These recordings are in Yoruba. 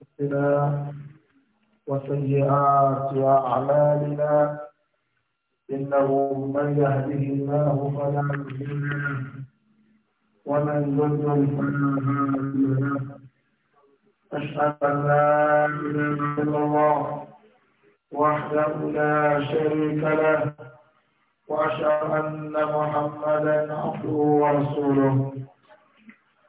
أنفسنا وسيئات أعمالنا إنه من يهده الله فلا مضل له ومن يضلل فلا هادي له أشهد أن لا إله إلا الله وحده لا شريك له وأشهد أن محمدا عبده ورسوله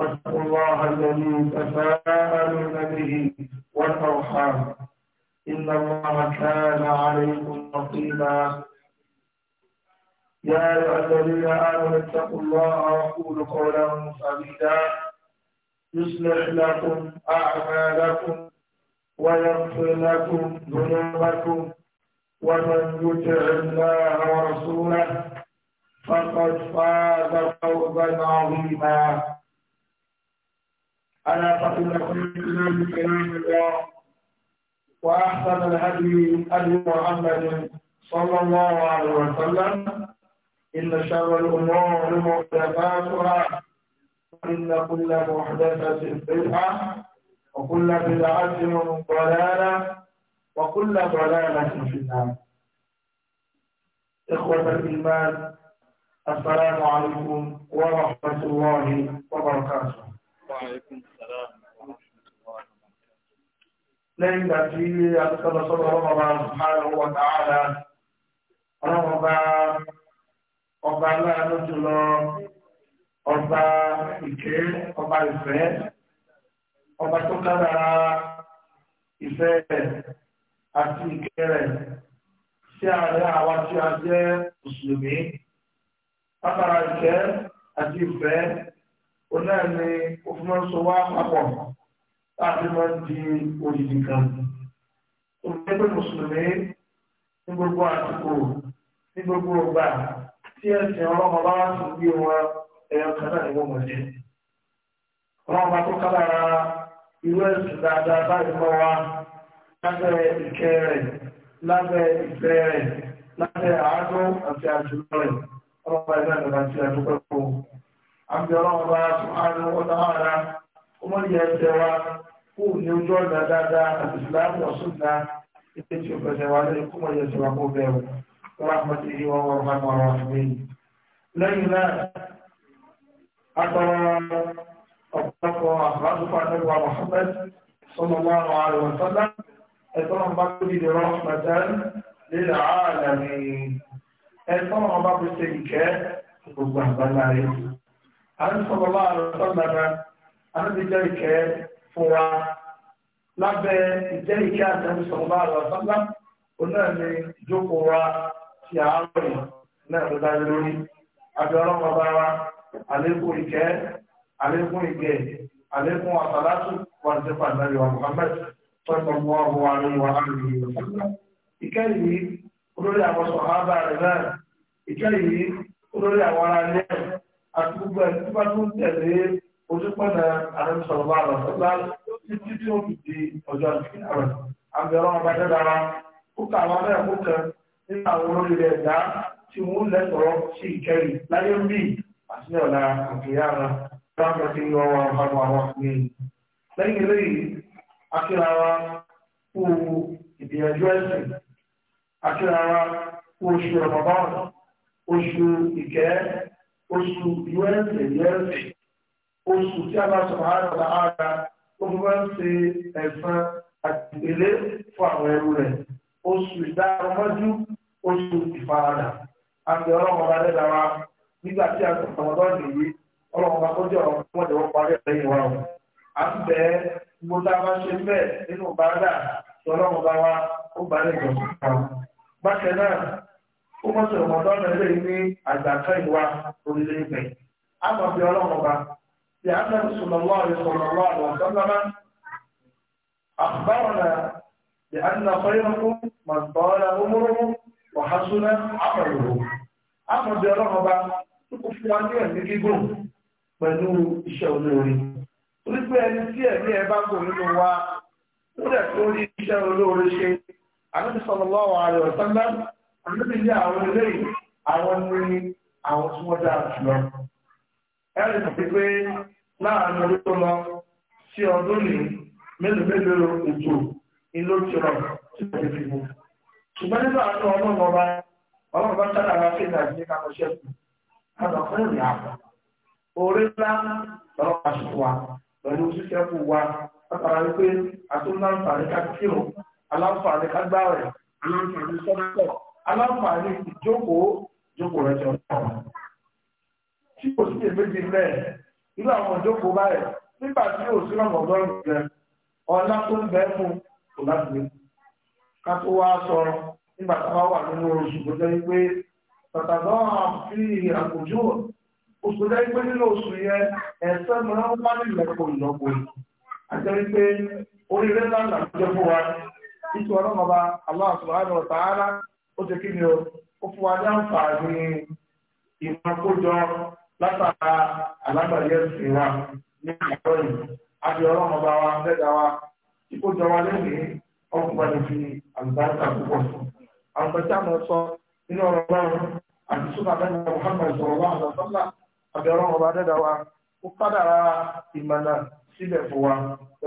واتقوا الله الذي تساءلون به والأرحام إن الله كان عليكم رقيبا يا أيها الذين آمنوا اتقوا الله وقولوا قولا سديدا يصلح لكم أعمالكم ويغفر لكم ذنوبكم ومن يطع الله ورسوله فقد فاز فوزا عظيما على فإن خير كلام الله وأحسن الهدي أبي محمد صلى الله عليه وسلم إن شر الأمور محدثاتها وإن كل محدثة بدعة وكل بدعة ضلالة وكل ضلالة في النار إخوة الإيمان السلام عليكم ورحمة الله وبركاته lẹ́yìn ìgbà tí adúgbò sọ́dọ̀ ọlọ́mọ bá subhanahu wa ta'ala ọlọ́mọ bá ọba aláàánú jùlọ ọba ìkẹ́ ọba ìfẹ́ ọba tó kára ìfẹ́ àti ìkẹ́ rẹ̀ sí ààrẹ àwa tí a jẹ́ mùsùlùmí látara ìkẹ́ àti ìfẹ́. òun náà ni ó fi máa dị sọ wá papọ̀ láti máa ń di òyìnbí kan. Òṣìṣẹ́ pé Mùsùlùmí ní gbogbo àsìkò ní gbogbo ọgbà tí ẹ̀sìn ọlọ́mọ bá wá ụwa bí wọn ẹ̀yàn kan náà ni wọ́n mọ̀ jẹ́. Ọlọ́mọ àbí ọlọ́run bá ṣùgbọ́n ó dáhàrá ó mọ̀ ní ẹsẹ̀ wa kú ní ojú ọ̀nà dáadáa àti ìsìláàmù ọ̀sùn náà ètò tí ó fẹsẹ̀ wa lórí kú mọ̀ ní ẹsẹ̀ wa kó bẹ̀rù wọ́n máa mọ̀ sí ìwọ̀n wọn máa mọ̀ wọn fún yìí. lẹ́yìn náà àtọ̀rọ̀ ọ̀pọ̀lọpọ̀ àbájúkọ àtẹ̀wà Muhammad sallallahu alaihi wa sallam ẹ̀tọ́ wọn bá tóbi lè àrísọ̀rọ̀lá àrọ̀sọ̀lára àríjẹ́ ìkẹ́ fúnra lábẹ́ ìjẹ́ ìkẹ́ àtẹnusọ̀rọ̀lá àrọ̀sọ̀lá onáà ni jókòó wa ti àárọ̀ yìí náà ló dájú lórí abiola bàbá wa àlékún ìkẹ́ àlékún ìkẹ́ àlékún àtàlátù wà ní sẹ́pà náà yóò Muhammad tọ́jú ọmọ ọmọ àlóyún wa àlóyún yìí lọ́sọ̀lá ìkẹ́ yìí olórí àwọn sọ̀hábà rẹ̀ náà ìkẹ́ yìí olórí àwọn ará àti gbogbo ẹni tí bá tún tẹ̀lé ojúpọ̀nà àrẹ́sọ̀rọ̀mọ́ àlọ́sọ́lá títí tí ó fi di ọjọ́ àdìgbìyàwó àbí ọlọ́run bá dára ó kà wọ́n náà kó kan nínú àwọn olórí ẹ̀dá tí wọ́n lẹ́tọ̀ọ́ sí ìkẹyìn láyé ń bì àti ní ọ̀la àkèyàrá láwọn ti lọ wọn fáwọn àwọn mi. lẹ́yìn eléyìí akíra kú ìgbìyànjú ẹ̀sìn akíra kú oṣù ọ̀mọ̀bọ́n oṣù ìkẹ́ oṣù ìwẹ́ẹ̀sẹ̀ ìwẹ́ẹ̀sẹ̀ oṣù tí a bá sọ̀rọ̀ àrà àrà ó fi wọ́n ṣe ẹ̀san àti èlé fún àwọn ẹrú rẹ̀ oṣù ìdáròmọ́jú oṣù ìfaradà àti ọlọ́run ọba a sọ̀rọ̀ ọ̀dọ́ nìyí ọlọ́run ọba kọjá ọ̀rọ̀ fún ọ̀dẹ̀ o a bá ṣe bẹ́ẹ̀ ó mọ̀ sí ọ̀mọ̀dọ́ náà lè ní àgbàkọ́ ìwà orílẹ̀-èdè. a mọ̀ bí ọlọ́run ọba bí a náà sọ̀rọ̀ lọ́ọ̀rẹ́ sọ̀rọ̀ lọ́ọ̀rẹ́ ọ̀sánlámá àbáwọ̀nà bí a náà fọ́yọ́kún mọ̀tọ́ọ́lá ọmọrọ́mọ́ wàhásúná àpàlùwò. a mọ̀ bí ọlọ́run ọba tó kún fún wa ní ẹ̀mí gígùn pẹ̀lú iṣẹ́ olóore. torí pé ẹni tí ẹ̀mí ẹ bá kò nínú wa ó tó rí iṣẹ́ olóore ṣe. àdúgbò sọ̀rọ̀ lọ́wọ́ àrẹ ọ̀sánlámá olóbi ní àwọn eléyìí àwọn ní àwọn tí wọ́n dáa jùlọ. ẹ̀rì ti pé láàárín orí tó lọ sí ọdún ní mélòó mélòó ètò ìlú tìrọ̀ tí wọ́n fi mú. ṣùgbọ́n nígbà tó ọlọ́run ọba ọlọ́run bá sára wa sí ìdájí ní káwọn ṣẹ́kù káwọn fún ìrìn àpò. orí ńlá lọ́wọ́ àṣùkò wa pẹ̀lú ṣíṣẹ́kù wa látara wípé àtúntà ń fàrí ká kírun aláǹfààní ká gbáwẹ̀ aláǹfààní sọ́dọ̀ aláǹfààní ìjókòó jókòó rẹ̀ jọ pọ̀. tí kò sí èméjì lẹ́ẹ̀ irú àwọn ìjókòó báyìí nígbà tí yóò sí ọ̀nà ọ̀dọ́rùn jẹ ọ̀la tó ń bẹ fún kò láti lè. ká tó wá sọ nígbà tí wà nínú oṣù tó pé oṣù pé nínú oṣù yẹn mìíràn ń wá kò yìí. oríire fún wa nítorí ọlọ́mọba ó ti kí ni o ó fún wa ní àǹfààní ìmọ̀kójọ látara alágbàdì ẹ̀sìn wa ní àárọ̀ yìí àti ọlọ́run ọba wa lẹ́dà wa ìkójọ wa lẹ́yìn ọkùnrin fi àlùbáríkà púpọ̀ sí. àwọn pẹ̀tẹ́ àmọ́ sọ nínú ọ̀rọ̀ ọlọ́run àti súnà mẹ́rin Muhammad sọ̀rọ̀ wa àlọ́sọ́lá àti ọlọ́run ọba lẹ́dà wa ó kádàrá ìmọ̀nà sílẹ̀ fún wa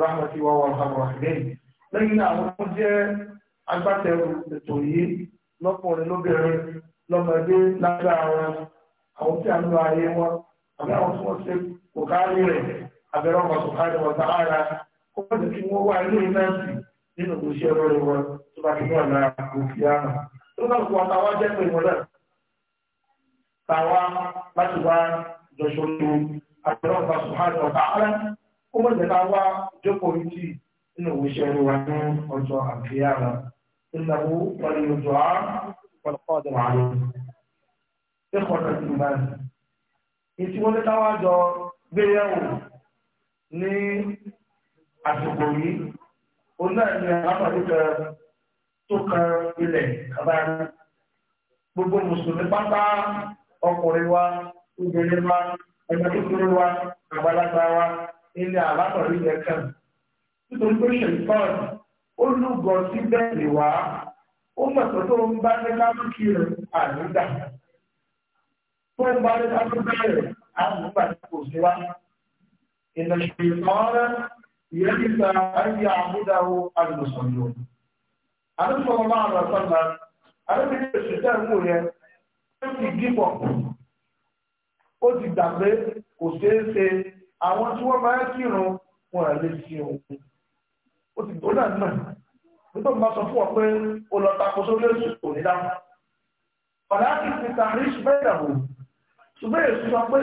rahmatu wa wa rahmatulahi lẹ́yìn àwọn tó jẹ́ agbátẹrù ètò yìí lọ́kùnrin lóbìnrin lọ́mọdé lágbára wọn àwọn tí a ń lo ayé wọn àbí àwọn tí wọ́n ṣe kò kárí rẹ̀ abẹ́rẹ́ ọmọ sọ̀kárì wọn ta ara ó wọ́n ti fi wọ́n wá ilé náà sí nínú ìgbésí ẹ̀rọ rẹ̀ wọn tó bá ti náà náà kò fi àná tó náà kò wọ́n táwa jẹ́ pé ìmọ̀lẹ́ táwa láti wá jọṣọ́lù abẹ́rẹ́ ọmọ sọ̀kárì wọn ta ara ó mọ̀ jẹ́ táwa jókòó yìí nínú ìgbésí ẹ̀rọ wa ní ọjọ́ àbíyá náà. إنه ولي الدعاء والقادر عليه إخوة الإيمان ìtí wọ́n lẹ́ta wá jọ gbéyàwó ní àsìkò yìí ó náà ní alápàdé kan tó kan ilẹ̀ kábàárì gbogbo mùsùlùmí pátá ọkùnrin wa obìnrin wa ẹgbẹ́ kékeré wa àgbàlagbà wa ilé alápàdé yẹn kàn nítorí pé ṣèlú pọ́ọ̀lù. olùgọ́ síbẹ̀ lè wá ó mọ̀tọ́ tó ń bá ní kábùkì rẹ̀ ànídà tó ń bá ní kábùkì rẹ̀ ànígbà tí kò sí wá. ìlànà ìmọ̀ràn ìyẹn ti sa ayé àmúdáwó alùsọ̀yọ̀. àdúgbò máa lọ sọ́nà àdúgbò yẹn ó ti ó ti kò ṣeé ṣe àwọn tí wọ́n máa ń kírun wọn lè ó ti gbó náà náà nígbà tó máa sọ fún ọ pé o lọ tako sórí oṣù kò ní dáhùn ọ̀dà á ti fi tàrí ṣùgbọ́n ìdàbò ṣùgbọ́n èṣù sọ pé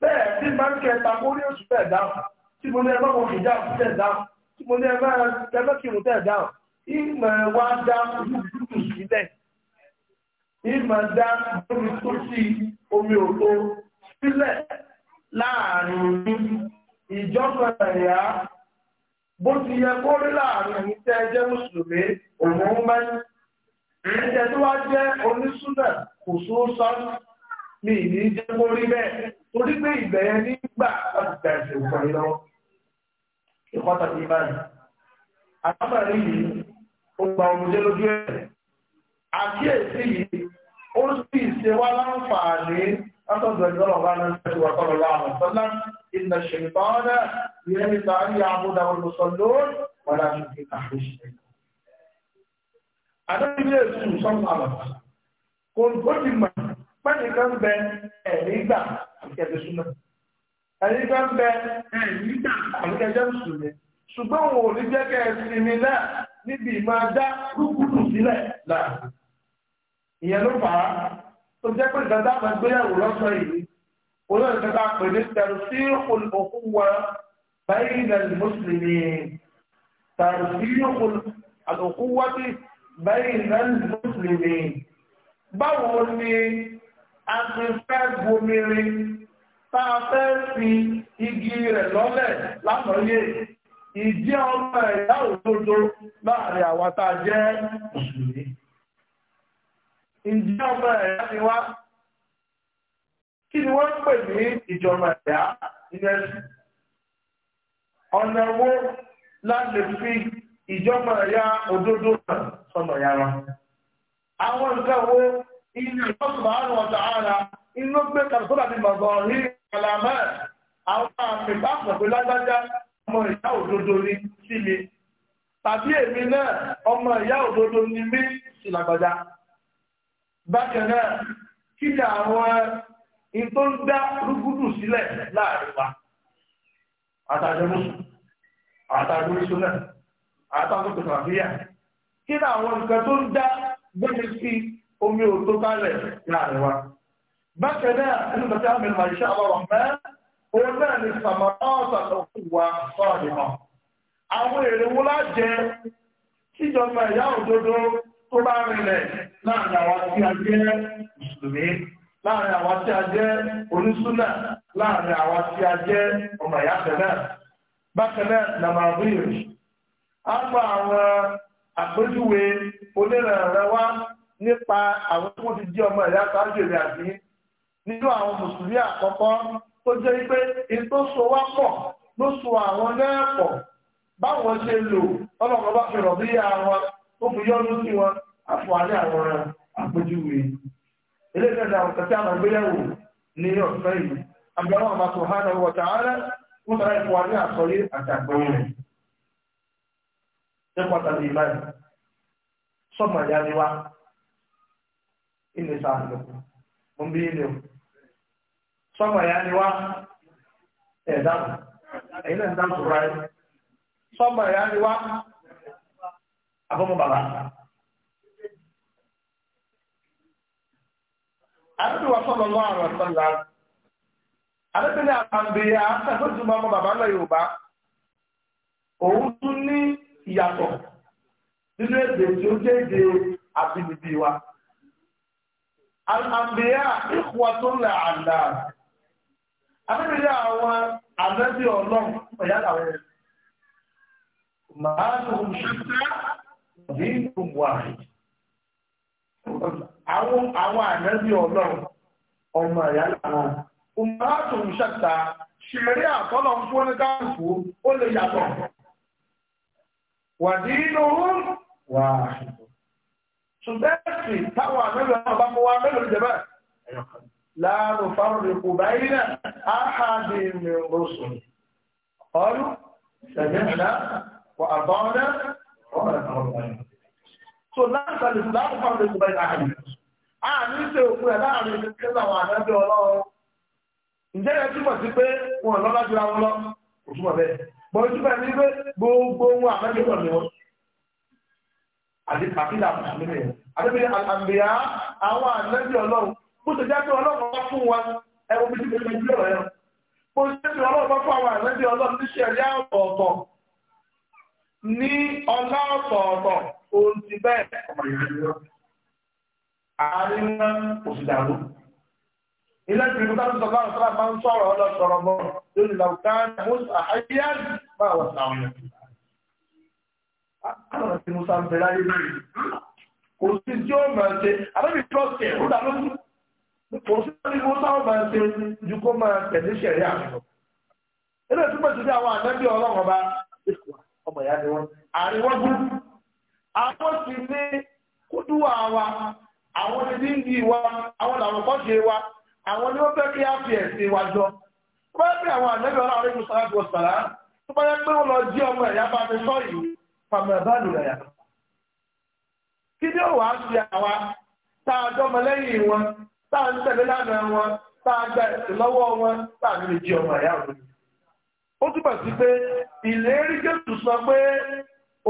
bẹ́ẹ̀ tí máa ń kẹ tako ní oṣù bẹ́ẹ̀ dáhùn tí mo ní ẹgbẹ́ wọn kì í dáhùn tẹ̀ dáhùn tí mo ní ẹgbẹ́ kírun tẹ̀ dáhùn ìmọ̀ wa dá ojútùtù sílẹ̀ ìmọ̀ dá omi tó sí omi òtó sílẹ̀ láàrin ìjọba ẹ̀yà bó ti yẹ kó rí láàrin ẹ̀yin tẹ́ ẹ jẹ́ mùsùlùmí òun ń mẹ́rin ẹ̀yin tẹ́ tó wá jẹ́ onísùnà kò sóó sánú mi ní jẹ́ kó rí bẹ́ẹ̀ torí pé ìgbẹ́ yẹn nígbà láti gba ẹ̀sẹ̀ òkàn yìí lọ́wọ́ báyìí àtàbàrí yìí ó gba ọmọdé lójú ẹ̀ àkíyèsí yìí ó sì ṣe wá láǹfààní أخذ الجرى عن النبي صلى الله عليه وسلم إن الشيطان يريد أن يعبده المصلون ولا يمكن أحد شيء. أنا بيسوع صلى الله عليه وسلم كل كل ما ما كان بين أريدا كذا سنة أريدا بين أريدا كذا سنة ṣùgbọ́n wọn ò ní jẹ́ kẹ́ ẹ sinmi náà níbi ìmáa dá rúkúrú sílẹ̀ láàrin ìyẹn ló fà á tó jẹ́ pé ìdájọ́ àwọn ìgbéyàwó lọ́sọ̀ yìí olóyè kẹta pè ní tẹ̀síhùn òkú wa báyìí nà ní mùsùlùmí tẹ̀síhùn òkú wa ti báyìí nà ní mùsùlùmí. báwo ni a ti fẹ́ gbomirin tá a fẹ́ fi igi rẹ̀ lọ́lẹ̀ lánàáyé ìjẹ́ ọmọ ẹ̀yà òdodo láàrin àwa tá a jẹ́ mùsùlùmí. ìjọ ọmọ ẹ̀yà ni wá kí ni wọ́n pè ní ìjọba ẹ̀yà ọ̀nà wo láti fi ìjọba ẹ̀yà òdodo sọ̀nà yàrá àwọn wo ilé àrùn ọ̀tà ara inú gbé bàbá rí àwọn àmì bá lágbájá ọmọ ìyá òdodo ni sí mi tàbí èmi náà ọmọ ìyá òdodo ni mí bákan náà kí ni àwọn ìtò ń dá rúgúdù sílẹ̀ láàrin wa àtàjọmọ́sùn àtàjọmọ́sùn náà àtàjọmọ́sùn àbíyà kí ni àwọn nǹkan tó ń dá gbẹ́ni sí omi òtó kálẹ̀ láàrin wa bákan náà nínú bàtà àmì màṣá àwọn ọ̀mẹ́ òun náà ni sàmọ́tà ọ̀sàtọ̀kù wa sọ́ọ̀dì mọ́ àwọn èrè wo lájẹ tíjọba ìyá òdodo tó bá rìnlẹ̀ láàrin àwọn tí a jẹ́ mùsùlùmí láàrin àwọn tí a jẹ́ onísúnà láàrin àwọn tí a jẹ́ ọmọ ìyá tẹ̀lẹ̀ bákan náà nàmàbíyè á gba àwọn àpéjúwe onírànràn wá nípa àwọn tí wọ́n ti jẹ́ ọmọ ìyá sáájú èrè àbí nínú àwọn mùsùlùmí àkọ́kọ́ tó jẹ́ wípé ètò so wá pọ̀ ló so àwọn náà pọ̀ báwọn ṣe lò ọlọ́run bá fi rọ̀ bí àwọn ó fi yọ́nú sí wọn afọ alẹ́ àwọn àpèjúwe eléyìí náà àwọn kẹtẹ́ àwọn ìgbéyàwó ní ọ̀sẹ̀ yìí àbíọ́nà ọ̀ma tó hánà wọ̀ tààrà ó sọ̀rọ̀ ìfọ̀ àsọyé àti rẹ̀ ṣé pàtàkì ìmáyì ìyá ni sáà mo ń bí ilé o ìyá ni ẹ̀yin náà ń ìyá àbọ̀mọ bàbá. àdúgbò wa sọ̀rọ̀ lọ́wọ́ àrùn ọ̀sán la àdúgbò ní àbàǹbẹ̀yà àtàkùnjú máa mọ bàbá ńlẹ̀ Yorùbá òun tún ní ìyàtọ̀ nínú èdè tí ó jẹ́ èdè àbínibí wa. àbàǹbẹ̀yà ìkùwà tó ń lẹ̀ àdá àbẹ̀bẹ̀yà àwọn àbẹ̀bí ọlọ́run ọ̀yá làwọn ẹ̀ máa ń lò dínú wàhí àwọn àwọn ànábì ọlọ́run ọmọ ìyá làwọn ọmọláàtò ń ṣàtà ṣẹ̀rí àtọ́lọ̀ ń fún káàkó ó lè yàtọ̀ wà dínú wàhí ṣùgbẹ́sì táwọn ànábì ọlọ́run bá mú wa mélòó jẹ́bẹ̀ láàrùn fárúrí kò báyìí náà áhàdì mi rọ̀ṣùn ọlú sẹ̀mí ẹ̀dá wà àbọ̀ ọ̀dẹ́ So látàlì láti fáwọn ẹgbẹ́ báyìí láàrin. A ní ṣe òkú ẹ̀ láàrin kékeré làwọn àdájọ́ ọlọ́run. Ǹjẹ́ ẹ túmọ̀ sí pé wọn àmì àwọn ọlọ́run. Bó ṣe ọlọ́run fún wa, bí fi ṣe ìdílé Bó ṣe ọlọ́run ní ọlá ọ̀tọ̀ọ̀tọ̀ ohun ti bẹ́ẹ̀ ọmọ ìrìnàjò àárín náà kò sì dàrú. ilé ìgbìmọ̀ tó ń sọ báwọn sọ́ra máa ń sọ̀rọ̀ ọlọ́sọ̀rọ̀ bọ́ lórí làwùká mọ́sà ayélujára máa wà sáwọn ẹ̀kọ́. àwọn ọ̀sìn musa ń bẹ̀rẹ̀ ayé lórí kò sí tí ó máa ṣe àbẹ́bí trọ́ọ̀tì ẹ̀ rúdà lójú kò sí tí musa ó máa ṣe ju kó máa tẹ̀lé ṣẹ̀rí àná. ilé ìtumọ̀ ti dé àwọn ọmọ ya ni wọn àríwọ́jú àwọn sì ní àwọn ní àwọn ni wọ́n fi ẹ̀sìn wa jọ tó bá yẹ àwọn àjẹ́bẹ̀ ọ̀rọ̀ àrẹ́gùn sára jù sàrá tó bá yẹ pé wọ́n lọ jí ọmọ ẹ̀yà bá mi sọ yìí pàmò ẹ̀bá lù rẹ̀ kí ni ó wàá ṣe àwa tá a ó túbọ̀ sí pé ìlérí Jésù sọ pé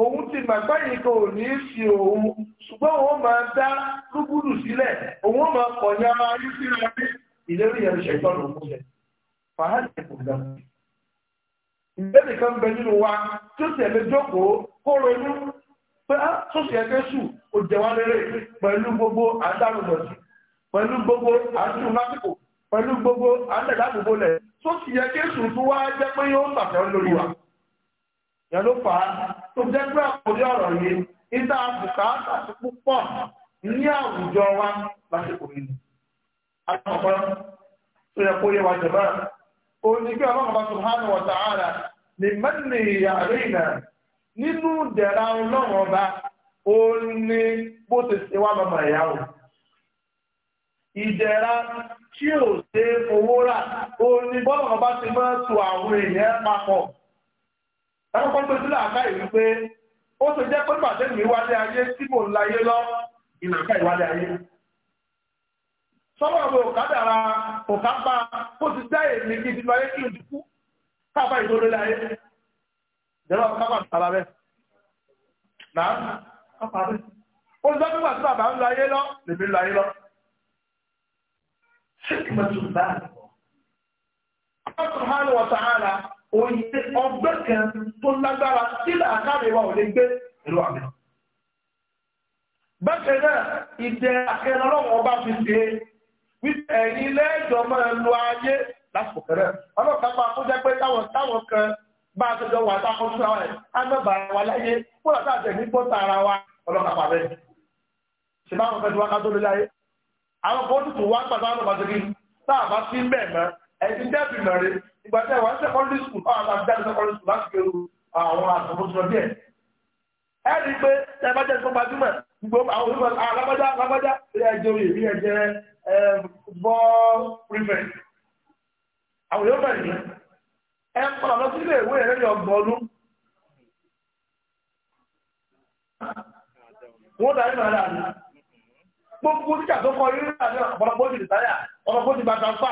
òun ti màgbá yìí kan ò ní í fi òun ṣùgbọ́n òun máa dá lúgúdù sílẹ̀ òun máa kọ̀yà ayé síra pé ìlérí yẹn ṣe ìtọ́nà òun kò dá. kan bẹ nínú wa tí ó tẹ̀lé jókòó kó ronú pé ah, á gbogbo àdánù lọ́sí gbogbo àdúrà lásìkò pẹ̀lú gbogbo àtẹ̀dáàbòbò lẹ̀ tó sì yẹ kí èsù tó wá jẹ́ pé yóò sàfẹ́ lórí wa. yẹn ló fà á tó jẹ́ pé àkórí ọ̀rọ̀ yìí níta bùkátà ti púpọ̀ ní àwùjọ wa lásìkò yìí. àkọ́kọ́ tó yẹ kó yẹ wa jẹ̀ báyìí. o ní kí ọlọ́run bá subhanahu wa ta'ala ní mẹ́rin ìyàrá ìnà nínú dẹ̀ra ọlọ́run ọba ó ní bó ti ṣe wá lọ́mọ ìyá o ìdẹ̀ra tí ò ṣe owó rà ó ní bọ́ọ̀rọ̀ bá ti máa tu àwọn èèyàn papọ̀. Ẹ̀kọ́kọ́ tó sílẹ̀ àká ìlú pé ó ṣe jẹ́ pé pàṣẹ mi wálé ayé tí mò ń láyé lọ ìnàká ìwálé ayé. Sọ́wọ́ àwọn òkádàra òkápá kó ti dá èmi kí ti láyé kí n ti kú kápá ìdórí láyé. Ìjọba kápá ti sára bẹ́ẹ̀. Nàá kápá bẹ́ẹ̀. Ó ń sọ nígbà tí bàbá ń láyé lọ lèmi ń láyé lọ. hikmatu báàgì. Allah subhanahu wa ta'ala òye ọgbẹ́ kan tó lágbára sílẹ̀ wa ò lè gbé ìlú àmì. náà, ìdẹ ọlọ́run ọba fi ṣe wípé ẹ̀yin lẹ́jọ́ máa lo ayé lásìkò máa kó jẹ́ pé táwọn táwọn kan bá a tọjọ́ wà tá a kọ́ rẹ̀, náà wa Ṣé báwọn fẹ́ tí wọ́n ká tó lé láyé? àwọn kan tó wá pàtàkì àwọn ọmọdé kí bá sí mbẹ̀ mọ́ ẹni dẹ́bi mẹ́rin ìgbà tí wọ́n secondary school fáwọn àti dáàbí secondary school láti kéwù àwọn àtúnṣe díẹ̀. ẹ pé bá gbogbo àwọn alágbájá alágbájá ilé eh, ilé àwọn yóò ẹ lọ sí ilé ìwé gbogbo títà tó kọ irú náà ní ọ̀pọ̀lọpọ̀ ojú ìtàlẹ̀ ọ̀pọ̀lọpọ̀ ojú bàtà fà.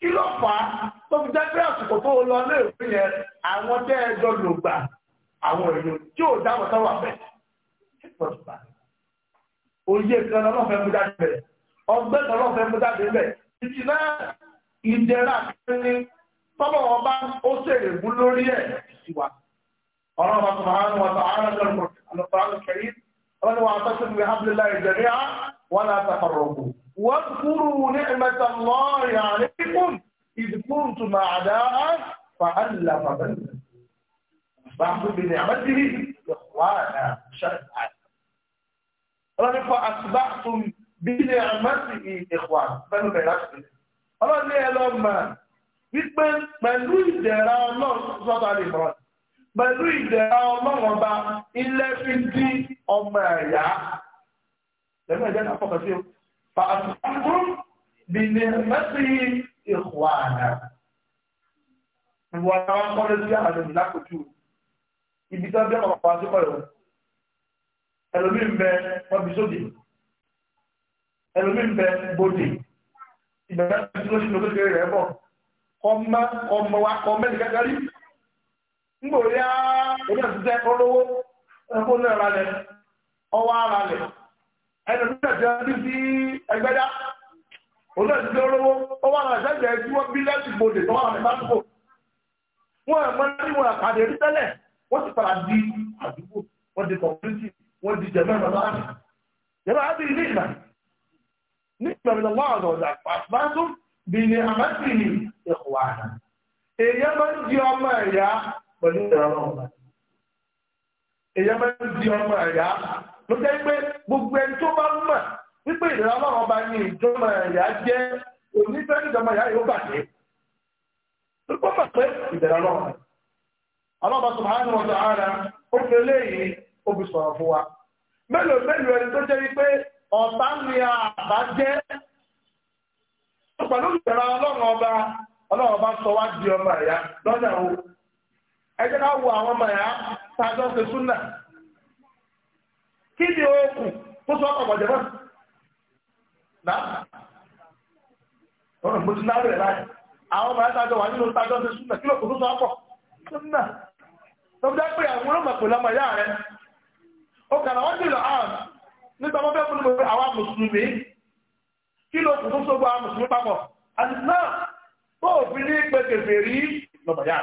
kí ló fà á tó fi jẹ́ pé àsìkò tó lọ ní ìpín yẹn àwọn tẹ́ ẹ jọ lò gbà àwọn èèyàn tí ò dáwọ̀ sáwà bẹ̀. òye kan ọlọ́fẹ́ mú jáde bẹ̀ ọgbẹ́ kan ọlọ́fẹ́ mú jáde bẹ̀ títí náà ìdẹ̀ra kí ni tọ́lọ̀ ọba ó ṣèrè mú lórí ẹ̀ sí wa ọlọ́run subhanahu wa ta'ala alùpàánù kẹrin ọlọ́run wa tọ́sùn bí hablillah jami'a wọ́n náà tafarraqu wọ́n kúrú ní ẹ̀mẹ́ta lọ́ọ̀rì alaykum idh kuntum a'da'a fa'alafa bayna ba'du bi ni'matihi ikhwana shar'an ọlọ́run fa asbahtum bi ni'matihi ikhwana bẹ́ẹ̀ bẹ́ẹ̀ láti ọlọ́run ní ẹ lọ́ọ́ mọ̀ wípé pẹ̀lú ìdẹ̀ra ọlọ́run sọ́tà lè mọ̀ pẹ̀lú ìdẹ̀ra ọlọ́run ọba ilé fi dí ọmọ ẹ̀yà lẹ́nu ẹ̀jẹ̀ náà fọkàn sí o fàtàkùn bìnnì mẹ́sì ìhùwà àná ìwà àwọn akọ́lé sí àwọn ènìyàn lákòókò ibi tí wọ́n bí ọ̀pọ̀ àti pọ̀lọ́ ẹlòmíín bẹ wọ́n bí sódì ẹlòmíín bẹ bòdì ìbẹ̀rẹ̀ tí wọ́n ti lọ kékeré rẹ̀ bọ̀ kọ́ mọ́ kọ́ mọ́ wa kọ́ mẹ́rin kẹ́kẹ́ rí ngbòrí á èmi àti sẹ olówó ẹkọ náà ra lẹ ọwọ́ ara lẹ ẹnu tó tẹsí ọdún sí ẹgbẹdá òun náà ti sẹ olówó ọwọ́ ara sẹgbẹ tí wọn bí lẹsí gbòdè tó wà nípa tó wọn ẹ mọ ní wọn àkàdé rí tẹ́lẹ̀ wọn ti padà di àdúgbò wọn di kọmíntì èèyàn máa ń di ọmọ ẹ̀yà pẹ̀lú ìrànlọ́ ọ̀la. ọrụ máa ń di ọmọ ẹ̀yà ló jẹ́ pé gbogbo ẹni tó bá mọ̀ wípé ìrànlọ́ ọba ni ìjọba ẹ̀yà jẹ́ onífẹ́ ìjọba ẹ̀yà yóò bàjẹ́. mọ̀ pé ìrànlọ́ ọba. ọlọ́ba ó fi eléyìí ó fi sọ̀rọ̀ fún wa. mélòó mélòó ẹni tó jẹ́ wípé ọ̀tá ni àbá jẹ́ ìrànlọ́ ọba sọ wá di ọmọ ẹ̀yà ẹ jẹ́ ká àwọn ọmọ yà tájọ́ ṣe súnà kí ni ọkọ tó sọ ọkọ̀ jẹ́ bọ́sì náà ọ̀nà mo ti náà rẹ̀ láì àwọn ọmọ yà tájọ́ wà nínú tájọ́ ṣe súnà kí tó sọ ọkọ̀ súnà pé àwọn pẹ̀lú ọmọ ó wọ́n nígbà wọn fún mi mùsùlùmí kí tó sọ gbọ́ àwọn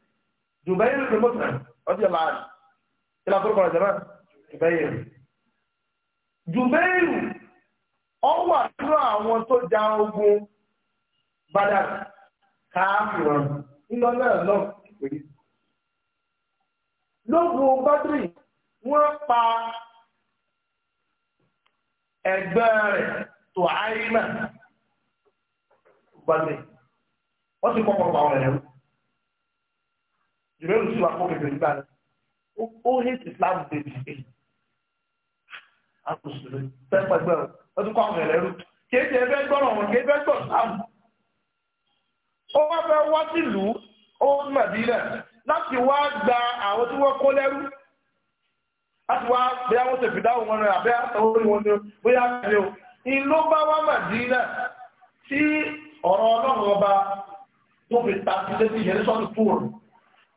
جبير بن مطعم رضي الله عنه الى فرقه يا جماعه جبير جبير ó wà nínú àwọn tó ja ogun Badar káàfìràn iná náà náà pèlú lógun Badri wọ́n pa ẹgbẹ́ rẹ̀ tó àìmọ̀ Badri wọ́n ti kọ́kọ́ pa ọ̀rẹ́ rẹ̀ jùlọ sí wa kó bèbè nígbà náà ó hẹ́tì islam bèbè bèbè àkùsùlù pẹ́pẹ́ gbẹ́rù wọ́n tún kọ́ àwọn ẹ̀rẹ́ rú kéèké ẹgbẹ́ gbọ́rọ̀ wọn kéèké gbọ́ islam ó wá fẹ́ wá sílùú ó Mẹdínà láti wá gba àwọn tí wọ́n kó lẹ́rú láti wá bóyá wọ́n tẹ̀fì dáhùn wọn rẹ̀ àbẹ́ àtàwọn wọn ni bóyá kẹ́lẹ́ o ìlú bá wá Mẹdínà tí ọ̀rọ̀ ọlọ́run ọba tó fi ta sí létí yẹn sọ́dún fún òun.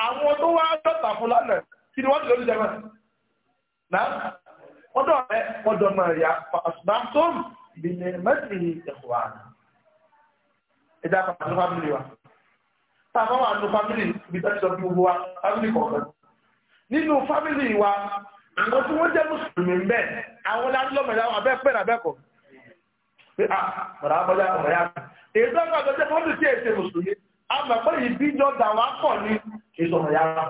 àwọn tó wá dọ́tà fún lánàá kí ni wọ́n ti lórí jẹ́mọ̀ náà wọ́n dọ̀ rẹ̀ wọ́n dọ̀ mọ̀ ẹ̀yà pàṣípà tó ń bì ní mẹ́sì ẹ̀kọ́ wa ẹ̀dá pàṣípà fámìlì wa táwọn wà nù fámìlì ibi tẹ́tí sọ fún gbogbo wa fámìlì kọ̀ọ̀kan nínú fámìlì wa àwọn tí wọ́n jẹ́ mùsùlùmí ń bẹ̀ àwọn lálọ́mọ̀dá wọn abẹ́ pẹ̀lú abẹ́kọ̀ọ́ pé ah mọ̀ràn àmọ̀pẹ́ yìí bíjọ́ dà wá pọ̀ ní ìsọ̀rọ̀ yàrá.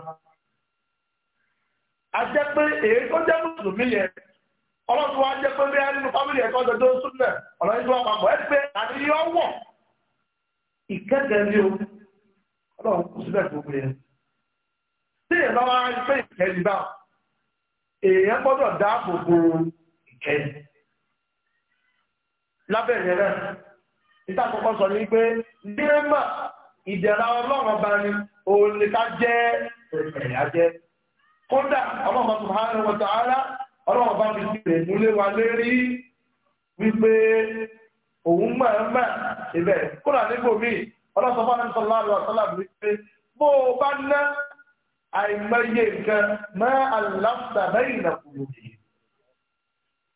a jẹ́ pé èyí tó jẹ́ mùsùlùmí yẹn wa jẹ́ pé bíyà nínú fámìlì ẹ̀kọ́ dọ̀dọ̀ súnmẹ̀ ọ̀rọ̀ yìí tó wà papọ̀ ẹ̀ pé àníyàn wọ̀ ìkẹ́kẹ́ ni o ọlọ́run kò sílẹ̀ tó gbé yẹn. tí bá wá bá gbọ́dọ̀ dáàbò bo lábẹ́ ìdẹ̀ra ọlọ́run ọba ni òun lè ká jẹ́ ẹ̀yà jẹ́ kódà ọlọ́run subhanahu wa ta'ala ọlọ́run ọba fi tìrẹ̀ múlé wa lérí wípé òun mọ̀ọ́mọ̀ ibẹ̀ kódà nígbò míì ọlọ́sọ̀ bá ń sọ láàrú ọ̀sọ́là wípé bó o bá ná àìmọye nǹkan mọ́ àlàfà lẹ́yìn nàkùnrin òkè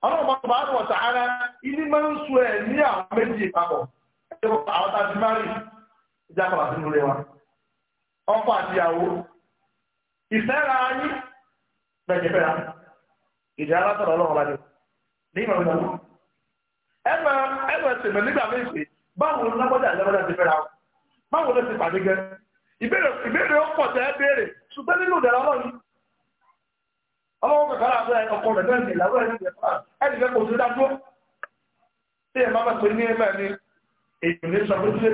ọlọ́run bá subhanahu wa ta'ala ilé máa ń sọ ẹ̀ ní àwọn méjì papọ̀ ẹ̀rọ ìjà padà sínú ilé wa ìfẹ́ra ọlọ́run ní ìmọ̀ ìmọ̀ nígbà méjì báwo ló ti fẹ́ra báwo ló ti pàdé gẹ́ ìbéèrè ọkọ̀ tẹ́ ẹ béèrè ṣùgbọ́n nínú ìdára ọlọ́run ọlọ́run kàkà láàbọ̀ ọkọ̀ rẹ̀ náà nìyà lọ́wọ́ ẹni ẹni fẹ́ kò sí dájú tí ẹ máa bá pè ní èyí ní sọ pé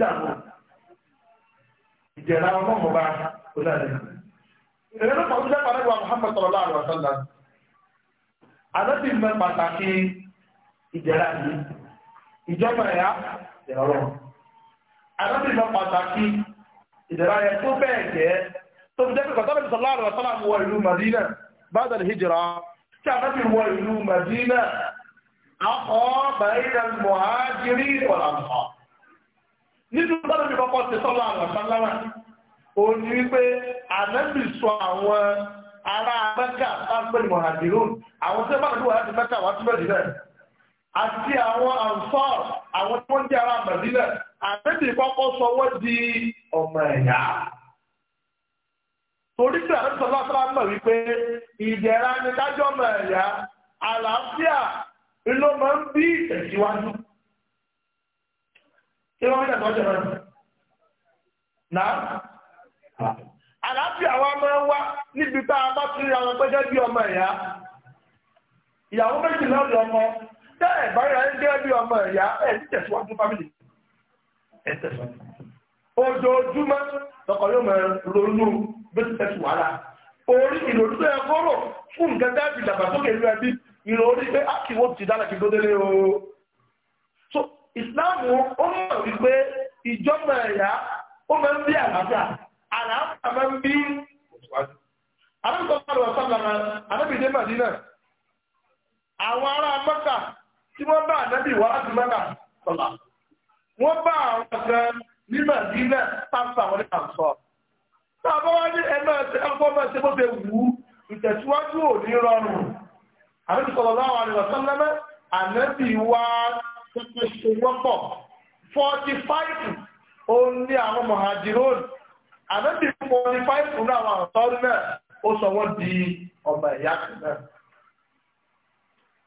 جلا وما مباح ولا لنا إذا لم أقول لك على محمد صلى الله عليه وسلم على في من بتاكي إجلا لي إجابة يا جلا وما على في من بتاكي إجلا يا توبك يا ثم جاء الرسول صلى الله عليه وسلم وإلو مدينة بعد الهجرة كان في وإلو مدينة أقا بين المهاجرين والأنصار nínú bọ́lá mi kọ́kọ́ ti sọ́lá àwọn sálámà ó ní wípé ànábì sọ àwọn ará mẹ́kà sáńpẹ̀lì mọ̀hàdìrún àwọn tí wọ́n wà láti mẹ́kà wá síbẹ̀ nílẹ̀ àti àwọn ànsọ́ àwọn tí wọ́n jẹ́ ará mẹ́dílẹ̀ ànábì kọ́kọ́ sọ wọ́n di ọmọ ẹ̀yà torí pé ànábì sọ́lá sálámà mọ̀ wípé ìjẹ́ra ni dájọ́ ọmọ ẹ̀yà àlàáfíà ló máa ń bí ìtẹ̀síwájú. ṣé wọ́n mẹ́ta àlàáfíà wa máa ń wá níbi tá a bá tún àwọn pẹ́jẹ́ bí ọmọ ẹ̀yà ìyàwó méjì náà lọ ya tẹ́ ẹ̀ ń gẹ́gẹ́ bí ọmọ ẹ̀yà ẹ̀ ti tẹ̀síwájú fámìlì ojoojúmọ́ lọ́kọ̀ yóò máa ronú bí ti tẹ̀síwájú orí ìròyìn tó yẹ kóró fún nǹkan dáàbì dàgbàsókè ìlú ẹbí ìròyìn pé á ah, kì ti dára kí o. ìsìláàmù ó mọ̀ wípé ìjọba ẹ̀yà ó máa ń bí àlàáfíà àlàáfíà máa ń bí òṣùwájú. alábìsọ bá lọ sábà náà alábìdé màdínà àwọn ará mọ́kà tí wọ́n bá ànábì wá láti mọ́kà sọ̀lá wọ́n bá àwọn ọ̀sẹ̀ ní màdínà táǹtà àwọn àǹsọ̀. táàbọ̀ wá ní ẹgbẹ́ ẹ̀sẹ̀ ẹ̀kọ́ ṣe wù ú ìtẹ̀síwájú ò ní rọrùn. pípín owó pọ̀ forty five òun ní àwọn mọ̀hàjìrún àbẹ́bí forty five náà àwọn àtọ́rí náà ó sọ wọ́n di ọmọ ìyá kan náà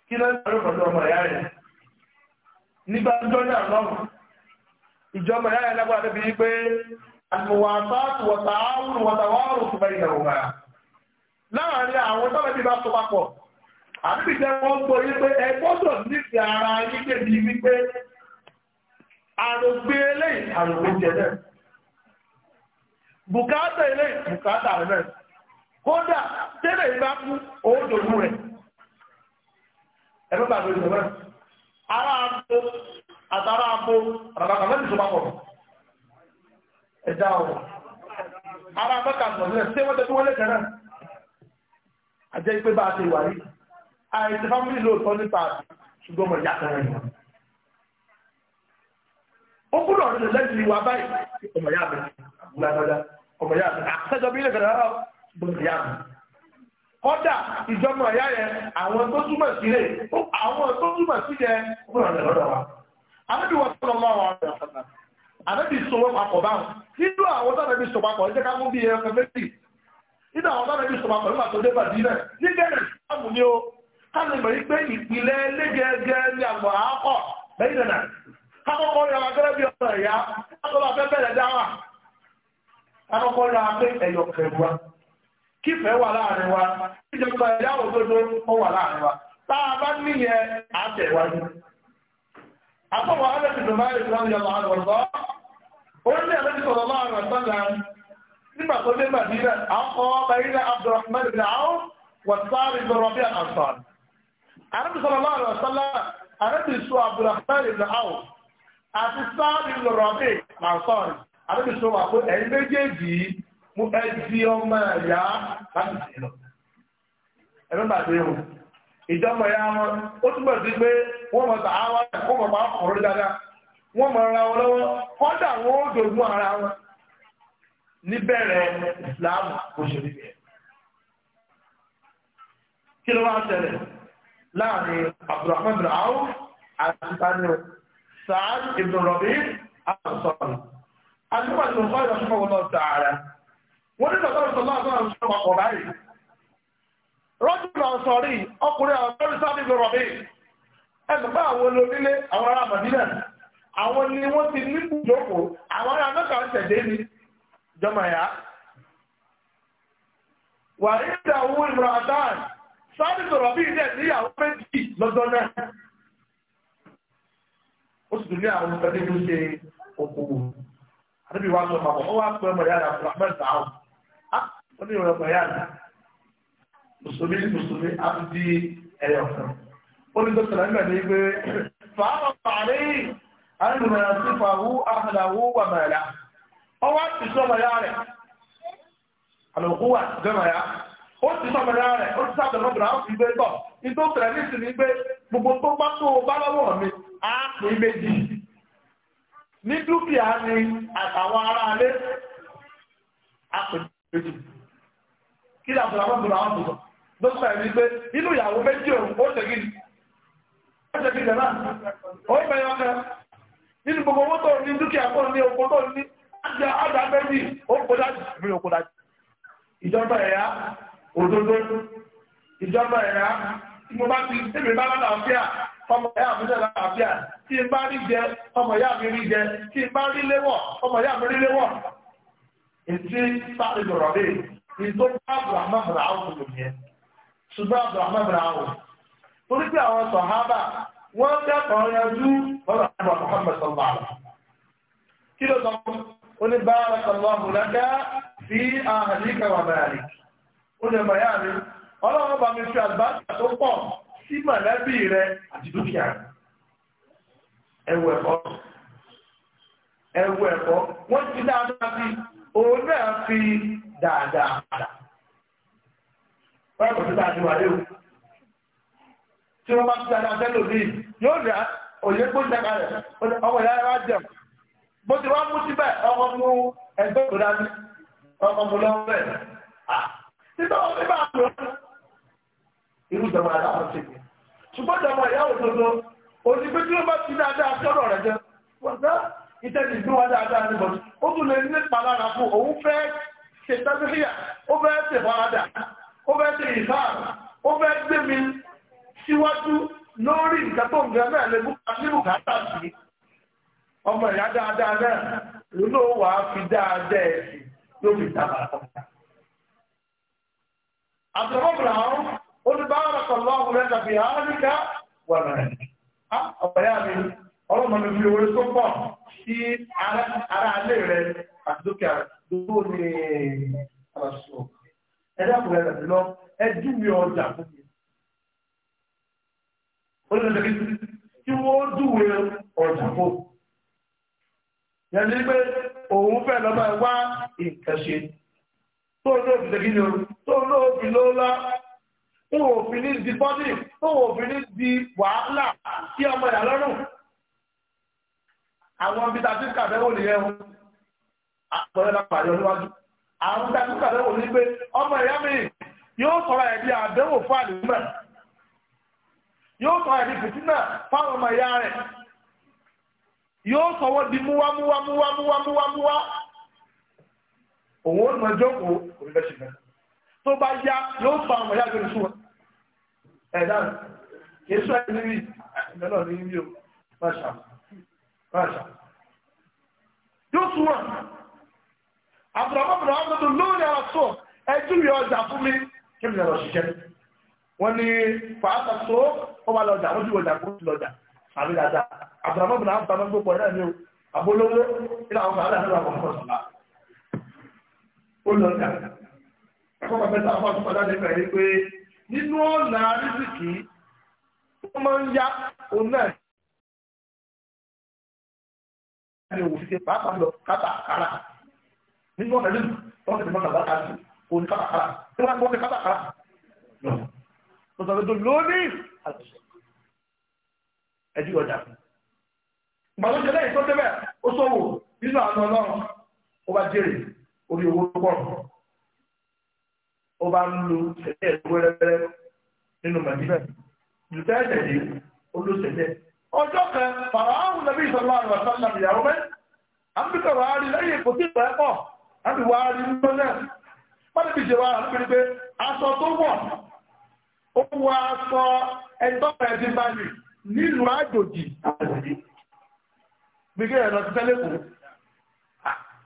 kí ló ń sọ̀rọ̀ pẹ̀lú ọmọ ìyá rẹ̀ nígbà tó ní àlọ́mù ìjọba ìyá rẹ̀ lágbára débi pé àtùwàtà wọ̀tà áwùn wọ̀tà wàhùn tó bá ìyàwó wa láàárín àwọn tọ́lẹ́bí bá tó papọ̀ àbíjẹ́ wọ́n gbọ́ yí pé ẹ gbọ́dọ̀ nífẹ̀ẹ́ ara yín débi wípé àrògbé eléyìí àrògbé jẹ náà bùkátà eléyìí bùkátà rẹ náà kódà tẹ́lẹ̀ yìí bá kú owó rẹ̀ ẹ̀rọ bàbá ìjọba rẹ̀ ara àpò àtàrà àpò àràbàkà mẹ́rin tó bá pọ̀ ẹ̀dá ọ̀rọ̀ ara mẹ́ka sọ̀rọ̀ ṣé wọ́n tẹ́ tí wọ́n lè àjẹ́ ìpé bá a ti wà yìí àìsí fámílì lóòótọ́ nípa ṣùgbọ́n mọ̀ yàtọ̀ rẹ̀ wọn. ó gbúdọ̀ ọ̀rẹ́ lẹ́yìn ìwà báyìí ọmọ yá mi àbúlágbádá ọmọ yá mi àtẹ́jọ́ bí ilé kẹ̀rẹ́ rárá ọmọ yá mi. kọ́dà ìjọba ọ̀yá yẹn àwọn tó túmọ̀ sí rẹ̀ àwọn tó túmọ̀ sí yẹn gbúdọ̀ ọ̀rẹ́ lọ́dọ̀ wa. àbẹ́bí wọn tọ́lọ́ mọ́ àwọn ọ̀rẹ́ àfọ̀nà àbẹ́bí sọ̀wọ́ papọ̀ báwọn nínú àwọn tó àbẹ́bí sọ̀ papọ̀ ẹ̀jẹ̀ ká mú bí ẹ̀fẹ̀ méjì nínú àwọn tó àbẹ́bí sọ̀ papọ̀ nígbà tó dé bàdí náà nígbà tó káàmì mọ̀ wípé ìpìlẹ̀ lẹ́gẹ̀ẹ́gẹ́ ní àgbà àkọ́ lẹ́yìn náà kákọ́kọ́ yọ akẹ́rẹ́ bí ọ̀rọ̀ ẹ̀yà kákọ́kọ́ afẹ́ bẹ̀rẹ̀ dáwà kákọ́kọ́ yọ akẹ́ ẹ̀yọ̀ kẹ̀wá kífẹ́ wà láàrin wa ìjọba ẹ̀yà òdodo ó wà láàrin wa tá a bá níyẹn àtẹ̀wájú. àtọ̀wọ̀ alẹ́sì tó máa yẹ̀sì láwọn yàrá àgbọ̀dọ̀ ó ní ẹ̀rẹ́sì sọ̀rọ̀ láàrin ọ̀sánlá nígbà tó dé màdínà àwọn ọmọ ilẹ̀ Abdulrahman ibn Awf wà sáré lọ́rọ̀ bí àǹfààní. Ànábì sallallahu alaihi wasallam Ànábì sọ Abdulrahman ibn Awf àti Sáàbì ibn Rabi Mansari Ànábì sọ wà pé ẹ̀yin méjèèjì mú ẹdí ọmọ ẹ̀yà láti sí lọ. Ẹ̀rọ bàbá o, ìjọba ya wọn, ó túbọ̀ sí pé wọ́n mọ̀ sàáwá wọ́n mọ̀ bá ọ̀rọ̀ dáadáa, wọ́n mọ̀ ra wọn lọ́wọ́, kọ́dà wọn ó dogun ara wọn níbẹ̀rẹ̀ ìsìláàmù kò ṣe níbẹ̀. Kí ló wá ń ṣẹlẹ̀? láàrin abdulrahman bin awf àti tani saad ibn rabi al-sọ̀rọ̀ àdúgbò àti nǹkan ìdọ̀tún fún ọ̀tọ̀ ààrẹ wọ́n ní dọ̀tọ̀ ìsọ̀lá àti àwọn ìṣòro ọkọ̀ báyìí rọ́jù lọ sọ̀rí ọkùnrin àwọn tọ́lú sáà ibn rabi ẹ̀sùn pé àwọn olónílé àwọn ará madina àwọn ni wọ́n ti ní ìjókòó àwọn ará mẹ́ta ń tẹ̀dé ni jọmọ̀ yá wà ní ìmúra àdáàdì sáàdì sọ̀rọ̀ bí ilé níyàwó méjì lọ́jọ́ náà ó sì tún ndị àwọn ìfẹ́ tó ṣe okòwò àdébí wa sọ papọ̀ ó wá ahụ. ọmọ ìyá rẹ̀ abdulrahman sàáwù ya ó ní ìwọ̀n ọmọ ìyá rẹ̀ mùsùlùmí mùsùlùmí abdi ẹ̀yọ̀ kan ó ní dókítà nígbà ní pé fàámà pàdé àdébùnà sí fàáwù àhàlàwù wà màlà ó wá sì sọ ọmọ ya. ya. ó ti sọ bẹ̀rẹ̀ rẹ̀ ó ti sábẹ̀rẹ̀ bẹ̀rẹ̀ àwọn ìgbé tọ̀ ìtò tẹ̀lé ní ìsìn ní pé gbogbo tó bá tó o bá lọ́wọ́ mi á pè é méjì ní dúkìá ni àtàwọn aráalé á pè é méjì kí ni àbúrò àwọn bẹ̀rẹ̀ àwọn bẹ̀rẹ̀ ló sọ ẹ̀ ní pé inú ìyàwó méjì òun ó ṣègì ó ṣègì jẹ̀ náà ó bẹ̀rẹ̀ ọkẹ nínú gbogbo owó tó ní dúkìá tó ní oko tó ní ájá ájá méjì ó kó dájú ìjọba ẹ̀yà òdodo ìjọba ẹ̀yà tí mo bá ti tèmi bá lálàáfíà ọmọ ìyá mi lè lálàáfíà tí n bá rí jẹ ọmọ ìyá mi rí jẹ tí n bá rí léwọ̀ ọmọ ìyá mi rí léwọ̀ ètí sáré lọ̀rọ̀ lé ìtò Abraham Abraham ló yẹ ṣùgbọ́n Abraham Abraham torí pé àwọn sọ̀hábà wọ́n dẹ́kọ̀ọ́ yanjú ọ̀rọ̀ àwọn Muhammad sọ̀bà kí ló sọ fún oníbàárà sọ̀lọ́ọ̀mù lẹ́kẹ́ sí àhàlíkà wà bẹ̀rẹ̀ onye lè mi ọlọ́run bá mi fi àlùbáríkà tó pọ̀ sí mọ̀lẹ́bí rẹ àti dúkìá ẹwọ ẹ̀kọ́ ẹwọ ẹ̀kọ́ wọ́n ti dáadáa sí òun náà fi dáadáa padà wọ́n kò dáadáa wà léwu tí wọ́n bá ti dáadáa sẹ́lò ní yóò òye kó ọmọ ìyá bó ti wá mú síbẹ̀ ọmọ mú títọ́ wọn bíbá àlọ́ irú jọmọ ṣùgbọ́n jọmọ ìyáwó tuntun òsì pé tí bá ti dáadáa sọ́dọ̀ rẹ̀ jẹ wọ́n sá ìtẹ́jú ìdúró wọn dáadáa ní bọ̀dù ó tún lè ní palára fún òun fẹ́ ṣe ó fẹ́ ṣe ó fẹ́ ṣe ìfà ó fẹ́ gbé mi síwájú lórí nǹkan tó ń gbẹ náà lè búkà sí ọmọ àtẹ̀wọ́pùlà àwọn olùbáwọ̀ kọ̀lọ́ ọkùnrin tàbí àáríkà wà lẹ́yìn. ọ̀pẹ̀yà mi ọlọ́mọ mi fi orí tó pọ̀ sí ara alẹ́ rẹ àti dúkìá dúró ní àlàsọ. ẹ dákun ẹ rẹ̀ lọ ẹ dí mi ọjà fún mi. ó lè lè kí wọ́n dùwẹ̀ ọjà fún mi. yẹn ní pé òun fẹ́ lọ́ba ẹ wá ìkẹ́ṣe. tó olóòbí gíní orí tó olóòbí ló lá ní di bọ́dì ní di wàhálà tí ọmọ ìyá lọ́rùn àwọn bíi tàbí kàbẹ́wò ní o àpẹẹrẹ la àwọn tàbí kàbẹ́wò ní pé ọmọ ìyá mi yóò sọ̀rọ̀ fún yóò sọ̀rọ̀ fìtínà fáwọn ọmọ ìyá rẹ̀ yóò di òun ó mọ jókòó òrùlé ṣùgbọ́n tó bá yá yóò fa ọmọ yá lórí súnmọ́ ẹ̀dá yéṣu ẹ̀ níbi ìmọ̀lọ́ ní ibi o máṣá máṣá yóò súnmọ́ àbùrọ̀mọ́bùrọ̀ ọ̀gbọ̀dọ̀ lórí ọ̀ṣọ́ ẹjú yọ ọjà fún mi kí mi lọ ṣiṣẹ́ wọ́n ní fàáta tó ó wà lọ́jà wọ́n ti wọ̀jà kó ti lọ́jà àbí dáadáa àbùrọ̀mọ́bùrọ̀ àbùrọ̀mọ́bùrọ̀ pọ̀ ilé àwọn ọ̀gá àdáhùn àwọn ó lọ dà ẹ̀kọ́ àwọn àtúpadà nípa ẹ̀ pé nínú ọ̀nà àrísìkì tó máa ń yá òun náà ní òwò ṣíṣe pàápàá lọ kátàkárà nínú ọ̀nà ìlú wọn tẹ̀lé mọ́tà bàtà sí òun kátàkárà tí wọ́n gbọ́ pé kátàkárà lọ sọ̀tọ̀ lójú lórí ẹjú ọjà gbàdúgbò lẹ́yìn tó ó nínú àná ó bá orí owó pọ̀ ó bá ń lo sẹ̀lẹ̀ wẹ́rẹ́wẹ́rẹ́ nínú màdìbẹ̀ lùtẹ́ẹ̀tẹ̀ yìí ó ló sẹ̀lẹ̀ ọjọ́ kan fàràhùn nàbí sallallahu alaihi wasallam ìyàwó mẹ́ àbíkọ̀ wà á rí lẹ́yìn kò sí ìpẹ́ pọ̀ àbí wà á rí lọ́wọ́ náà wọ́n ti ṣe wà á rí pé aṣọ tó wọ̀ ó wọ aṣọ ẹ̀tọ́ ẹ̀dínbáyì nílùú àjòjì àjòjì gbígbé ẹ̀rọ ti tẹ́lẹ̀ kù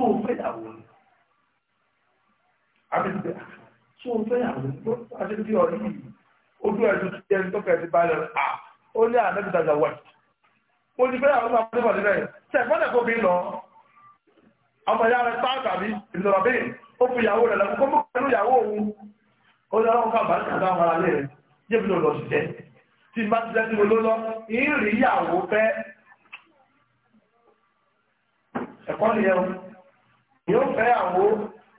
tó ń fẹ́ ìyàwó ni àbẹ̀tẹ̀ tó ń fẹ́ ìyàwó ni tó aṣọ tí ọ̀rẹ́ yìí ojú ẹ̀ tuntun yẹn tó fẹ́ ti bá lọ à ó ní àmẹ́bí dàgbà wẹ̀ mo ti fẹ́ ìyàwó máa fẹ́ bọ̀ nílẹ̀ sẹ̀fọ́n ẹ̀kọ́ bí lọ ọmọ ìyá rẹ̀ sáà tàbí ìdọ̀rọ̀ bí ó fi ìyàwó rẹ̀ lọ́kọ́ mú pẹ̀lú ìyàwó òun ó ní ọlọ́run ká bàtà dáhùn ara lọ tí bá ti lẹ́sìn olólọ́ ìrìn ìyàwó fẹ́ ẹ̀kọ́ nìyẹn yóò fẹ́ àwo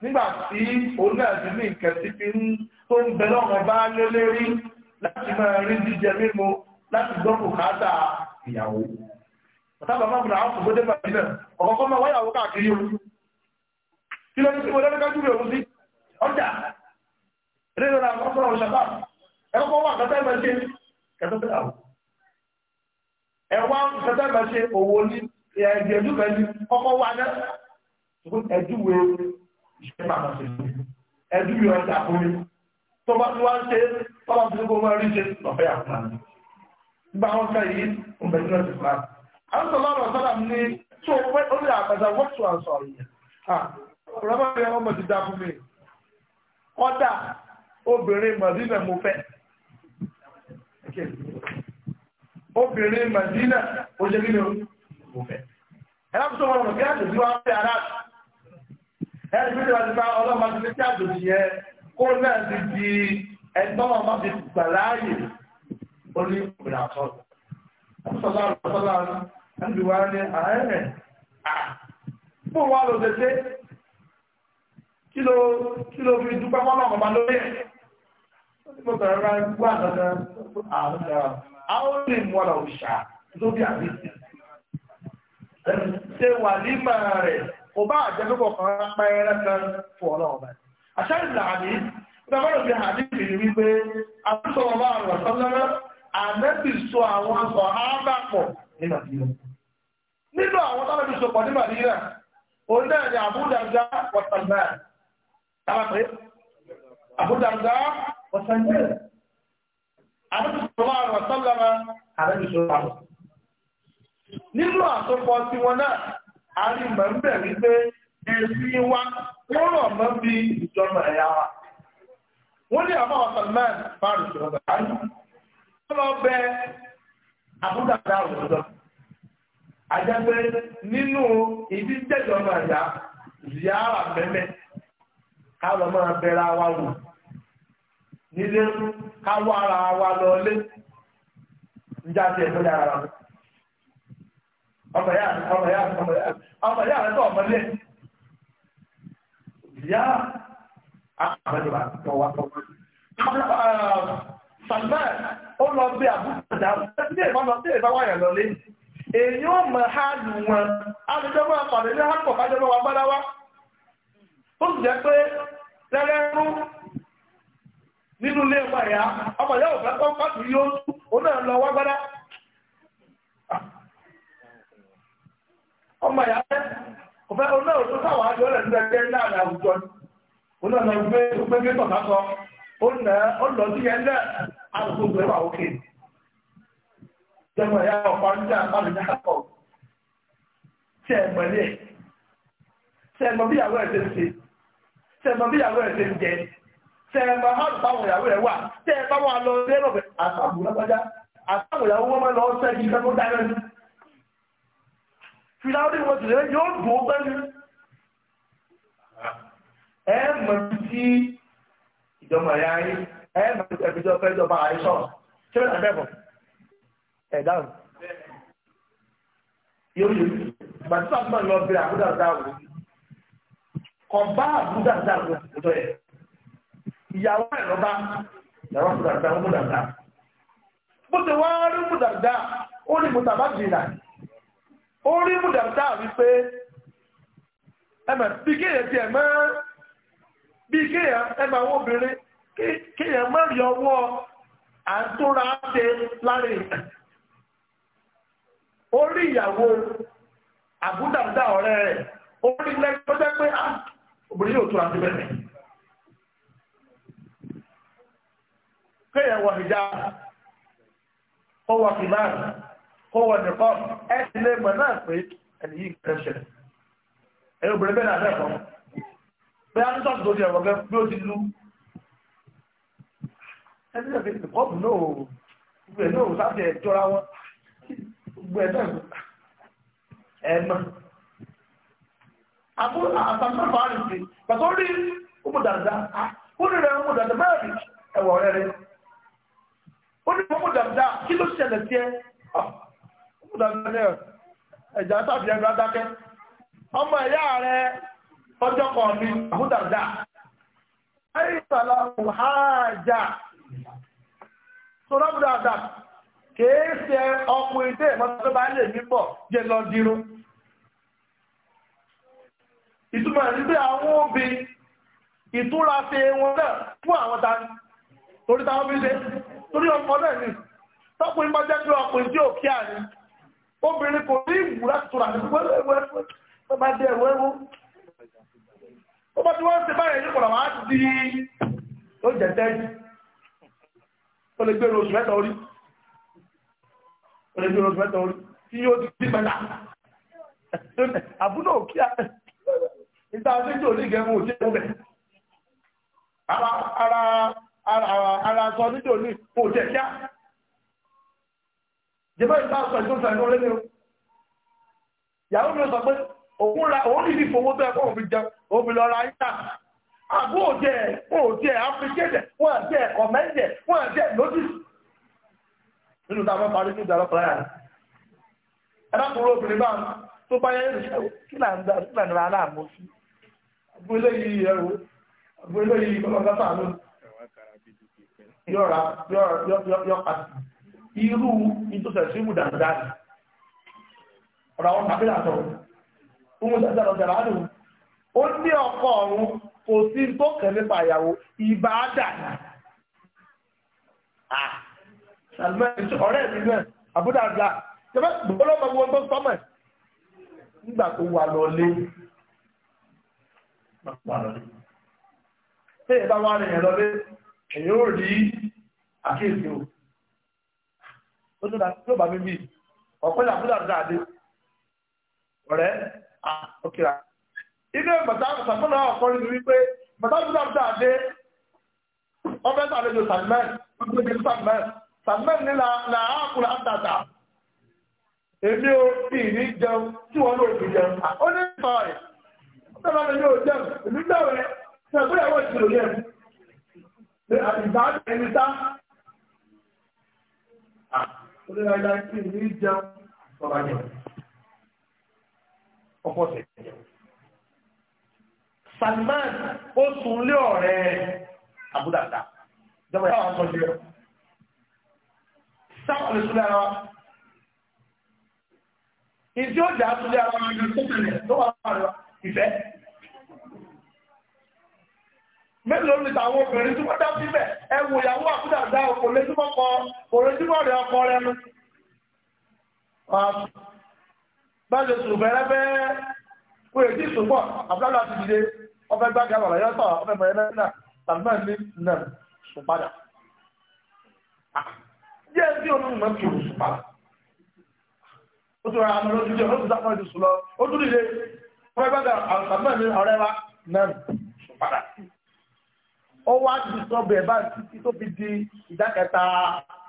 nígbà tí òun náà ti ní nǹkan tí fi ń tó ń bẹ lọ́mọ bá lé lérí láti máa rí jíjẹ mímu láti gbọ́ bùkátà ìyàwó. Bàtà bàbá mi làwọn kò gbódé bàbí náà, ọ̀kọ̀ọ̀kan máa wáyàwó káàkiri o. Kí ló mo Ọjà. Eré ọ̀rọ̀ ṣàbá. Ẹ kọ́kọ́ wà kẹta ṣe kẹta Ẹ wá kẹta ṣe òwò ní kọ́kọ́ wà náà. ẹdúwe iṣẹ́ máa ṣe ẹdúwe ọjà fún mi tó bá tí wá ń ṣe tọ́lá tí gbogbo wọn rí ṣe lọ́fẹ́ àfúnà ní gbà wọn ká yìí ń bẹ nínú ẹ̀sìn fúnra àwọn tó lọ́rọ̀ sọ́dà ní tó pé ó lè àgbàdà wọ́tò àṣọ yìí rọ́bà mi ọmọ ti dá fún mi kọ́dà obìnrin mọ̀dínà mo fẹ́ obìnrin mọ̀dínà ó ṣe kí ni mo fẹ́ ẹ̀ láti tó wọn rọ̀ bí àtẹ̀síwájú aráàlú ẹni tó ti wá ti bá ọlọ́mọ ti lé tí àjòjì yẹn kó náà ti di ẹni tó wọn bá ti gbà láàyè ó ní òmìnira àtọ́jú. àtúntọ́lá àtúntọ́lá ẹni wá ní àárẹ̀ fún wa ló dédé kí ló kí ló fi dúpẹ́ mọ́nà ọ̀gbà lórí ẹ̀. ó ti bọ̀ gbọ́ àtọ́jú àwọn ọ̀gá àwọn ò ní ìmúwàlà òṣà lóbi àbí ṣe rẹ̀ kò bá àjẹlúbọ̀ kan pa ẹran kan fún ọlọ́run ọba àṣà ìlà àdé ìdábọ̀rọ̀ fi àdé ìrìn wípé àtúntọ̀rọ̀ bá àrùn ọ̀sán lọ́rọ́ àmẹ́bí so àwọn aṣọ àábà pọ̀ ní nàìjíríà nínú àwọn tábàbí so pọ̀ ní nàìjíríà òun náà ni àbúdàgá wọ̀sánbẹ́ẹ̀ náà a rí mọ̀ ń bẹ̀ wípé ẹ̀sìn wa wọ́n rọ̀ mọ́ bí ìjọba ẹ̀yà wa. wọ́n ní àwọn ọ̀sán mẹ́rin fáàrù ìjọba ayé wọ́n lọ bẹ àbúdá dáhùn àjẹpẹ́ nínú ìdí jẹ́jọba ẹ̀yà ká lọ máa bẹ̀rẹ̀ wa wò nílé wa lọ lé ń jáde ẹ̀fọ́ ọmọ ya ọmọ ya ọmọ ya ọmọ ya rẹ tó ya lé ìyá àbẹ̀dọ̀wà tọ̀wà tọ̀wà sàgbẹ́ ó lọ bí àbúrò ní ìbá lọ sí ìbá ya lọlé èyí ó ya ha lù wọn alùjọ máa pàdé ní hapọ̀ kájọ máa wà gbádá wá ó sì jẹ́ pé lẹ́rẹ́rú nínú ilé wa ìyá ọmọ yóò fẹ́ kọ́ pàtó yóò ó náà lọ wá gbádá ọmọ ìyá rẹ̀ ọ̀fẹ́ onáà tó sáwọn àjọ rẹ̀ ti rẹ̀ láàrin àwùjọ ni onáà lọ gbé gbé gbé tọ̀ká sọ ó nà ó lọ sí yẹn àlùkò gbé wà òkè jẹmọ ìyá ọ̀pá ń jà àbálù ní àkọ́ tí ẹ mọ̀ lé tí ẹ mọ̀ bí ìyàwó ẹ̀ ṣe ń ṣe tí ẹ mọ̀ bí ìyàwó ẹ̀ ṣe ń jẹ tí ẹ mọ̀ hàn ìyàwó ẹ̀ wà tí ẹ bá wà lọ sí ẹ̀rọ̀ àtàbù lágbájá àtàbù ìyàwó wọn máa fìdáwọ́dé wọn ti rẹ̀ yóò dùn ó pẹ́lú ẹ mọ̀ sí ìjọba ẹ̀yà yín ẹ mọ̀ sí ẹ̀fíjọ́ fẹ́jọba àìsàn ṣé bẹ́ẹ̀ bẹ́ẹ̀ bọ̀ ẹ̀ dáhùn yóò yẹ bàtúbà tó máa lọ bẹ àbúdà dáhùn kọ bá àbúdà dáhùn òtọ́ yẹ ìyàwó ẹ̀ lọ́ba ìyàwó àbúdà dáhùn òmùdà dáhùn bó ti wá rí òmùdà dáhùn ó ní mùtàbá jìnnà. orí rí ẹmẹ bí kéèyàn tiẹ̀ mọ́ bí kéèyàn ẹmẹ àwọn obìnrin ọwọ́ ṣe ìyàwó ọ̀rẹ́ rẹ̀ pé ah, obìnrin yóò sí bẹ́ẹ̀ kéèyàn ó kó wọ nìkan ẹ sì lè mọ̀ náà pé ẹni yìí kẹ́ ṣẹlẹ̀ ẹ̀rọ obìnrin bẹ́ẹ̀ náà lẹ́kọ̀ọ́ bẹ́ẹ̀ á ní sọ́ọ̀tù tó di ẹ̀rọ gẹ́ bí ó ti lu ẹni náà fi kọ́ọ̀bù náà gbogbo ẹ̀ náà sáfì ẹ̀ jọra wọn gbogbo ẹ̀ náà ẹ̀ mọ̀ àbúrò àtàkùn fàárì sí pàtó rí ọmọ dàda ó ní rẹ̀ ọmọ dàda bẹ́ẹ̀ rí ẹ̀wọ̀ rẹ̀ rẹ̀ ó ní ọmọ dàda kí ló ṣẹlẹ̀ sí ẹ lọ́dọ̀lẹ́ ẹ̀jà tàbí ẹ̀rọ adákẹ́ ọmọ ẹ̀yà rẹ ọjọ́ kan ní àbúdàdà ayíṣàlá ọ̀háàjà sọ́dọ̀ àbúdàdà kìí ṣe ọkùnrin tẹ́ ìmọ̀tò lè mí bọ jẹ́ lọ dírú ìtumọ̀ ní àwọn ṣe wọn náà fún àwọn torí táwọn ṣe torí ọkọ náà obìnrin kò ní ìwù láti tó láti wẹ́wẹ́wẹ́ tó bá dé ẹ̀wọ́ ẹ̀wọ́ ó bá tí wọ́n ṣe báyìí nípa làwọn á ti di ó jẹ tẹ́jú ó lè gbèrò oṣù mẹ́ta orí ó lè gbèrò oṣù mẹ́ta orí tí yóò ti di mẹ́ta àbúrò kí á níta ṣe tí ò ní gẹ̀ẹ́mú òjì ẹ̀mọ́bẹ̀ ara ara ara sọ jẹ́bọ́ ìta sọ ìtúnṣà ìlú orílẹ̀ o ìyàwó mi sọ pé òun ra òun ní ìfowó tó ẹ̀kọ́ òfin jẹ òfin lọ ra yíyà àbú òjẹ òjẹ àfikéjẹ wọn àti ẹ̀kọ́ mẹ́jẹ wọn àti ẹ̀lódì nínú táwọn parí ní ìdàrọ́ pàlàyà rẹ̀ ẹ̀dàkùnrin obìnrin bá tó bá yẹ kí là ń dá kí là ń ra aláàmú sí àbú eléyìí ẹrù àbú eléyìí ọlọ́gbàtà lónìí yọ̀ọ̀ra yọ̀ọ̀ra yọ̀ọ̀ra irú ìtòsẹ̀síwù dàndáàdì ọ̀rọ̀ àwọn tàbílà sọ̀rọ̀ ohun sẹ́sẹ̀rọ̀ jẹ̀rọ̀dù ó ní ọkọ ọ̀run kò sí tó kẹ̀ nípa ìyàwó ìbá dànà ọ̀rẹ́ mi náà àbúdà ga jẹ́fẹ́ èyí ó rí àkíyèsí o ó ní tó bá mi ọ̀pẹ́ làbúlà dáadé ọ̀rẹ́ àkókèrà ilé bàtà sàmúlà ọ̀kọ́rin ni wípé bàtà bàtà dáadé ọbẹ̀ sàlejò sàmẹ́ ọdún sàmẹ́ sàmẹ́ ní làákùnrin àtàtà èmi ò ní jẹun tí wọn jẹun ó ní sọ̀rọ̀ mi jẹun èmi ìṣirò yẹn ìgbà ẹni oníláyà kí ní jẹun ọba jẹun ọkọ tẹ jẹun. Salman ó sùn lé ọ̀rẹ́ àbúdàdà ìjọba ìyá àwọn ọmọdé rẹ sáwọn lè súnlé ara ìdí ó jà á ara wa ní ìfẹ́ mélòó ni tàwọn obìnrin tí wọ́n dá síbẹ̀ ẹ wò ìyàwó àkúdà dá kò lójúmọ́ kọ kò lójúmọ́ rẹ̀ ọkọ rẹ̀ nu. báyọ̀ sùn bẹ̀rẹ̀ bẹ́ẹ̀ kò yẹ kí sùn pọ̀ àbúrò àti ìdílé ọfẹ́ gbága bàbá yọ sọ ọfẹ́ mọ̀ ẹ̀rẹ́ náà tàbí náà ní nà sùn padà. Ah, díẹ̀ sí olùmọ̀ kì sùn padà. ó tún ra àmọ́ lójú ó wá ti sọ́bẹ̀ bá títí tó fi di ìdákẹta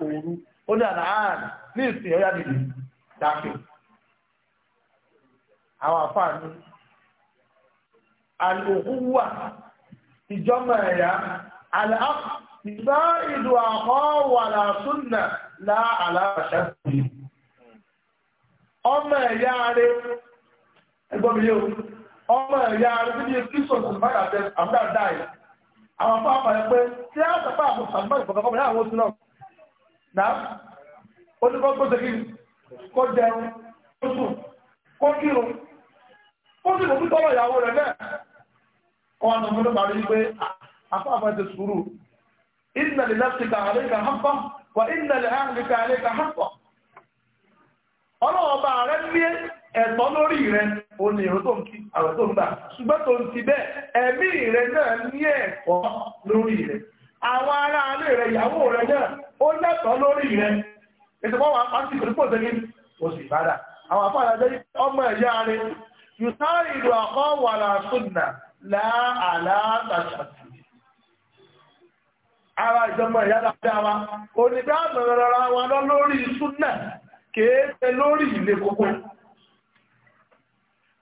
òru ó ní àlàáhàn ah, ní ìsìn ọ̀yá nìyí dákì àwọn àfààní àlòkúwà ìjọba ẹ̀yà àlàáfù ìgbà ìlú àkọ́ wà làásùnà lá àlàáṣà sí ọmọ ẹ̀yà rẹ̀ ẹgbọ́n mi yóò ọmọ ẹ̀yà rẹ̀ bí i kí sọ̀tún bá yàtẹ̀ àbúrà dáì àwọn afọ àpàlẹ pé tí a sàpá àbò sàgbà ìfọ̀kànkọ́ mi láwọn oṣù náà nà oníkọ́ tó ṣe kí kó jẹun kó sùn kó kírun kó sì kò títọ́rọ̀ ìyàwó rẹ̀ bẹ́ẹ̀ kọ́ àwọn ọmọdé bá rí pé afọ àpàlẹ ti sùúrù inna lè láti ka àlẹ́ ka hàn pọ̀ wà inna lè hàn lè ka àlẹ́ ka hàn pọ̀ ọlọ́wọ́ bá rẹ̀ ẹ̀tọ́ lórí rẹ o ní ìrún tó ń kí àwẹ̀ tó ń gbà ṣùgbọ́n tó ń ti bẹ́ẹ̀ ẹ̀mí rẹ náà ní ẹ̀kọ́ lórí rẹ àwọn ará alẹ́ rẹ ìyàwó rẹ náà ó lẹ́tọ̀ọ́ lórí rẹ ètò wọn wàá pàṣẹ ìpínlẹ̀ pọ̀ sẹ́yìn o sì bára àwọn afáàlà jẹ́ ọmọ ẹ̀yà rẹ yùtáàrí ìlú àkọ́ wà lásùnà láàlátàṣàtì ara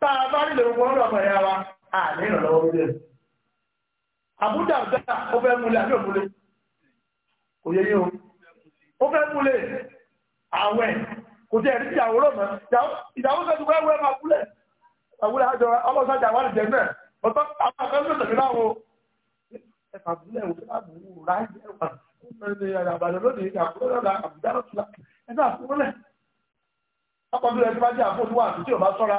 tá a bá nílò gbogbo ọlọ́dọ̀ wa àní ìrànlọ́wọ́ lórí àbúdà ọ̀dà ó fẹ́ múlẹ̀ àbí kò yẹ o ó fẹ́ múlẹ̀ àwẹ̀ kò tẹ̀ ẹ̀rí ìyàwó ìyàwó máa àjọ wà náà wo wò náà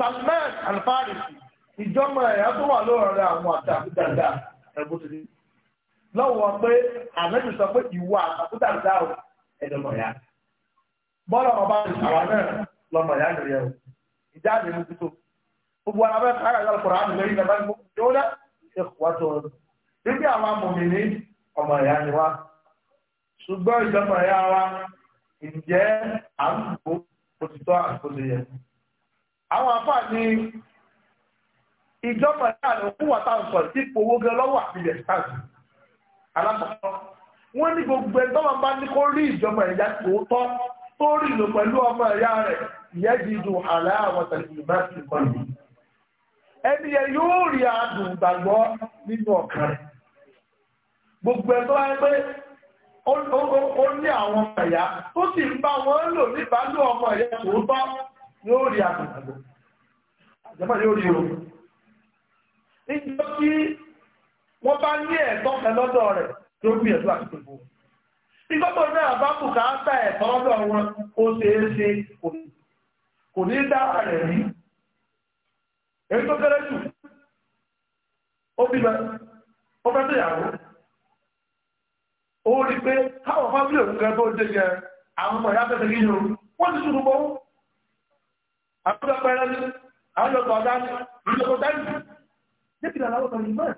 Salman al-Farisi ìjọba ẹ̀yà tó wà lóòrè àwọn àtàkùn dáadáa ẹ̀bùn ti di. lọ́wọ́ pé àmẹ́jù sọ pé ìwọ àtàkùn dáadáa ò ẹ̀dọ̀ lọ́yà. bọ́lá ọba àwa náà lọ́mọ ìyá rẹ̀ o ìjà rẹ̀ mú tuntun. gbogbo ara bẹ́ẹ̀ kára ìyá ọkùnrin àmì lórí ìjọba ìgbó jóná ṣe kó wá tó o. bíbí àwọn amòmìnir ọmọ ìyá ni wá. ṣùgbọ́n ìjọba ìyá wa ǹjẹ́ à òtítọ́ àkóso yẹn àwọn afá ní ìjọba náà ló kú wàtá ń sọ̀rọ̀ tí owó gẹ lọ́wọ́ àbílẹ̀ sáàsì alákọ̀ọ́ wọ́n ní gbogbo ẹni tọ́wọ́ bá ní kó rí ìjọba ẹ̀yà tòótọ́ tó rí ìlò pẹ̀lú ọmọ ẹ̀yà rẹ̀ ìyẹn ti dùn àlẹ́ àwọn tẹ̀sílì bá ti kọ́ ni ẹni yẹn yóò rí adùn gbàgbọ́ nínú ọ̀kan rẹ̀ gbogbo ẹni tọ́wọ́ pé ó ní àwọn ọmọ ẹ̀yà tó sì ń bá wọn lò níbàálù ọmọ ẹ̀yà tòótọ́ yóò rí àgbàgbà àjẹmọ́ yóò rí o níjọ́ tí wọ́n bá ní ẹ̀tọ́ kan lọ́dọ̀ rẹ̀ tó gbìyànjú àti tòbó ìgbọ́tọ̀ náà bá bùkátà ẹ̀tọ́ lọ́dọ̀ wọn ó ṣeé ṣe kò ní dára rẹ̀ rí èyí tó kéré jù ó bímọ ó fẹ́ tóyàwó ó rí pé káwọn fábílì òun gan tó dé yẹn àwọn ọmọ ìyá fẹ́ fẹ́ yíyan wọ́n ti sùn bọ́ akọ́pẹ́rẹ́ ní alọ́gbọ̀n ọ̀gá ní ìjọba dáìsì jẹ́kìlá làwọn kan yìí mọ́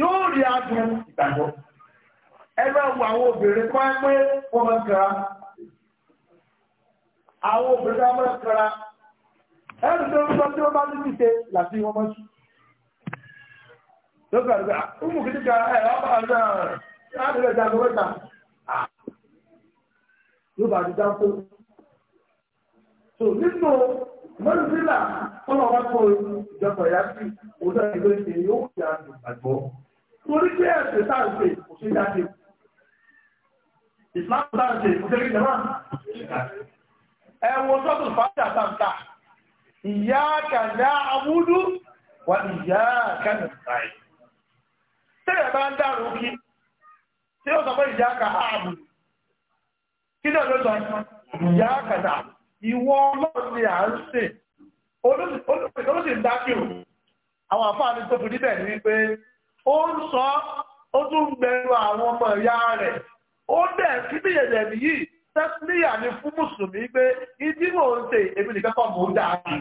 yóò rí adùn ìgbàgbọ́ ẹ máa wọ àwọn obìnrin kan pé wọ́n máa kara àwọn obìnrin kan máa kara ẹni tó ń sọ tí wọ́n bá ní ṣíṣe láti wọ́n máa sùn. lókè àdúgbò ọmọ kìíní ka ẹ ọmọ àgbà láti lè jà lọ́wọ́ tò nínú mọ́nìlá ọmọ wa kọ ìjọba ìyá sí òun náà ìwé ṣe yóò ṣe àgbọ̀. torí pé ẹ̀sẹ̀ tá à ń ṣe kò ṣe jáde. ìsìláàmù tá à ń ṣe kò ṣe kéde náà. ẹ̀wọ̀n sọ́tò fàájà tàǹtà ìyá kàdá awúdú wà ìyá kàdá ìsáì. tẹ́lẹ̀ bá ń dàrú kí tí ó sọ pé ìyá kà áàbù kí ni ọ̀dọ́ sọ ìyá kàdá áàbù. ìwọ ọlọ́run ni à ń sìn olóṣèlú dákìrò àwọn àfáàní tó fi níbẹ̀ ni wípé ó ń sọ ó tún àwọn ọmọ ìyá rẹ̀ ó dẹ̀ kí bí yẹ̀dẹ̀ nìyí tẹ́sílíyà ni fún mùsùlùmí pé ìdí mò ń ṣe èmi nìkan kọ́ mò ń dà á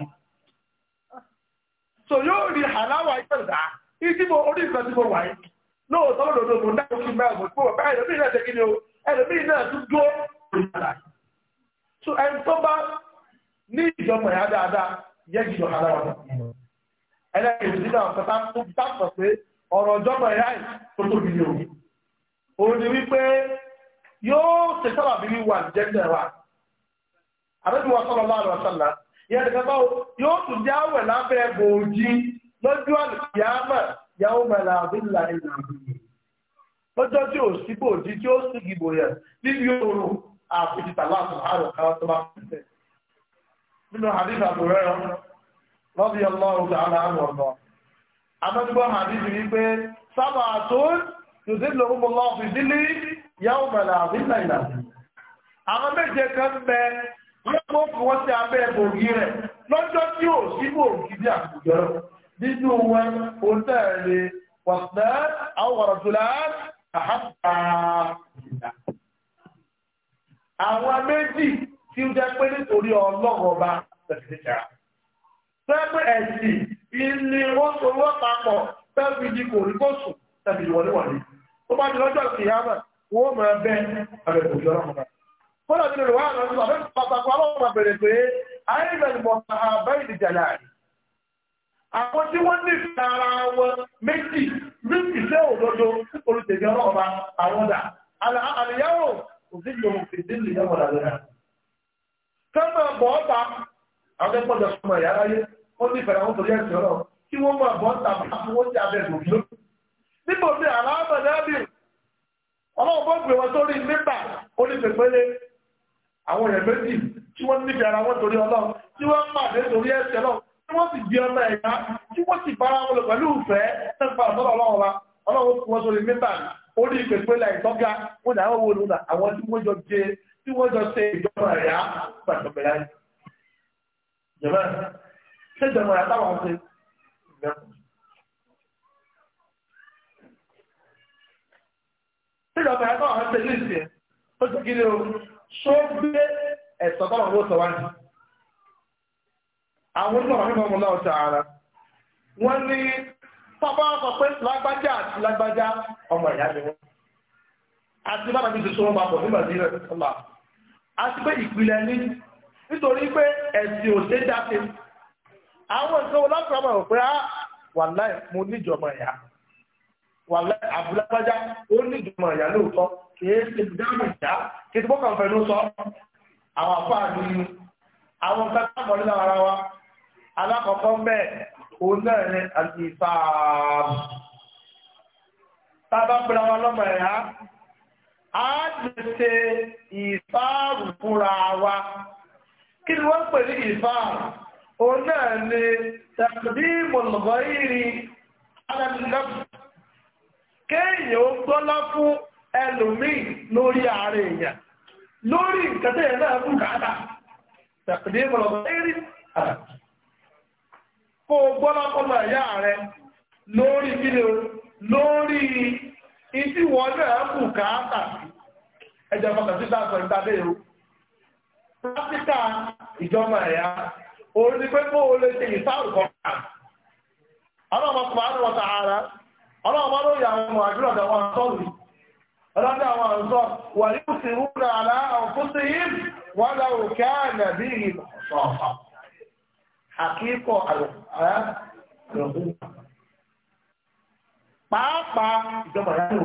so yóò rí ìdí orí tí mo wà yìí lóòótọ́ ni o so ẹni tó bá ní ìjọpọ̀ yà dáadáa yẹ jùlọ ara wọn. ẹlẹ́yìn ìdílé àwọn kọta tó dáàbò pé ọ̀rọ̀ ìjọpọ̀ yà yìí tó tóbi ní òun. òun ni wípé yóò ṣe sábà bí wà jẹ́ndẹ̀ wa. àbẹ́bí wa sọ̀rọ̀ láàrin ọ̀sánlá ìyẹn nìkan báwo yóò tún jẹ́ àwẹ̀ lábẹ́ bòójì lọ́jọ́ àlùkìyàmà yàwó mẹ́la àbílà ìlànà lọ́jọ́ tí ò sí bòójì tí ó sì gbìbò yẹn níbi òòrùn àfi ti tàlá àtùmáàrò kára tó bá fẹ́. nínú hadith àbúrẹ́ rẹ̀ lọ́bí ọlọ́run tó ara àrùn ọ̀nà adájúgbọ́ hadith yìí pé sábà tó yòdí lòun lọ́ fi dílé yàwó mẹ́lẹ̀ àbí nàìjíríà. àwọn méje kan bẹ lọ́jọ́ tí ò sí bòógì bí àkùjọ nínú wọn òun tẹ̀lé wàsílẹ̀ àwọn wàràtúlá àhàbà ìlà. àwọn méjì tí ó jẹ́ pé nítorí ọlọ́run ọba ẹ̀sìn ìní papọ̀ di kòríkòsù tẹ́bí wọléwọlé tó bá di lọ́jọ́ ìyáàbà wọ́n máa bẹ́ abẹ́kò ìjọ ọlọ́run ọba kọ́lá ti lè wá àwọn ọmọ bẹ́ẹ̀ pàtàkì ọlọ́run àbẹ̀rẹ̀ pé ayélujára mọ̀ àbẹ́yìn ìjàlá rẹ̀ àwọn tí wọ́n ní wọn méjì òsìlòhùn fìdílì yẹ́wọ̀n lálẹ́ kẹ́mọ̀ bọ̀ ọ́ta àwọn ẹgbọ́dọ̀ sọmọ ìyá aráyé ó ní ìfẹ̀rẹ̀ àwọn torí ẹ̀sìn ọ̀rọ̀ kí wọ́n mọ̀ bọ̀ ọ́ta bá fún oúnjẹ abẹ́ gòkìló nígbà omi àlámọ̀ dábì ọlọ́run bó gbé wọn sórí nígbà ó ní pèpele àwọn èèyàn méjì tí wọ́n níbi ara wọn torí ọlọ́run tí wọ́n pàdé torí ẹ̀sìn ọlọ́run tí wọ́n sì di ọmọ ẹ̀yà tí wọ́n sì bára wọn lọ pẹ̀lú ìfẹ́ nípa ọ̀sọ́rọ̀ ọlọ́run wa ọlọ́run fi sórí nígbà orí ìpèpè la ìtọ́gá wọn náà wọ́n lónà àwọn tí wọ́n jọ jẹ tí wọ́n jọ ṣe ìjọba ẹ̀yà pàtàkì láyé. jẹ̀mọ́ ṣé jẹ̀mọ́ ẹ̀yà táwọn ṣe. ṣé jẹ̀mọ́ ẹ̀yà táwọn ṣe ní ìsìn ó ti kí ni o ṣó gbé ẹ̀sọ́ táwọn ló sọ wá ní. àwọn onímọ̀ àwọn onímọ̀ ọmọ náà ṣe ara wọ́n ní tọ́ba wọn sọ pé lágbájá àti lágbájá ọmọ ìyá ni wọn àti bàbá mi ti sọ wọn papọ̀ nígbà tí ìrẹ̀ sọ́la àti pé ìpìlẹ̀ ní nítorí pé ẹ̀sìn òṣè dáke àwọn ìṣòro láti ọmọ rò pé á ah, wàláì mo níjọba ìyá wàláì àbúlágbájá ó níjọba ìyá lóòótọ́ kìí ṣe dáhùn ìyá kìí ṣe bọ́kàn fẹ́ ló sọ àwọn àfáà ní àwọn kákàmọ́ nínú ara wa alákọ̀ọ́kọ́ òun náà ní àtìsáàbù tábà pẹ̀lú àwọn ọlọ́mọ ẹ̀yà á lè ṣe ìsáàbù fúnra wa kí ni wọ́n pè ní ìsáàbù òun náà ní tàbí mọ̀lọ́gọ́ ìrì alẹ́nudẹ́kù kéèyàn ó gbọ́lá fún ẹlòmíì lórí ààrẹ èèyàn lórí nǹkan náà bùkátà tàbí mọ̀lọ́gọ́ ìrì alẹ́nudẹ́kù. kó o gbọ́dọ̀ ẹ̀yà rẹ lórí kíni o lórí ìdí wọn náà kù káàtà ẹ̀jẹ̀ pàtàkì títà sọ ìtàdé o. pásítà ìjọba ẹ̀yà orí pé kó o lè ṣe ìsáàrù kọ́kà. ọlọ́mọ ń ara ọlọ́mọ àdúrà àwọn sí yìí ọ̀sọ̀ọ̀sọ̀. àkíkọ̀ àlọ́kùn pàápàá ìjọba yàtọ̀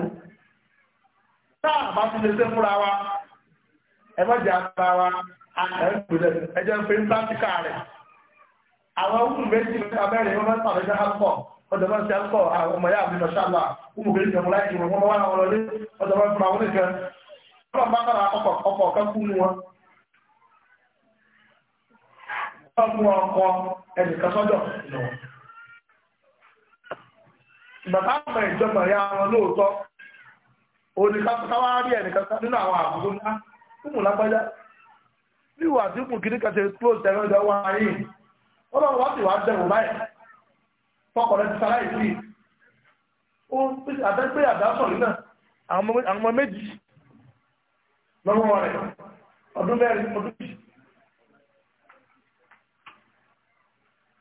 táà bá ti lè ṣe wa ẹgbẹ́jẹ̀ ara wa àtẹ̀gbẹ̀rẹ̀ ẹjẹ́ ń ń rẹ̀ àwọn ohun méjì bá àwọn ọmọ yà ohun méjì láì wà bá ń nìkan bá kú wọn ọmọ ọkọ ẹnìkan sọ́dọ̀ lọ. Bàbá ìjọba ya wọn lóòótọ́, oníkàwá rí ẹnìkan nínú àwọn àbúrò ńlá, fúnmù lágbájá. Bí ìwà tí kù kìíní kẹsẹ̀ close tẹ̀lé ọjọ́ wa ayé, wọ́n lọ́wọ́ wá sí wàá dẹ̀wò báyìí. Fọkọ̀rẹ́ ti sáláì sí. Ó àtẹ́gbé àdásọ̀rí náà, àwọn ọmọ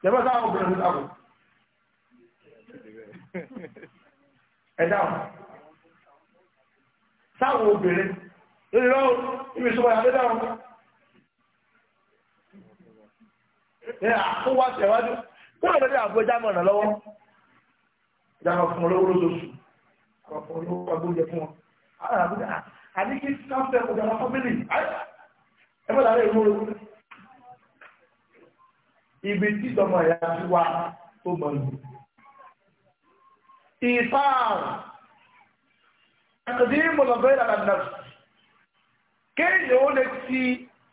jẹ́bọ́ sáwọn obìnrin ló dàbò ẹ dáhùn sáwọn obìnrin lórí lọ́wọ́ ibi ìṣòwò ìyàwó dáhùn ẹ àkówá tẹ̀wájú kó lè lọ́dẹ̀ àbúrò jámọ̀ ọ̀nà lọ́wọ́ jámọ̀ fún olówó lóṣooṣù àwọn fún olówó agbóúnjẹ fún wọn àwọn àbúrò àdíkí sáfẹ́ ọ̀dọ̀ àwọn fámìlì ẹ bọ́dà rẹ̀ ìmúlò ibi tí tọmọ ìyá ti wá tó mọ̀ lù. Ìfáàr, àkàdé mọ̀lọ́gbẹ́ ìlànà kéèyàn ó lè ti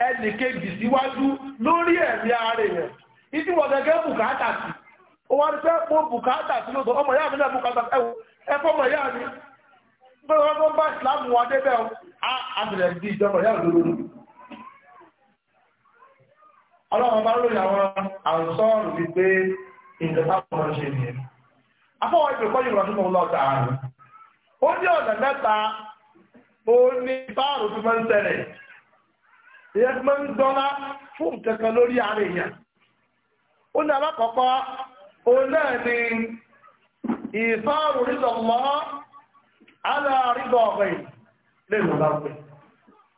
ẹnì kejì síwájú lórí ẹ̀mí ààrẹ rẹ̀. Ìdí wọ̀ gẹ́gẹ́ bùkátà sí. Ó wá ní pé mo bùkátà sí lóòótọ́, ọmọ ìyá mi náà bùkátà ẹ̀wò ẹ̀fọ́ ọmọ ìyá mi. Bẹ́ẹ̀ wọ́n bá ìsìlámù wa débẹ̀ ọ́, a àtìlẹ̀ di ìjọba ìyá mi lórí ọlọ́run bá lórí àwọn àǹsọ́ọ̀rù bíi pé ìjọba kò máa ń ṣe nìyẹn. afọwọ́ ìpè kọ́ yorùbá tó lọ ta àrùn. ó ní ọ̀nà mẹ́ta ó ní báàrù tó máa ń tẹ̀lé ìyẹn tó máa ń dọ́lá fún kankan lórí ara èèyàn. ó ní alákọ̀ọ́kọ́ òun náà ni ìfáàrù rídọ̀ mọ́ aláàrídọ̀ ọ̀gbìn lè lọ́lá ọ̀gbìn.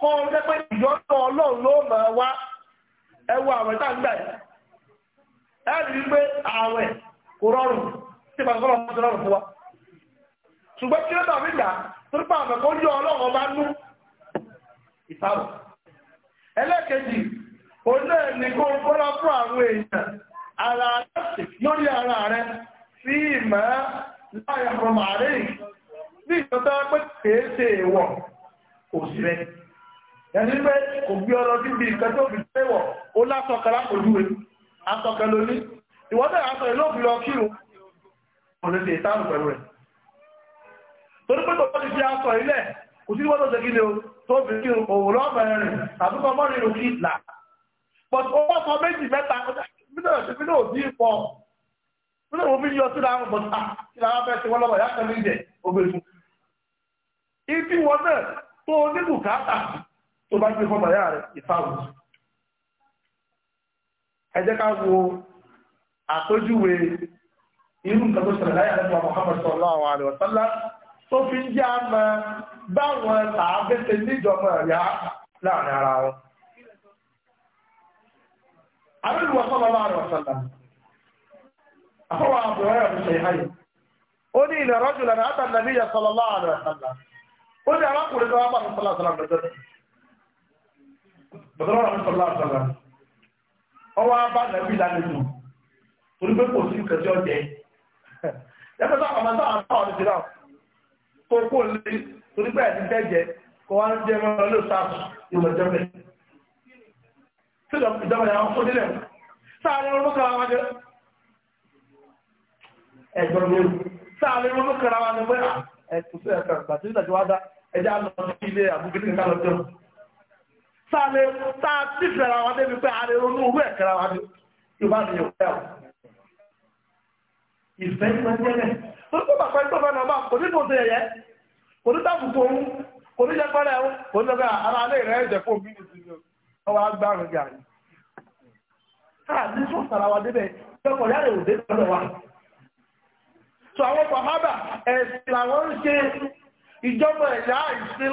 kọ́ ọjọ́ pé ìyọ́nà ọlọ́run ló mọ̀ wá àwẹ̀ tá ń gbà rí pé àwẹ̀ kò rọrùn tí rọrùn fún wa ṣùgbọ́n kí ló àwẹ̀ yọ ọlọ́run ọba nú ìtàwọ̀ ẹlẹ́ẹ̀kejì òun náà kó bọ́lá fún àwọn èèyàn ara lórí ara rẹ ìmọ̀ láyà àárẹ̀ ẹni pé kò gbé ọ lọ síbi ìkan fi tẹ́wọ̀ ó látọ̀kẹ́ lápòjú rẹ̀ atọ̀kẹ́ lóní ìwọ́dẹ̀ aṣọ ìlú òfin lọ kírun ọ̀nà ti ìtàrù pẹ̀lú rẹ̀ torí pé tọ́tọ́ fi aṣọ ilẹ̀ kò sí wọ́n tó ṣe ni o tó fi rẹ̀ àbúkọ mọ́rin but owó ọkọ méjì mẹ́ta mi náà obi fi ah, ní tó bá gbé fọ́mà yáà rẹ̀ ìfáwọn ẹ jẹ́ ká wo àpéjúwe irú nǹkan tó ṣẹlẹ̀ láyà lẹ́nu Muhammad sallallahu alaihi wa sallam tó fi ń jẹ́ àmọ́ báwọn tààbẹ́sẹ̀ níjọba ẹ̀yà láàrin ara wọn. Àbẹ́lùwọ̀ sallallahu ilẹ̀ rọ́jùlẹ̀ náà àtàlẹ́bíyà sallallahu alaihi wa sallam ó ní arákùnrin tó wá bá bọ̀dọ̀lọ́rọ̀ ní sọ̀lá àtàlà ọwọ́ bá nàbí lálejò torí pé kò sí ìkẹ̀sí ọ̀jẹ́ yàtọ̀ sáà ọmọ sáà náà ọ̀rẹ́ ti náà kó kó lé torí pé ẹ̀sìn tẹ́jẹ kó wá ń jẹ mọ́ ló sáà ìmọ̀ ìjọba sílẹ̀ ìjọba yà wọ́n fódílẹ̀ sáà ní ọmọ kan wájú ẹ̀gbọ́n mi sáà ní ọmọ kan wájú pé ẹ̀kùsẹ̀ ẹ̀kàn gbàtí ìtàjọ́ wá dá ẹjá lọ sí ilé àbúgbé sáré tá a ti fẹ̀rẹ̀ àwọn débi pé a lè ronú owó ẹ̀kẹ́ra wa ní ìbáraẹ̀yọ̀ pẹ́ ọ̀. ìfẹ́ ìfẹ́ jẹ́lẹ̀ torí pé bàbá ìtọ́ fẹ́ nàbà kò ní kò sí ẹ̀yẹ kò ní dábùkù òun kò ní jẹ́pẹ́rẹ́ ẹ̀hún kò ní lọ́gbẹ́ ara alẹ́ rẹ̀ ẹ̀jẹ̀ fún mi ní ìsinmi ọwọ́ agbárùn gà ní. káà ní sọ sara wa débẹ̀ ìjọkọ̀ yára ò dé lọ́dọ̀ wa. sọ àwọn pàmábà ẹ̀sìn làwọn ń ṣe ìjọba ẹ̀yà ìsìn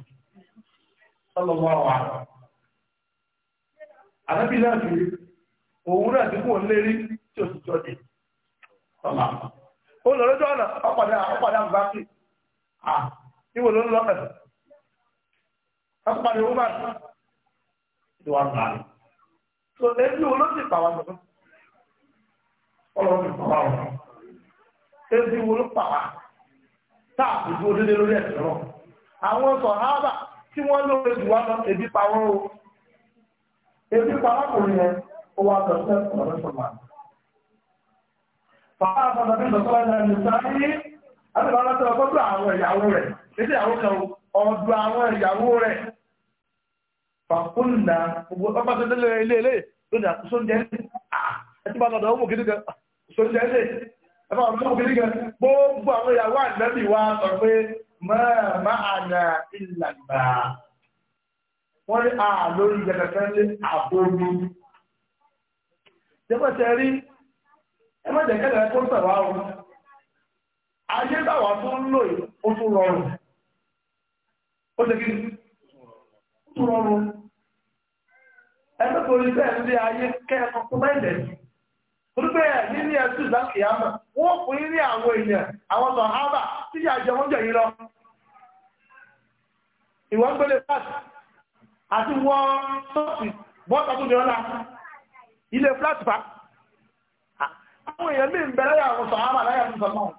sallallahu alaihi wasallam àbẹ́bí náà fi onye lọ lójú ọ̀nà ọ̀pàdà ọ̀pàdà ń lọ́pẹ̀ wà nà ní. tó ẹbí ló sì pa wọn lọ ti ló lórí tí wọ́n ló lè jù wá lọ ebi pa wọ́n o ebi pa ọkùnrin yẹn ó wá lọ sí ẹ̀kọ́ lọ́sọ̀gbà. Bàbá àgbàdo bí lọ́sọ̀gbà náà ní sáyé àti bàbá tó lọ́sọ̀gbà àwọn ìyàwó rẹ̀ ètò ìyàwó kan ọ̀dọ̀ àwọn ìyàwó rẹ̀. Fàkúnnà ọba tó délé ilé ilé lónìí àkóso ń jẹ́ ẹtí bá lọ́dọ̀ ọmọ ògidì kan sóúnjẹ́ ilé ẹ̀fọ́ àwọn ọmọ ògidì kan gbogbo àwọn ìyàwó àgbẹ̀bí wa sọ pé máa a nà ìlànà wọ́n rí àlọ́ ìjẹ̀kẹ̀kẹ́ lé àbómi. Jẹ́pẹ̀sẹ̀ rí ẹ má jẹ́ kẹ́lẹ̀ tó ń tẹ̀wá o. Ayé táwa tó ń lò ó tún rọrùn. Ó ṣe kí Ó tún rọrùn. Ẹ orí bẹ́ẹ̀ ń lé ayé kẹ́ ẹ̀kọ́ torípé nílé ẹ̀sùn ìsáàkì àmà wọ́n fún yín ní àwọn èèyàn àwọn sọ̀hábà tí yà jẹ wọ́n jẹ yín lọ ìwọ́n gbélé fáàtì àti wọ́n sọ́ọ̀tì bọ́ọ̀tà tó jọ ilé fúláàtì pa àwọn èèyàn mí ń bẹ̀rẹ̀ àwọn sọ̀hábà láyà tó sọ̀mọ́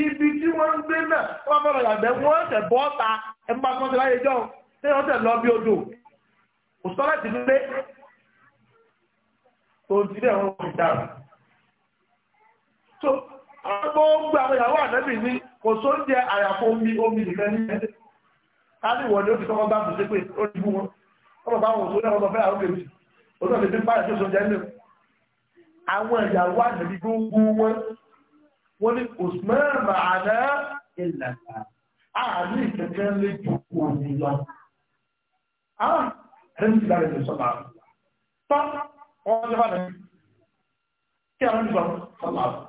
ibi tí wọ́n ń gbé náà wọ́n fẹ́ lọ yàgbẹ́ wọ́n tẹ̀ bọ́ọ̀tà ẹ̀ ń bá tó ń tẹ̀ láyé jọ́ ṣé wọ́n tẹ̀ lọ bí odò òṣìṣẹ́ láti lé tòun ti dẹ̀ wọ́n fi dára so àwọn gbogbo àwọn ìyàwó ànẹ́bì ní kò só ń jẹ àyàfó omi omi nìkan ní ẹ̀ káníwọ̀ ni ó ti kọ́kọ́ bá fi ṣe pé ó ti bú wọn ọmọ bá wọn òṣèré ọmọ fẹ́ àwọn òkèèrè ó sọ lè fi bá ẹ̀ṣọ́ jẹ́ nínú àwọn ìyàwó ànẹ́bì gbogbo wọn wọ́n ní Usman màánà ìlànà àárín ìkẹ́kẹ́ lè ju òní lọ. àwọn ẹni tí lára ìlú sọ̀rọ̀ àwọn tọ́ wọn lọ́wọ́ ànẹ́bì kí àwọn ìgbà sọ̀rọ̀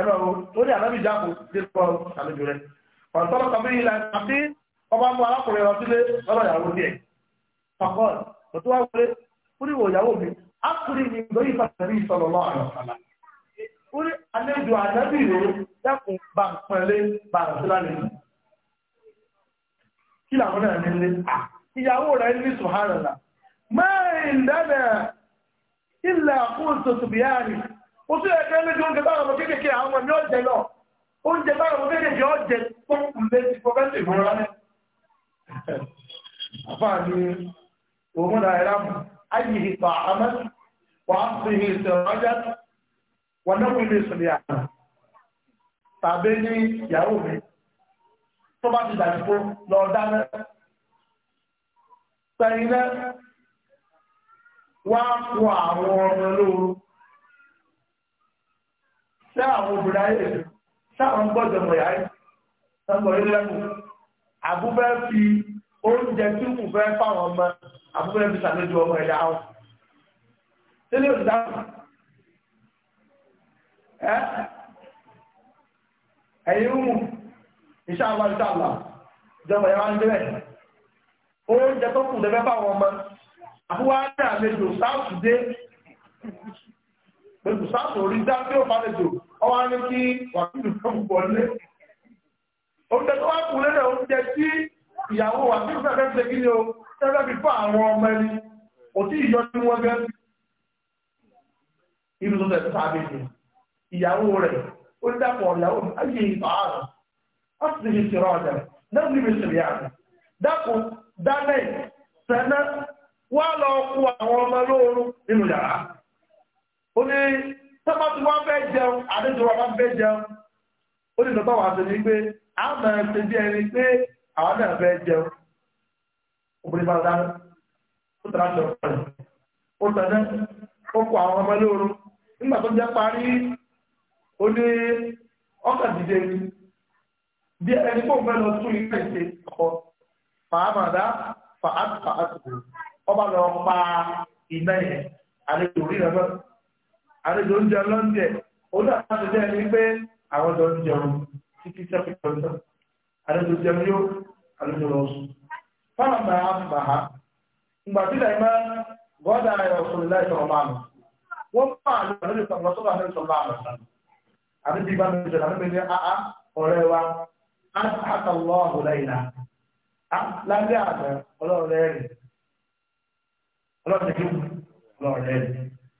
ẹ̀rọ torí ànábì jáàbù dé pọ̀ àlejò rẹ̀ ọ̀tọ́lọ́ kàbí ilẹ̀ àti ọba mú arákùnrin lọ sílé lọ́dọ̀ ìyàwó díẹ̀ ọkọ̀ òtún wá wọlé ó ní ìwòyàwó mi á kúrì ní lórí ìfàsẹ̀rí ìsọ̀rọ̀ lọ́ àlọ́sàlá ó ní àlejò ànábì rẹ̀ dẹ́kun bá ń pẹ̀lẹ́ bá ń sílá lè kí làwọn náà ó sì méjì oúnjẹ báwọn ọmọ kéékèèké àwọn ọmọ mi ó lọ oúnjẹ báwọn ọmọ kéékèèké ó jẹ tó kù létí pọfẹ́sì ìmúra ní. àfáà ni òun náà ẹ̀rá mu ayé ìgbà àmọ́ wàá ìṣẹ̀rọ̀ ọjà wọn náà wí tàbí sáwọn obìnrin ayé sáwọn gbọ́dọ̀ mọ̀ yáyé sọ́gbọ̀n ilé lẹ́nu àbúfẹ́ fi oúnjẹ tí kò fẹ́ fáwọn ọmọ àbúfẹ́ fi sàlejò ọmọ ẹ̀dá wọn. sílẹ̀ òdìdá ẹ ẹ̀yin mú iṣẹ́ àwọn iṣẹ́ àlọ́ ìjọba ẹ̀rọ ẹ̀dẹ́rẹ́ oúnjẹ tó kù lẹ́fẹ́ fáwọn ọmọ àbúwá ní àlejò sáàtúndé pẹ̀lú sáàtù orí dá tí ó fàlejò ọwọ́ ní kí wàkìlù náà wọlé oúnjẹ tó wá kù lẹ́lẹ̀ oúnjẹ tí ìyàwó wàkìlù náà fẹ́ kí ni o tẹ́lẹ̀ fi fún àwọn ọmọ ẹni kò tí ìyọ ní wọ́n gẹ́ irú tó tẹ̀ sáà bèèrè ìyàwó rẹ̀ ó dàpọ̀ ìyàwó ayé ìbáàrà wọ́n ti fi ṣèrọ ọjà náà níbi ṣèrìà dàpọ̀ dálẹ̀ sẹ́nẹ́ wọ́n lọ kú àwọn ọmọ lóorun nínú yàrá ó ní tọ́mọ tí wọ́n fẹ́ jẹun àdéjọ wa máa ń fẹ́ jẹun ó ní lọ́tọ́ wàá sẹ́ni pé a máa ṣe bí ẹni pé àwọn náà fẹ́ jẹun obìnrin bá dáná ó tẹ̀lé aṣọ rẹ̀ ó tẹ̀lé ó kó àwọn ọmọ lóru nígbà tó jẹ́ parí ó ní ọ̀kadìdé ni bí ẹni kó fẹ́ lọ tún ilé ìṣe ọkọ̀ fàámàdá fàátùfàátù ọba lọ pa iná àlejò orí rẹ̀ mọ́ àlejò oúnjẹ lọ́ńjẹ olú àtàlejò ẹni pé àwọn jọ ń jẹun títí sẹ́fì kọ́ńtà àlejò jẹun yóò àlejò lọ sùn. fáwọn máa ń bà á ìgbà tí ilẹ̀ máa gọ́dà ọ̀sùn ilẹ̀ ìṣọ̀rọ̀ máa nù wọ́n máa lọ àlejò sọ̀rọ̀ sọ́dọ̀ àlejò sọ̀rọ̀ máa nù sàn. àlejò ìgbà mi jẹ̀rọ̀ àlejò ní àá ọ̀rẹ́ wa àtàlọ́ ọ̀hùnlẹ̀ ìlà lábẹ́ àgbẹ̀ ọlọ́ọ̀rẹ́ rẹ̀ ọlọ́ọ̀rẹ́ rẹ̀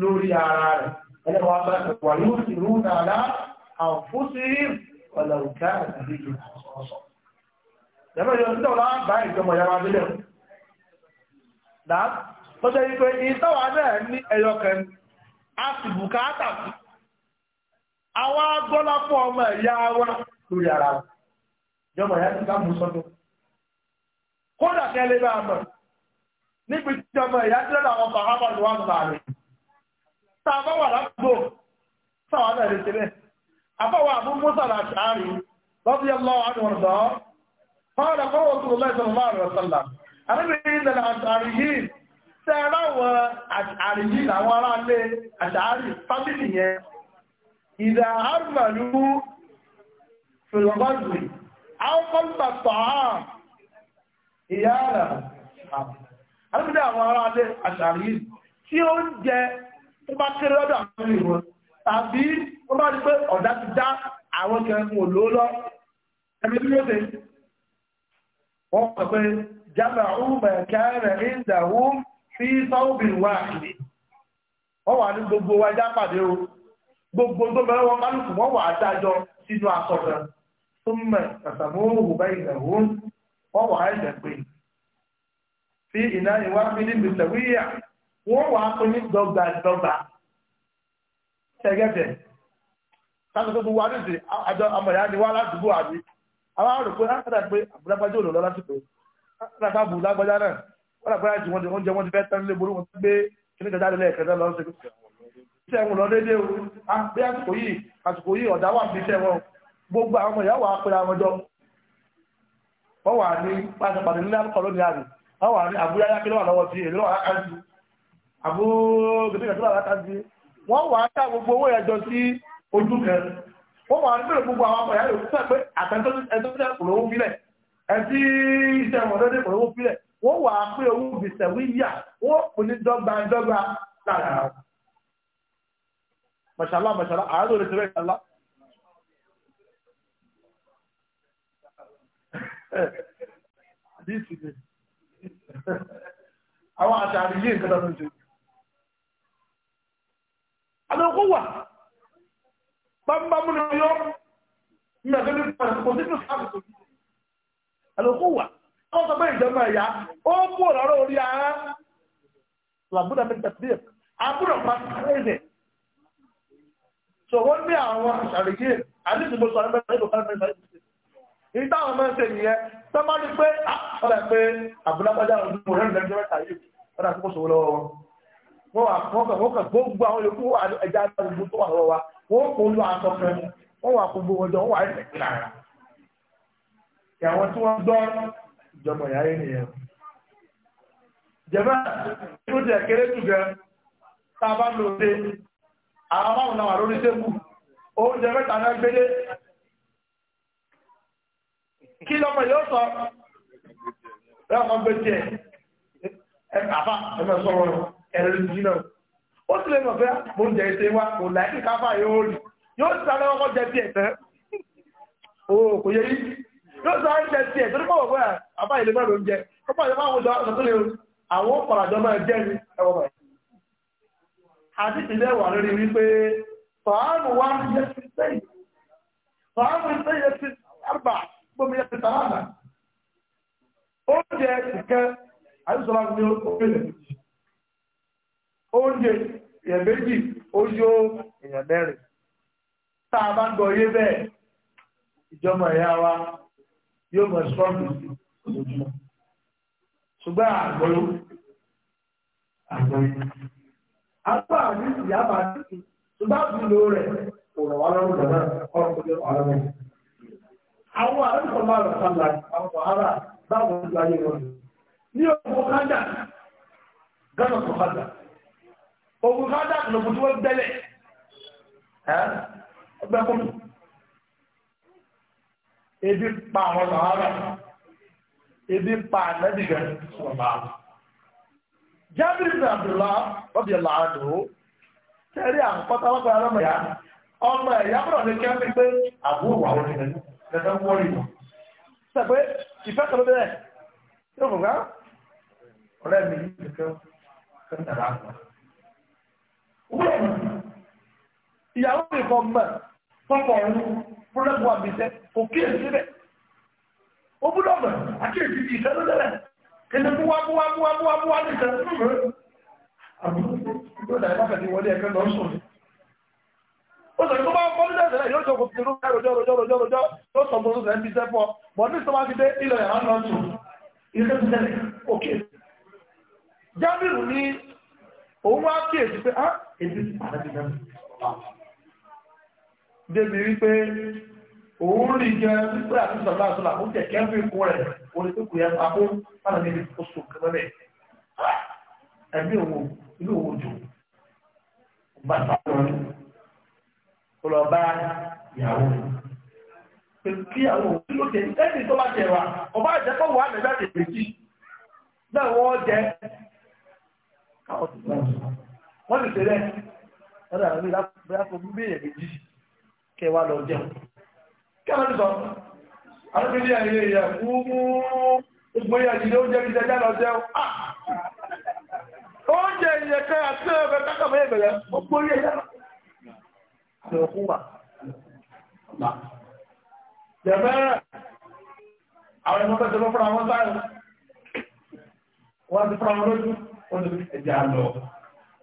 lórí ara rẹ̀ ẹlẹ́wọ̀n abẹ́kọ̀ọ́ yóò sì rú nàlá àǹfóṣe ọ̀nà òkè àgbèjì ọ̀sọ̀. Ìjọba ìjọba ìjọba ìjọba bá ìjọba ìjọba abílẹ̀. Dá lọ́jọ́ yìí pé ìtọ́wà náà ní ẹyọ kan a sì bùkátà sí. Àwọn agbọ́lá fún ọmọ ẹ̀yà wa lórí ara rẹ̀. Ìjọba ìyá ti ká mú sọ́dọ̀. Kódà kẹ́lẹ́ bá a mọ̀. Níbi tí ọmọ ìyá tí lọ́dọ̀ àwọn bàbá wà lọ́wọ́ àgbà rẹ̀ tá a bá wà ládùúgbò sáwọn náà lè ṣe bẹ́ẹ̀ àbáwọ̀ àbú mọ́sàlá àṣàárì lọ́bí ọlọ́wọ́ àdùnrùdọ́ fọ́ọ̀dà kọ́wọ́ tó lẹ́sọ̀rọ̀ láàrin ọ̀sánlá àríwẹ̀yìn ìdẹ̀lẹ̀ àṣàárì yìí tẹ́ẹ̀rá wọ àṣàárì yìí làwọn ará lé àṣàárì fábílì yẹn ìdá àrùmàlú fìlọ́gọ́sì àwọ̀kọ́lùbà ìyá rẹ̀ àwọn ará lé tí ó ń jẹ tó bá kéré lọ́dọ̀ àwọn ìwọ̀n tàbí ó bá rí pé ọ̀dá ti dá àwọn kẹrin mú ló lọ ẹni tí ó ṣe wọ́n pẹ̀ pé jábà ọmọ kẹrẹ ìdàwó sí sọ́ọ̀bìn wà ní wọ́n wà ní gbogbo wa já pàdé o gbogbo tó bẹ̀rẹ̀ wọn kálukú wọ́n wà dájọ́ sínú asọ̀rọ̀ tó mẹ̀ kàtàmú òwò ìdàwó wọ́n wà wọ́n wà á pín ní dọ́gba dọ́gba tẹ́gẹ́tẹ̀ sáàtọ̀ tó wà ní ìsìn àjọ amọ̀yá ni wá ládùúgbò àbí àwọn àrò pé látàdà òlò lọ lásìkò látàdà bù lágbájá náà wọ́n làgbára jù wọ́n oúnjẹ wọn ti fẹ́ tán lé borí wọn gbé kíní kẹta lẹ́lẹ́ kẹta lọ sí lọ dédé o bí àsìkò yìí àsìkò yìí ọ̀dà wà gbogbo àwọn ìyá wà á pé àwọn wọ́n wà ní àbú gbẹ̀dẹ̀gbẹ̀ tó lára kájí wọ́n wà á dá gbogbo owó ẹ̀jọ sí ojú kan wọ́n wà á gbèrè gbogbo àwọn ọmọ ìyá yòókù sọ pé àtẹ̀tọ́ ẹ̀tọ́ tẹ̀ kò lówó fílẹ̀ ẹ̀tí iṣẹ́ wọn lóde kò lówó fílẹ̀ wọ́n wà á pé owó bìsẹ̀ wíyà wọ́n kò ní dọ́gba dọ́gba lára wọn. mọ̀ṣálá àbẹ̀kọ́wà bámbámú ni yọ mẹ́rin ní pẹ̀lú kò nínú sáàbùtò àbẹ̀kọ́wà wọ́n sọ pé ìjọba ẹ̀yà ó kú ọ̀rọ̀ orí ara làbúdà mẹ́ta bí àbúrò pa ẹ̀rẹ̀ so wọ́n ní àwọn àṣàrìyé àdìsìgbò sọ ẹgbẹ́ ẹgbẹ́ ẹgbẹ́ ẹgbẹ́ ẹgbẹ́ ìta àwọn mẹ́sẹ̀ nìyẹn tó bá ah, ní pé àbúrò pé àbúrò wọ́n gbogbo àwọn yòókù ẹja gbogbo tó wà wa wọ́n kò lu aṣọ wà gbogbo wọn wà rà kí àwọn tí ìjọba ìyá nìyẹn. tó kéré tá a bá lò dé àwọn wà lórí oúnjẹ ẹ̀rọ náà ó sì lè mọ̀ pé wa kò láì káfà yóò rí yóò sáré jẹ tiẹ̀ tán o kò yẹ yìí yóò sáré jẹ tiẹ̀ torí pọ̀ wọ́n àbá ilé mọ́ ló jẹ ọ̀pọ̀ ìjọba àwọn ọjọ́ tó lè àwọn ọ̀pọ̀lọ̀ àjọ máa jẹ́ ní ẹwọ́ àti lórí fàánù wa ń yẹ ti fàánù ti àrùbà gbọ́mi yẹ ti oúnjẹ èèyàn méjì ó yó èèyàn mẹ́rin tá a bá ń gbọ́ yé bẹ́ẹ̀ ìjọba ẹ̀yà wa yóò mọ̀ sọ́ọ̀bù lójúmọ́ ṣùgbọ́n àgbọ̀yó àgbọ̀yó apá àbí ìyá bá ti ṣùgbọ́n àbúlò rẹ̀ kò rọ̀ wá lọ́rùn ọ̀rọ̀ kò jẹ́ ọ̀rọ̀ àwọn máa rọ̀ sálà àwọn ará wọn ní ogun ká dàkùn lókun tí wọ́n gbẹ́lẹ̀ ẹgbẹ́ kún ebi pa àwọn sàwárà ebi pa ànẹ́bìgẹ́ sọ̀rọ̀ jábìrì bin abdullah ọbẹ̀ làádùú tẹ́rí àǹkọ́tà wọ́n gbọ́dọ̀ lọ́mọ ya ọmọ ẹ̀yà bọ̀dọ̀ ní kẹ́mí pé àbúrò wà wọ́n nìyẹn gẹ́gẹ́ ń wọ́rì lọ. sọ pé ìfẹ́ kan ló yóò fún ká ọ̀rẹ́ mi nìkan kẹ́mí tàbí àgbà. wẹ́ẹ̀mù ìyàwó nìkan mọ̀ pọ́pọ̀ ọ̀run fúnlẹ́bù àbíṣẹ́ kò kíyè síbẹ̀ ó búdọ̀ mọ̀ àkíyèsí ti ìṣẹ́ lọ́lẹ́lẹ̀ kẹlẹ́ búwá búwá búwá búwá búwá nìkan àbúrò ìgbọ́dà ìbáfẹ̀ ti wọlé ẹ̀kẹ́ lọ sùn ó sọ tó bá ń fọ́nlẹ̀ ẹ̀sẹ̀ yóò jọ kò fi rú rọjọ́ rọjọ́ rọjọ́ rọjọ́ tó sọ bó sọ ẹ̀bí sẹ́fọ́ bọ̀ ní sọ bá fi dé ilẹ̀ ìhàn lọ sùn ilé ìṣẹ̀lẹ̀ òkè jábìrù ní òun wá kíyèsí pé ah, ètí àdájú náà débi wípé òun rí jẹ wípé àti sọ̀rọ̀ àti sọ̀rọ̀ àwọn kẹ̀kẹ́ fi kún rẹ̀ orí tó kù yẹn papò fáwọn ẹni oṣù kẹlẹ́lẹ̀ ẹ̀mí òun inú òun jù bá sọ̀rọ̀ ní kó lọ bá ìyàwó pé kí àwọn òun ló tẹ̀ ẹ́nì tó bá tẹ̀ wá ọba àjẹpọ̀ wà lẹ́gbẹ̀ẹ́ tẹ̀ méjì náà wọ́n jẹ káwọn tó bá sọ̀rọ̀. wọ́n ti tẹ̀lé wọ́n dàgbà bí bí méjì kẹ́ lọ jẹun kí wọ́n ti sọ àwọn ìdí àyè ìyà fún gbogbo ìyà oúnjẹ ti jẹjá lọ jẹun ah! oúnjẹ ìyẹ kan àti gbogbo ìyà ìyà wa. àwọn fún àwọn sáyẹn ti fún àwọn lójú ti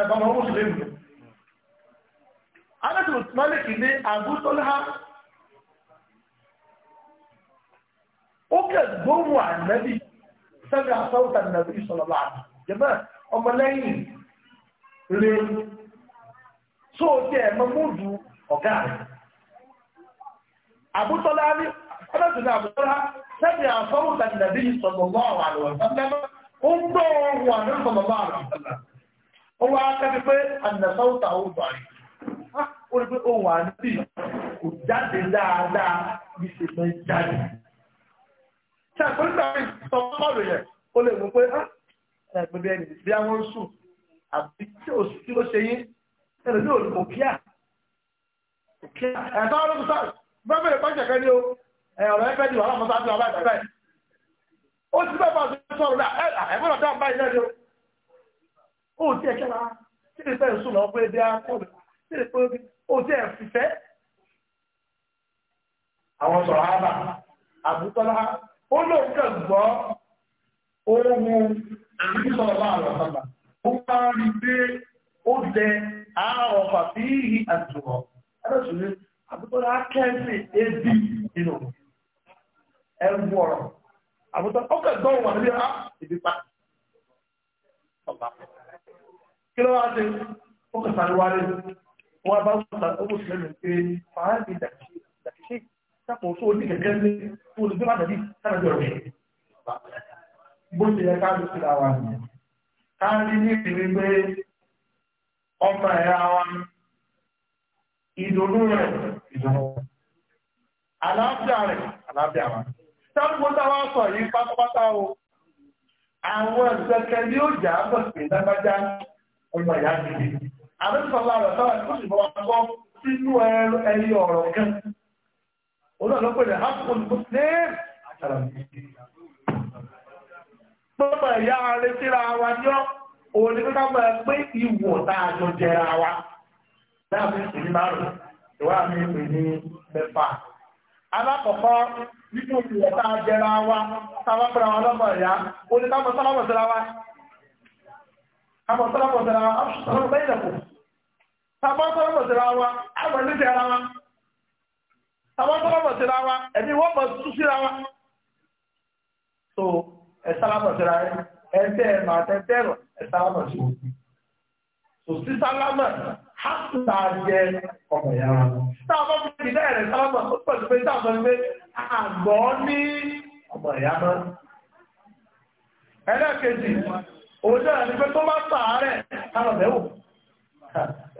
ẹ̀fọ́ ọmọ mùsùlùmí. Anẹ́sìn Malik ní Abúsọ́lá ó kẹ́ gbóhùn ànábì sẹ́mi àsọ́wọ́tà nàbí sọ̀rọ̀lá jẹ́mọ́ ọmọlẹ́yìn rẹ̀ tó jẹ́ mọ́múdù ọ̀gá rẹ̀. Abúsọ́lá ní Anẹ́sìn Abúsọ́lá sẹ́mi àsọ́wọ́tà nàbí sọ̀rọ̀lá àwọn àlùwẹ̀ sọ́lá ó ó wá kẹ́bi pé ànàsáwùtà ó bàrí ó rí pé ohun àdìbì kò jáde dáadáa bí ṣe fẹ́ jáde. ṣé àpẹẹrẹ nígbà tí sọ fọ́ọ̀lù yẹn ó lè mú pé ẹgbẹ́ bí ẹni bí àwọn sùn àbí tí ò sí ló ṣe yín ẹni ní òní òkíà òkíà ẹ̀ta ọlọ́run sọ bẹ́ẹ̀ bẹ́ẹ̀ pàṣẹ kẹ́ni o ọ̀rọ̀ ẹgbẹ́ ni wàhálà mọ́tà àti wàhálà ìgbà báyìí ó ti bẹ́ẹ̀ bá ọ̀sẹ̀ sọ̀rọ̀ náà ẹ̀fọ́n o ti ẹ̀ṣẹ́ la tí lè ebe sùn ọ bụ akọ́lù tí lè fẹ́ ó ti ẹ̀fìfẹ́. àwọn sọ̀rọ̀ àbà àbútọ́lá ó lóun kẹ́ gbọ́ ohun àbí sọ̀rọ̀ bá àlọ́ sábà ebi nínú ẹ̀rù ọ̀rọ̀ àbútọ́lá ó kẹ́ gbọ́ ha àbí ibi ah, kí ló wá sí ó kò sáré wálé wọn bá wọn sáré ó kò sí lẹ́nu pé fàá di dàkíṣe sápò tó ní kẹ̀kẹ́ ní tó ní gbé bàtàdì sára jọ rẹ̀ bó ṣe yẹ ká ló sí làwọn àmì ká ní ní ìrírí pé ọmọ ẹ̀yà wa ìdùnnú rẹ̀ ìdùnnú àlàáfíà rẹ̀ àlàáfíà wa sáàbùkú táwa sọ yìí pátápátá o àwọn ìṣẹ̀kẹ̀ ni ó jà á bọ̀ sí lágbájá ọmọ ìyá gidi àbẹ́sọ̀lá rẹ̀ sára ní oṣù bọ́wọ́ gbọ́ sínú ẹni ọ̀rọ̀ kan olóò ló pèlè hapun muslim àtàrà gbọ́mọ̀ ìyá rẹ̀ síra wa ní ọ́ òun a jọ jẹra wa láàbí ìpín márùn ìwà mi pè ní mẹ́fà alákọ̀ọ́kọ́ nínú ìwò tá a jẹra wa sábà pẹ̀lú àwọn ọlọ́mọ ìyá oníkàmọ̀ sábà pẹ̀lú àmọ̀ sọ́lọ́pọ̀ tẹ̀ra wa sọ́lọ́pọ̀ bẹ́ẹ̀ lẹ̀kọ̀ tàbọ̀ sọ́lọ́pọ̀ tẹ̀ra wa àmọ̀ ní tẹ̀ra wa tàbọ̀ sọ́lọ́pọ̀ tẹ̀ra wa ẹ̀mí wọ́n mọ̀ tún síra wa. so ẹ sálámọ̀ tẹ̀ra ẹ ẹ tẹ́ ẹ máa tẹ́ tẹ́ rọ̀ ẹ sálámọ̀ sí wọn. so sí sálámọ̀ hásùtà jẹ ọmọ ìyá wa. tá a bá fi ìdí ẹ̀rẹ̀ sálámọ̀ ó pẹ̀lú pé táwọn ọmọ ẹgbẹ́ àgbọ̀ ní ọmọ ìyá náà. ẹlẹ́ẹ̀kejì òun náà ní pé tó bá sàárẹ̀ bẹ̀wò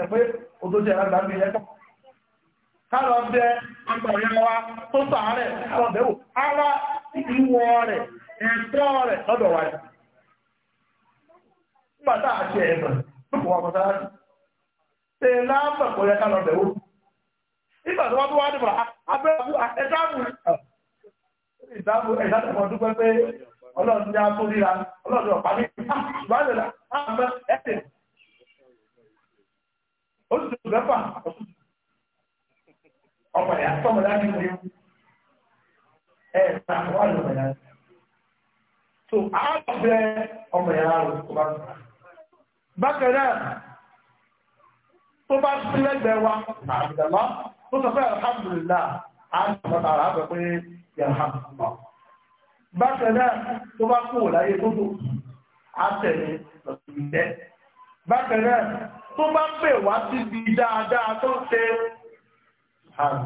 ẹ pé odójú ń bí ẹ̀kọ́ kálọ bẹ akọ̀rin wa tó sàárẹ̀ kálọ bẹ̀wò ara ìwọ rẹ̀ ẹ̀tọ́ rẹ̀ lọ́dọ̀ wa a ọlọ́run ní ató ríra ọlọ́run ọ̀pá ní ìbálòlá àmọ́ ẹ̀sìn oṣù mẹ́fà láti tó àbẹ̀ ọmọ tó bá tó bákan náà tó bá sí lẹ́gbẹ̀ẹ́ bákan náà tó bá kú láyé gbogbo àtẹ̀lé lọ́sibítẹ́ bákan náà tó bá pè wá síbi dáadáa tó ń ṣe àrùn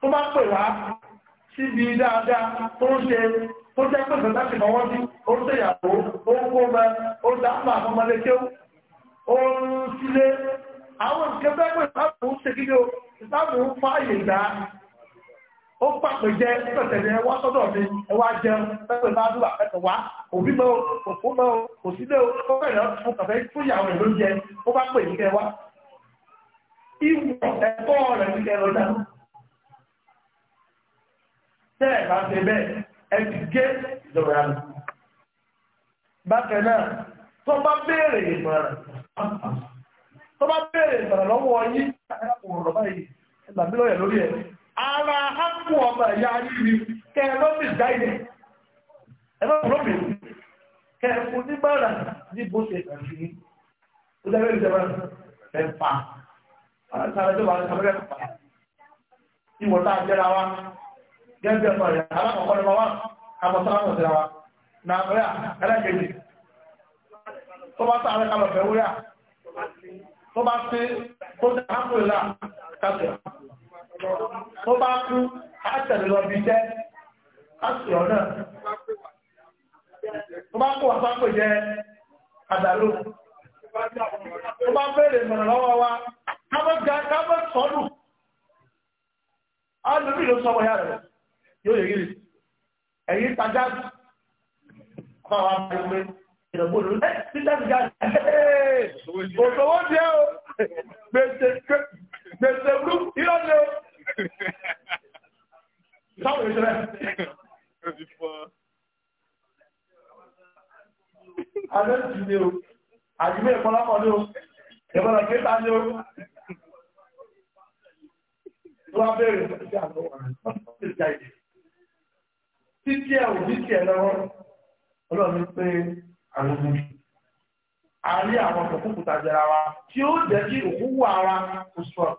tó bá pè wá síbi dáadáa tó ń ṣe tó jẹ́ pé bẹ̀rẹ̀ láti fọwọ́ sí ó ń ṣèyàwó ó ń kó mẹ ó ń dáhùn àfọmọlẹ́kẹ́ ó ń sílé àwọn nǹkan bẹ́ẹ̀ pé ìsáàbù ń ṣe kíkẹ́ ìsáàbù ó pàpè jẹ pẹ̀tẹ̀lẹ̀ ẹwà sọ́dọ̀ mi ẹwà jẹun pẹ̀pẹ̀ bá pẹ̀tẹ̀ wá òbí mọ́ òfó mọ́ òsílẹ̀ ó bẹ̀rẹ̀ fún kàfẹ́ tó yàwó ẹ̀ ló jẹ ó bá pè nígbẹ́ wá ìwọ̀ ẹ̀kọ́ rẹ̀ nígbẹ́ lọ dá tẹ́ ẹ̀ bá ṣe bẹ́ẹ̀ ẹ ti gé ìjọba rẹ̀ bákan náà tó bá béèrè ìmọ̀ràn tó bá béèrè ìmọ̀ràn lọ́wọ́ yín ẹ̀rọ ara hápù ọmọ ẹ̀yà yìí kẹ lọ́pìn dáìdẹ̀ ẹlọ́pìn kẹ fún nígbàrà ní bó ṣe kàn sí ó dábẹ́ ìjọba ẹ̀fà àtàrà ìjọba àtàrà ẹ̀fà ìwọ̀n tá a jẹ́ra wa gẹ́gẹ́ ọmọ rẹ̀ alákọ̀ọ́kọ́ ni wọ́n wá àbọ̀sára mọ̀ síra wa nà rẹ̀ ẹlẹ́gẹ̀ẹ́jì tó bá sáré kalọ̀ fẹ́ wúrẹ́ tó bá sí tó dá hápù ìlà kásìrà tó bá kú á tẹ̀lé lọ bí jẹ́ á sì ọ̀ náà tó bá kó wá sápò jẹ́ àdàlù tó bá béèrè mọ̀ràn lọ́wọ́ wa kábọ̀ sọ́nù á lórí ló sọ́wọ́ yá rẹ̀ yóò yẹ yìí ẹ̀yìn tajà fáwọn àgbẹ̀ ìrọ̀gbọ́n ló ẹ̀ títà nígbà òṣòwò o gbèsè gbèsè rú ìrọ̀lẹ́ o. Sáwọn èso rẹ̀. Àlọ́ ti ní o, àdìmé ìpọ́lápọ̀ ní o, ìbọ̀lọ̀ kéta ní o. Tó wá bèèrè sí àlọ́ wà ní ọjọ́ ìdí. Títí ẹ̀ ò ní tiẹ̀ lọ́wọ́, ọlọ́run pé àwọn ọmọ àárí àwọn ọ̀pọ̀ kúkúta jẹra wa tí ó jẹ́ kí òkú wà wa kó sọ̀rọ̀.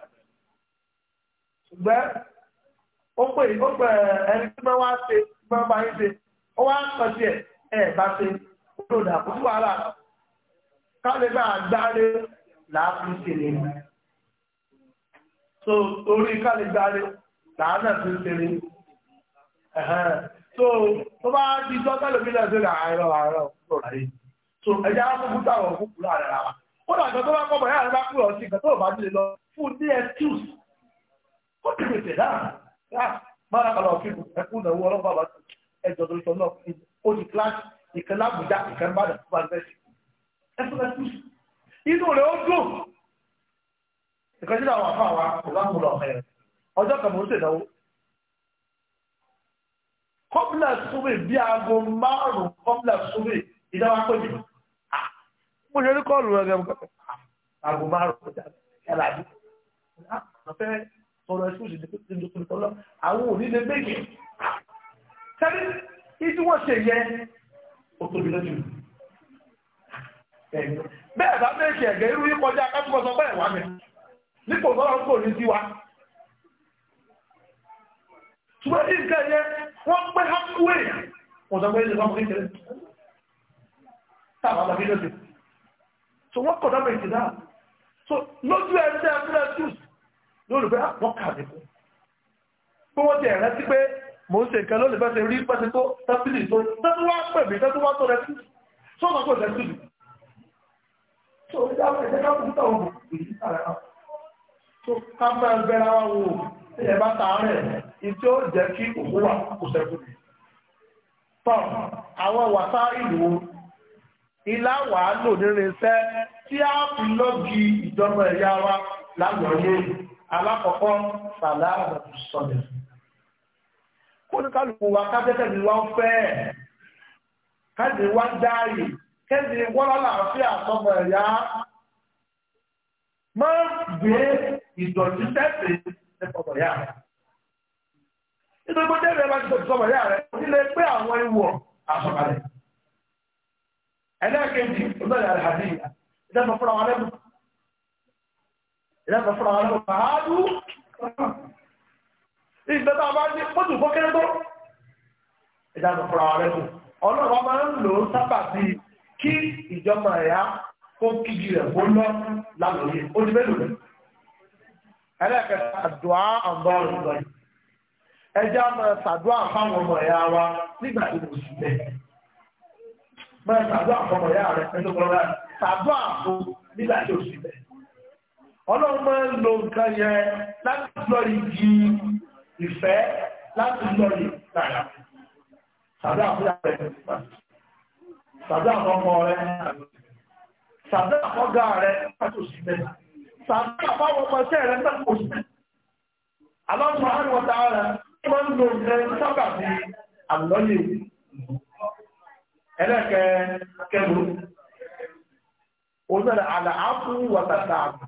ṣùgbọ́n ó pè ó pè ṣe tí wọ́n ṣe ó wá sọ sí ẹ̀ ẹ̀ bá ṣe ó dà kó sí wàhálà bá gbáre so orí káàlẹ́ gbáre làánà fi ń so tó bá di sọ́tẹ́ lómi náà ṣe rà àárọ̀ àárọ̀ kúrò so ẹ̀jẹ̀ á fún òkú kúrò àárẹ̀ rà wá ó tó bá kọ́ bọ̀ yára bá kúrò ọtí tó bá dé lọ fún ó ti pèsè náà náà máa kàlà òfin ẹkún náà wọ ọlọ́pàá bá ẹjọ́ tó sọ náà ó ti kíláàsì ìkan lábùjá ìkan bá dà fún balùwẹ̀sì ẹkún náà kú inú rẹ̀ ó dùn ìkan sí àwọn àfa wa kò bá múlò ọ̀hẹ́ rẹ̀ ọjọ́ kan mò ń ṣèdánwó kọ́pìlà súnmì bí aago márùn-ún kọ́pìlà súnmì ìdáwà péjì mo ṣe rí kọ́ọ̀lù rẹ̀ gẹ̀mú kọ́pìlà aago sọ̀rọ̀ ẹ̀sùsì nítorí tọ́lá àwọn òní lè méjì tẹ́lẹ̀ ìdí wọ́n ṣe yẹ ó tóbi lójú bẹ́ẹ̀ bá méjì ẹ̀gẹ́ irú yí kọjá akẹ́kọ̀ọ́ sọ bẹ́ẹ̀ wá mi nípò sọ́rọ̀ ń pò ní sí wa ṣùgbọ́n ní nǹkan yẹ wọ́n pẹ́ hápúwé wọ́n sọ pé ìjọba fún kékeré táwọn àbábí lóde so wọ́n kọ̀ dábẹ̀ ìtì náà so lójú ẹ̀ ń tẹ́ ẹ̀ fúnra jùs yóò rí pé ah, wọ́n kà mí fún bí wọ́n ti ẹ̀rẹ́ sí pé mò ń ṣe nǹkan lónìí bá ṣe rí pẹ́sẹ̀ tó tẹ́sílì tó tẹ́sí wá pè mí tẹ́sí wá tó rẹ sí sọ́nà kò tẹ́sí lù. tó o dá ẹ̀jẹ̀ ká fún táwọn òkú yìí sára ká tó ká máa ń bẹ́ra wá wò tí ẹ bá ta rẹ̀ ìtí ó jẹ́ kí òkú wà kó sẹ́kù ní. lò nínú iṣẹ́ tí a fi lọ́ọ̀gì ìjọba ẹ̀yà wa lágbọ̀ọ́yé yìí alákọ̀ọ́kọ́ sàlámù sọ̀dẹ̀ kó ní kálukú wa kájẹ́kẹ́ ni wọ́n fẹ́ kájẹ́ wá dáàyè kẹ́jẹ́ wọ́n lálàáfíà sọ́mọ ẹ̀yà máa gbé ìdọ̀tí tẹ́sí ní sọ́mọ ẹ̀yà rẹ̀ nítorí pé tẹ́sí ẹ̀rọ ti sọ́mọ ẹ̀yà rẹ̀ nílé pé àwọn ìwọ̀ àṣọkalẹ̀ ẹlẹ́ẹ̀kejì ọ̀dọ́ ìyàrá àdéhìyà ìdájọ́ fúnra wọn lẹ́nu ìrẹ́pẹ̀ fúnra wọn lọ́pàá áádú ìgbẹ́ta bá ní pọ́tù fọ́kẹ́rẹ́ tó ìdájọ́ fúnra wọn lẹ́kùn ọlọ́run máa ń lò ó sábà bí kí ìjọba ẹ̀yà kó kíjì rẹ̀ bó lọ lálòyè ó ti mélòó rẹ̀ ẹlẹ́kẹ̀ẹ́ta àdùá àǹbọ̀rùn lọ yìí ẹjẹ́ á máa ṣàdúrà fáwọn ọmọ ẹ̀yà wa nígbà tí kò sí bẹ́ẹ̀ máa fọmọ ẹ̀yà rẹ̀ ẹ̀dọ́gbọ̀n ọlọ́run máa ń lo nǹkan yẹn láti lọ́rí di ìfẹ́ láti lọ́rí tààrà sàdá àbúrò rẹ̀ sàdá àkọ́kọ́ rẹ̀ sàdá àkọ́gá rẹ̀ pàtó sí sàdá rẹ̀ pàtó sí ń lo nǹkan sábà àlọ́lẹ̀ àlàáfù àbù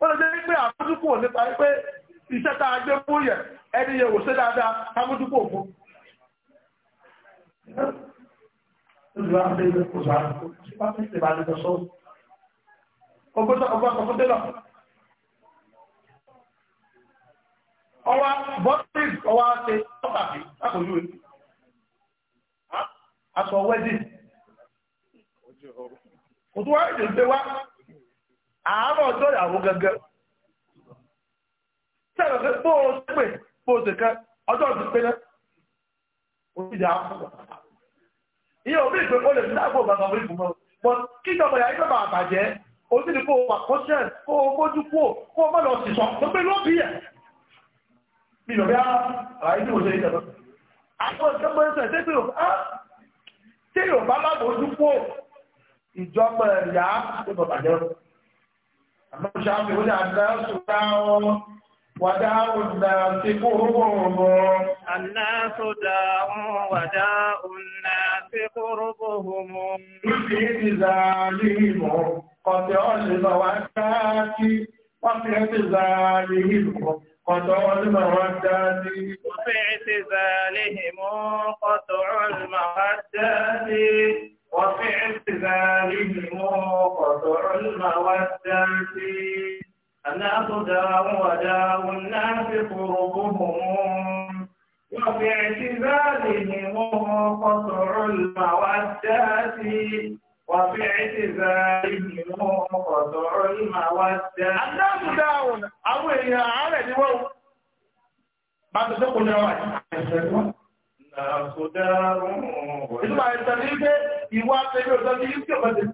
ó lè jẹ́ pé àmójúkù ò nípa pé iṣẹ́ tá a gbé fún yẹ ẹni yẹ wò ṣe dáadáa àmójúkù ò fún. Ọwá bọ́tíìn ọwá ṣe tọ́kàtí lápòjú rẹ̀. Aṣọ wẹ́dìn. Òtún wá ìdè ń gbé wá àárọ̀ ọjọ́ ìyàwó gẹ́gẹ́ sẹ́rọ̀ pé bó o ṣe pé bó o ṣe kẹ́ ọjọ́ ìdí pé náà ó ti dà á fún wa ìyẹn òbí ìpè ó lè fi dáàbò bá ọmọ ìfún mọ́ but kí ìjọba ìyá ìjọba àbàjẹ́ o ti di kó o wà conscious kó o mójú kó o kó o má lọ sí sọ tó pé ló bí yẹ mi lọ bí àlàyé tí mo ṣe ìjọba àwọn ìjọba ìṣẹ̀ ṣé pé o ṣé Yorùbá má mójú kó ìjọba ìyá ìjọba àbàjẹ́ àmọ́ ṣáàbì ó dà dá ṣùgbà wọn wàdá òdà sí kúrúgbòrògbò. Àlásù dà wọn wàdá òdà sí kúrúgbòrògbò. Lúfi ti zàálì mọ̀, kọ̀tẹ́ ọ̀lẹ́mọ̀ wá dáàkí, wọ́n fi ti zàálì mọ̀. قطع المودات وفي اعتزالهم قطع المودات وفي اعتزالهم قطع المودة الناس داو وداو الناس قربهم وفي اعتزالهم قطع المودة وفي اعتزالهم قطع المودة الناس داو أو يا على وو ما تقول يا Ìjọba ìtàlẹ́ ilé ìwà àtẹ́lẹ́ òjòjì yìí tí ó bẹ̀rẹ̀.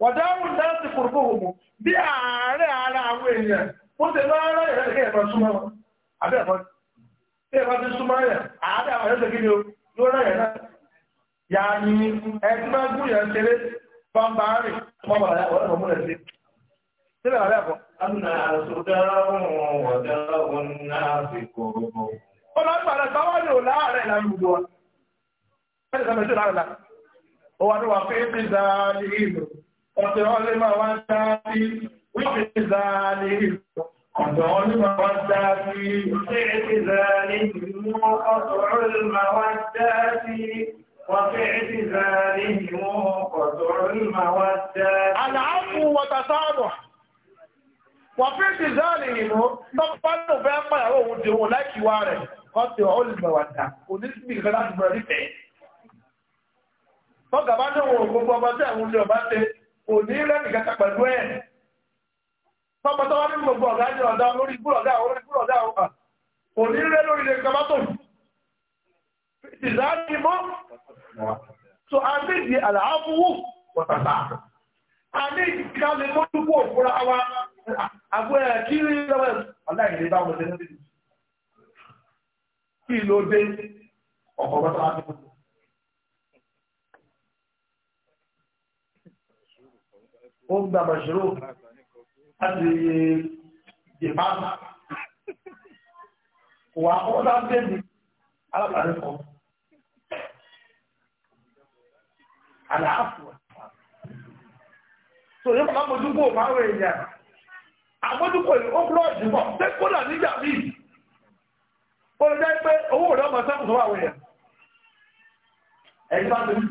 Wọ̀dáwùn dáàtì fòrògbò òmù bí ààrẹ ara àwọn èèyàn, ó tẹ lọ ara ìrẹ́lẹ̀ ẹ̀fà súnmọ́ wọn. Àbẹ́ ẹ̀fà tí ẹ̀fà ti ààrẹ ọlọ́gbàdà sáwọ́dì ò láàrẹ̀ ìlànà ìgbò wa ẹ̀sẹ̀ sọ́mọ̀ sí láàrẹ̀ láàrẹ̀ ó wà ní wà fún ìpín ìdáàlì ìlú ọ̀tẹ̀ ọlẹ́mà wá ń dáàbí pàyàwó òun dìhun láìkíwá rẹ̀ kọ́tì olùmọ̀wàdà onísìmì kan láti bọ̀rọ̀ nífẹ̀ẹ́. Tọ́gà bá lóun gbogbo ọmọ tí àwọn olè ọba ṣe kò ní pẹ̀lú ẹ̀. tọ́wọ́ gbogbo ọ̀gá ní ọ̀dá lórí ibú ọ̀gá orí ibú ọ̀gá ọ̀gá kò ní lé lórí ilé tó. ni So A kí ni lọ́wọ́ ìdí kí ló dé ọ̀pọ̀ bọ́tà wá sí i. ó ń gba bàṣírò láti jìbáàmù kò wá kó dá débi alábàárẹ kọ àlàáfù tó yẹ kó má mójúkó fáwọn èèyàn àmójúkó yìí ó kúrò jùlọ pé kódà nígbà míì. ó jẹ́ pé owó rẹ̀ ọmọ sẹ́kùn tó wà ẹ̀yìn bá ti rí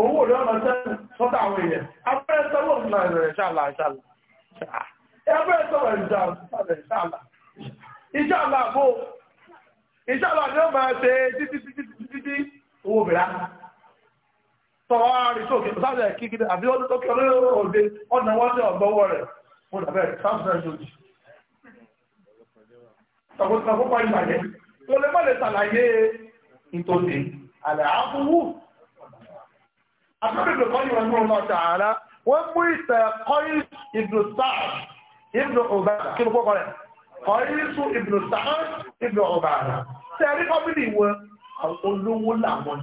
owó rẹ̀ ọmọ sẹ́kùn sọ́dọ̀ àwọn èèyàn abẹ́rẹ́ sọ́wọ́ ìlànà rẹ̀ ṣàlà ṣàlà abẹ́rẹ́ sọ́wọ́ ìlànà rẹ̀ ṣàlà ìṣàlà bó ìṣàlà ni ó máa ṣe títí tọkọtọkọ ìbàjẹ́ tó lè mọ́lẹ̀ ṣàlàyé ìtòsí àlàáfúwú àtọ́bìbì kan yìí wọn ní ọmọ ọ̀tà ààrá wọ́n mú ìtẹ̀ kọ́ís ibnu sáà ibnu ọ̀bà kí ló kọ́kọ́ rẹ̀ kọ́ísù ibnu sáà ibnu ọ̀bà ààrá tẹ̀rí kọ́bìnì wọn olówó làwọn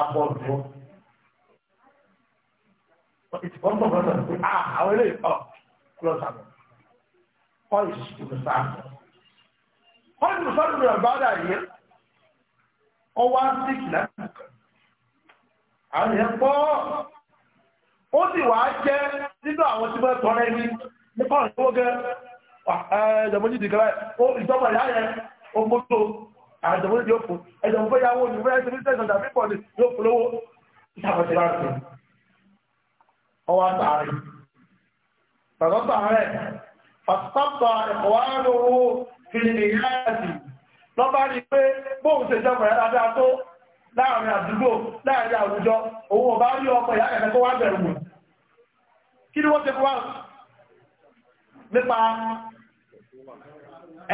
abọ́dúró wọ́n bọ̀ bọ̀ sọ̀rọ̀ pé àwọn eléyìí ọ̀ kúlọ̀ sàbọ̀ kọ́ís ibnu sáà fọ́nù fọ́nù àbádà yìí ọwọ́ àtìkì lásìkò àwọn èèyàn pọ̀ ó sì wá jẹ́ nínú àwọn tí wọ́n tọrẹ ní nípa ìṣòwò gẹ́ ẹ̀ẹ́dẹ̀mọ́jì dìgbà ìjọba ìyá yẹn ó mọ́tò àjọ̀wọ́n yóò fún ẹjọ̀wọ́n fẹ́ yàwó ní fẹ́ ṣe tẹ́sán tàbí pọ̀ ní yóò fún lówó ìṣàkọsí láti ọwọ́ àtàrí tàbí àtàrí fàtàkọ̀ ẹ̀kọ́ wá lówó fìlì yáàtì lọ bá rí pé bóun ṣe jẹ́ pẹ̀lú dáadáa tó láàrin àdúgbò láàrin àwùjọ òun ò bá rí ọkọ̀ ìyá ẹ̀fẹ́ kó wá bẹ̀rù wọn kí ni wọ́n ṣe fún wa nípa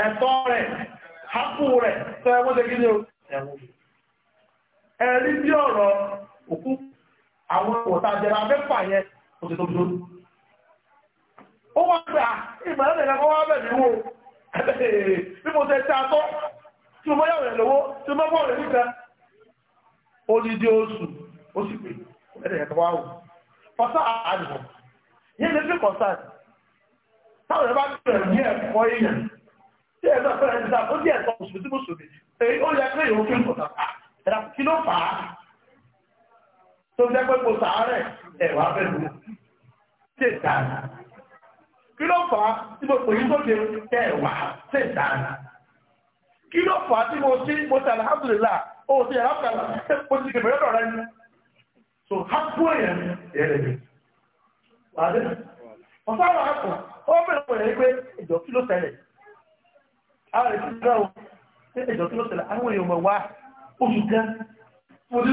ẹ̀tọ́ rẹ̀ hápù rẹ̀ tó ẹwọ́n ṣe kí ni o ẹ̀rí bí ọ̀rọ̀ òkú àwọn òtàjẹ̀rà mẹ́fà yẹn òṣèlú ó wá gbà ìgbà ẹ̀rẹ́ kọ́ wá bí mo ṣe ta tọ́ tí mo yàwó rẹ̀ lọ́wọ́ tí mo bọ́ rẹ̀ níta ó ní dé oṣù ó sì pé ẹ̀rẹ̀ ẹ̀tọ́ wá wò fọ́sá àdìbò yẹn lè fi kọ̀sán táwọn ẹ̀rọ bá bẹ̀rẹ̀ ní ẹ̀kọ́ èèyàn tí ẹ̀rọ bẹ̀rẹ̀ ní ta ó ní ẹ̀kọ́ oṣù tí mo sòdì èyí ó yẹ pé ìwọ́n fi ń kọ̀sán ẹ̀dá kí ló fà á tó jẹ́ pé mo sàárẹ̀ ẹ̀wà bẹ̀rù kí ló fà á tí mo pè yín lóde ẹ̀wà ṣe dára kí ló fà á tí mo ṣe mo ṣe alhamdulillah ó ṣe mo rẹ ni so hapú èèyàn ẹ̀rẹ̀ mi wàdé ọ̀sán wà á kọ̀ ó bẹ̀rẹ̀ pọ̀ yẹn pé ìjọ kí ló tẹ̀lẹ̀ àwọn èsì náà ó ṣe ìjọ kí ló tẹ̀lẹ̀ àwọn èèyàn mọ̀ wá oṣù kan mo ti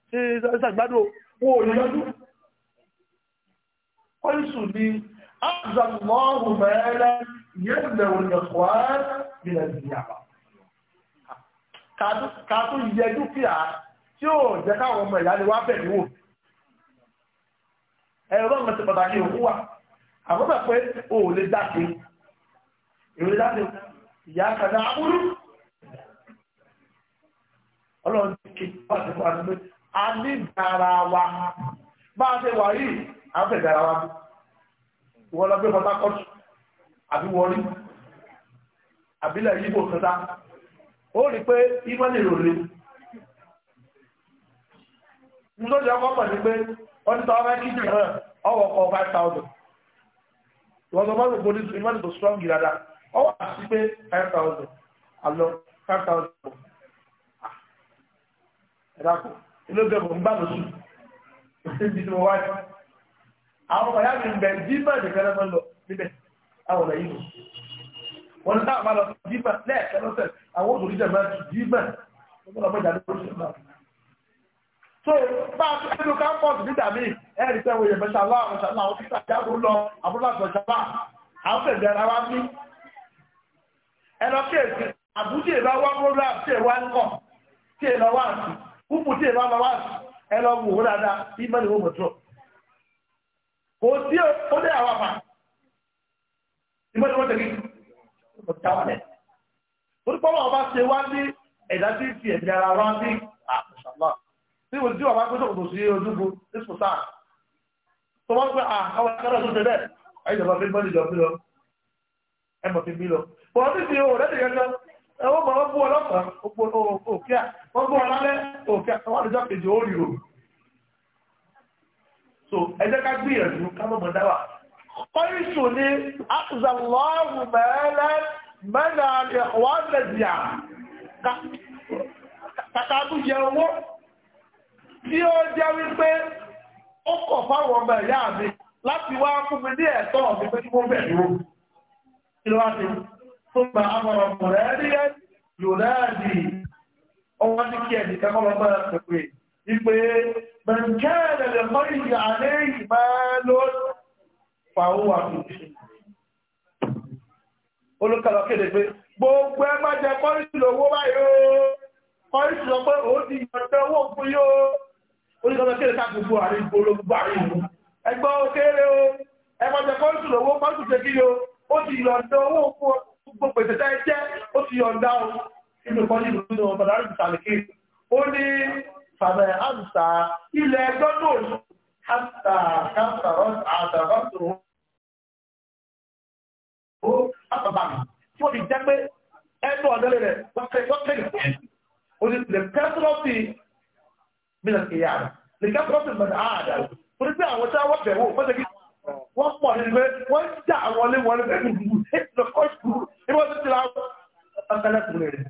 ṣàgbádò wọn ò ní lọ́dún kọ́lùsù ni azàmọ́hù mẹ́rẹ́ yẹ́lẹ̀ òyìnbọ̀n nílẹ̀ ìyàwó kàtó yẹ dúkìá tí ó jẹ́ káwọn ọmọ ìyá ni wá bẹ̀ níwò ẹ̀rọ ọmọ ti pàtàkì òkú wa àbúrò pé o ò lè dáṣe ìròyìn dáṣe ìyá kan náà abúrú ọlọ́run ti kí wọ́n ti fọ́ àdúgbò ani dara wa bá a ṣe wà yìí a ń wa bí wọ́n lọ gbé pọtákọ́tù àbí wọrí àbílẹ̀ yìí bò kẹta ó rí pé ìmọ̀lẹ̀ ìròlé nítorí ọkọ̀ pọ̀ ní pé wọ́n ti tọ́wọ́ kí ọwọ́ five thousand wọ́n tó bá tó strong five thousand five thousand ah, inú bẹ mọ̀ ń gbà lóṣù níbi tí mo wáyé àwọn ọmọ yá mi bẹ jíbà nìkan lọ́mọ lọ níbẹ̀ àwọn ọ̀nà yìí wọn ní táwọn bá lọ jíbà lẹ́ẹ̀kan lọ́sẹ̀ àwọn òṣèlú jẹ̀ máa jíbà lọ́mọ lọ́mọ ìjà lóṣù náà so bá a tún nínú kámpọ̀sì nígbà míì ẹ̀rí pé wòye mẹ́ṣàlá mẹ́ṣàlá àwọn títà jágò lọ àbúrò ṣàlá àwọn tẹ̀lé ara wa ní. ẹnọ kí èsì àbújá ìbá wá program tí èèwà ń kọ tí èèlọ sí kúkú tí èèmọ̀ máa wá ẹ lọ wò ó dáadáa ìmọ̀ ni wọ́n mọ̀ tó kò sí ó dé àwọn àmà ìmọ̀ ni wọ́n tẹ̀lé kò tá wà lẹ̀ orúkọ wọn ọba ṣe wá ní ẹ̀dá tí ti ẹ̀mí ara wá ní àṣàlá tí wọ́n ti wà bá gbọ́dọ̀ kò sí ojúbo ní sùtà tó wọ́n gbé àwọn akẹ́rọ̀ tó ṣe bẹ́ẹ̀ ayé ìjọba fi gbọ́dọ̀ ìjọba fi lọ ẹ̀ mọ̀ fi mí lọ bọ̀ ọ́ ẹwọ́ bọ̀ wọ́n bú ọlọ́pàá òkè à wọ́n bú ọlọ́lẹ́ òkè àwọn àdójọ́ kejì ó rí o. so jẹ owó tí ó jẹ́ wípé ó kọ̀ fáwọn ọmọ ẹ̀yà mi láti wá fún mi ní ẹ̀tọ́ mi pé kí wọ́n bẹ̀rù kí ló wá ثم أمر مناديا ينادي أو أنك يعني كما ما تقول من كان للمرء عليه مال فهو فيه olùkàlọ́ kéde pé gbogbo ẹ má jẹ kọ́rìsì lówó báyìí o kọ́rìsì sọ pé ó di ìyọ̀tẹ́ owó fún yóò olùkàlọ́ kéde ká gbogbo àárín gbogbo àárín ìlú ẹgbẹ́ òkèèrè o ẹ má jẹ kọ́rìsì lówó kọ́rìsì ṣe kí o ó di ìyọ̀tẹ́ owó fún ọ gbogbo pèsè tẹ́ jẹ́ ó ti yọ̀ǹda o nínú kan nínú nínú ọ̀bàdàn àrùn ìsàlẹ̀kì ó ní fàmẹ́ àǹtà ilẹ̀ ẹjọ́ náà àǹtà kàǹtàrọ̀ àtàbàtò ó àtàbàmì tí wọ́n ti jẹ́ pé ẹnu ọ̀dẹ́lẹ̀ rẹ̀ wọ́n fẹ́ wọ́n fẹ́ nìkan ó ní lè kẹ́sìrọ́ọ̀tì mílíọ̀nù kìyà lè wọ́n pọ̀ nínú pé wọ́n já wọlé wọlé pẹ̀lú gbogbo ètò kọ́ṣù ní wọ́n ti ti ra ọ̀tẹ́lẹ̀kùnrin rẹ̀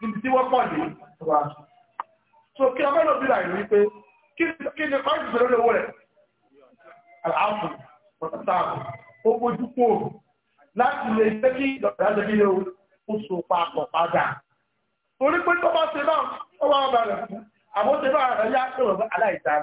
níbi tí wọ́n pọ̀ ní wa. so kí ọmọ náà bí ra ìlú wípé kí ni kọ́ṣù sọ̀rọ̀ lówó rẹ̀ àlàáfù pọ̀tàtà ó bójú kó láti lè jẹ́ kí ìjọba ìjọba ìjọba ó so papọ̀ padà. torí pé tó bá ṣe náà ó wá ọba rẹ̀ fún àmọ́ ṣe náà rẹ̀ yá pé wọ́n aláìsàn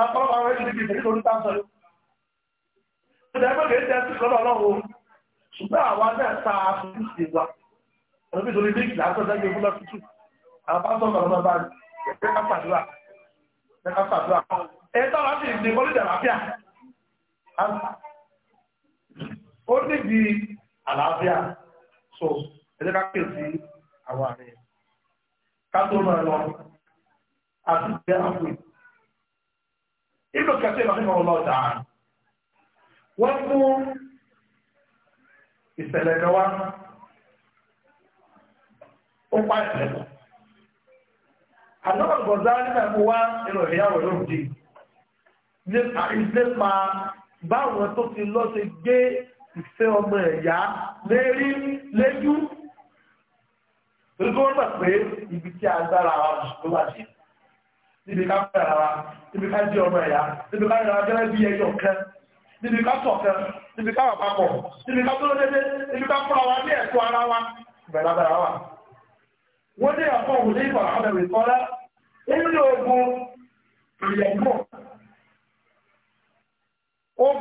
àpọ̀lọpọ̀ àwọn ẹ̀sìn ìbí ìtẹ̀lẹ́ lórí táǹsọ̀ yìí. Ó dẹ̀ mọ́ kẹ́kẹ́ sí lọ́dọ̀ ọlọ́run ṣùgbọ́n àwa náà ta aṣojú sí wa. Ọ̀nà bí torí bí làásọ̀ dájú ogún lọ́sí tù. Àwọn pásọ̀ ọ̀rọ̀ máa bá rí. Ẹ ká fàdúrà. Ẹ ká fàdúrà. Ẹ So ẹ jẹ́ ká pè sí àwọn àrẹ. Ká tó Ibn Kathir rahimahullah ta'ala wọ́n mú ìṣẹ̀lẹ̀ kan wá ó pa ìṣẹ̀lẹ̀ kan. Àlọ́kọ̀ gbọ̀dá nígbà mú wá nínú ìyàwó lóde nípa ìlépa báwọn tó ti lọ ṣe gbé ìfẹ́ ọmọ ẹ̀yà lérí lẹ́jú. Gbogbo wọn gbà pé ibi tí agbára àwọn àṣìṣe wà sí. níbi ká fẹ́ ara níbi ká jẹ́ ọmọ ẹ̀yà ibi ka yẹra gẹ́rẹ́ bí ẹyọ kan níbi ká ṣọ̀kan níbi ká wà papọ̀ níbi ká tó ara wa ìbẹ̀rẹ̀ abẹ́rẹ́ wa. wọ́n ẹ̀kọ́ ní àwọn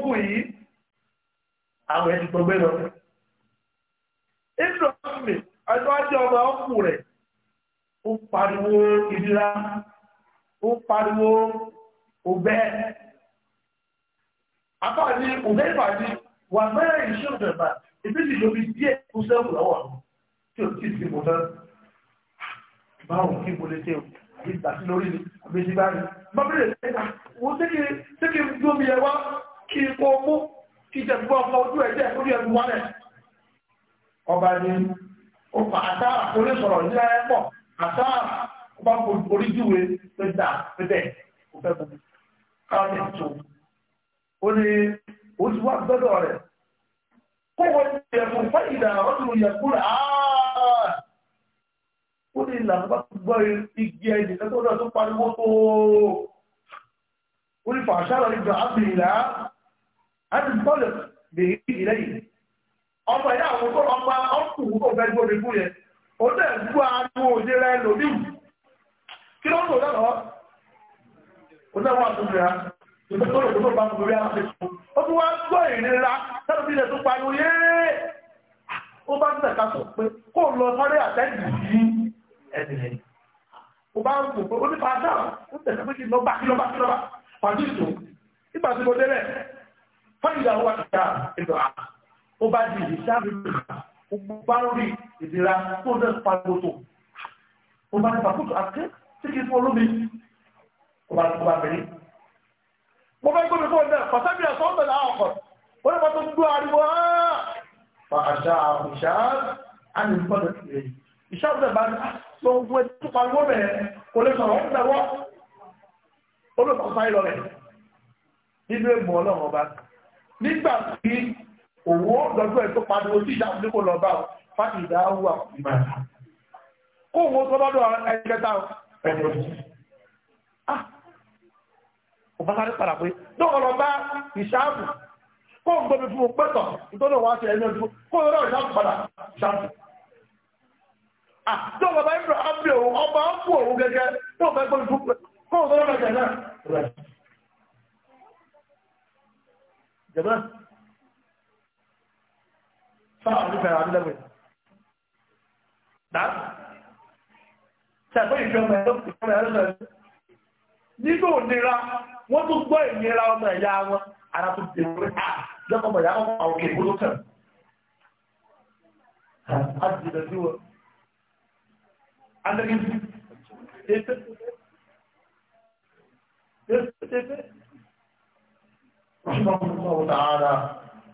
ẹ̀rẹ̀ ó pariwo òbẹ́ afáàní òbẹ́ ìfàdí wà mẹ́rin iṣẹ́ òjọba ìbísí lórí díẹ̀ kú sẹ́wù lọ́wọ́ tí ò tí ì sí mo fẹ́ báwọn kí mo lè ṣe ìgbà sí lórí mi àbí ti bá rí bábílẹ̀ ṣe àwọn sékè gbómi ẹwà kí n kó mú kí n tẹ̀síwọ́ ọmọ ojú ẹ̀jẹ̀ lórí ẹ̀mú wálẹ̀ ọba ni ó fa àtàrà orí sọ̀rọ̀ nílẹ̀ ẹ̀pọ̀ àtàrà bá oríjúwe pé dà pẹ́tẹ́ kò fẹ́ mú káwọn ẹ̀ tó ó ní ó ti wá gbọ́dọ̀ rẹ̀ kó wọ́n ti yẹ fún fáyidà ọdún yẹ kúrò áá o ní ìlànà bá gbọ́ igi ẹ̀jẹ̀ kẹ́tọ́ náà tó pariwo tó ó ní fàṣàrọ̀ ìjọ àbìlá àti bọ́ọ̀lù bèèrè ìlẹ́yìn ọmọ ìyá àwọn tó ọmọ ọkùnrin tó fẹ́ gbọ́dọ̀ fún yẹn o náà gbọ́ ariwo òde rẹ lòdì kí ló ń lò lọ́nà ọ́ kò náà wà tó nira ìgbà tó lò tó bá mú lórí àwọn ẹ̀sùn ó tún wá ń gbọ́ ìrìnlá sẹ́nu bí ilẹ̀ tó pariwo yéé ó bá ń tẹ̀ka sọ pé kó lọ sáré àtẹ́jì sí ẹ̀dì rẹ̀ ó bá ń pò pé ó ní fàájà ó tẹ̀ka pé kí lọ́ba kí lọ́ba kí lọ́ba pàdé ìtò nígbà tí mo délẹ̀ fáyìlà ó wà níta ìdọ̀ ó bá di ìdíjà mi ó bá ń rí ìdíra tó ń dẹ́ pariwo tó ó bá ń pàkóso àkẹ́kọ̀ọ́ tí kìí fún olómi kò bá kò bá bẹ̀rẹ̀. mo fẹ́ gbọ́dọ̀ tó ọ̀dà pàṣẹ́bí àtọ́ ọ̀dà náà ọkọ̀ ó lè pàtó gbọ́ ariwo áá fa àṣà àṣà á ní gbọ́dọ̀ tìlẹ̀ yìí ìṣá ọ̀dà bá ní lọ ah, wọ tó pariwo bẹ̀rẹ̀ kò lè sọ̀rọ̀ ọ̀dà wọ́ ó lè pàṣẹ ìlọ rẹ̀ nínú ègbò ọlọ́run ọba nígbà tí òwò lọ́jọ́ ẹ̀ tó pariwo sí ìjà òdìkò lọ́ba fáìdá wà ìbàdàn kó òwò tó lọ́dọ̀ ẹgbẹ́ta ẹ̀rọ yìí. ọba sáré padà pé lóko lọ bá ìṣáàbù kó ń gbọmí fún un pẹ́tọ̀ nítorí wọn ṣe ẹni ọdún kó o rọ ìṣáàbù padà ìṣáàbù. àti ah! ọba bá ìbúra ábí òun ọba ń bú òun gẹ́gẹ́ tó fẹ́ gbọmí fún un kó ń rọ ìṣáàbù náà. jẹ̀mọ́ sáà ọdún fẹ́ràn adúlẹ̀wẹ̀ ṣàgbé ìjọba ẹ̀rọ ìjọba ẹ̀rọ ìjọba nígbà ònira wọ́n tún gbọ́ ìnira ọmọ ẹ̀yà wọn ara tó dé orí à lọ́kọ̀ ọmọ ẹ̀yà wọn àwọn òkè ìbúrú kan á ti dẹ̀ sí wọn. Adékin ètè ètè ètè. رحمه الله تعالى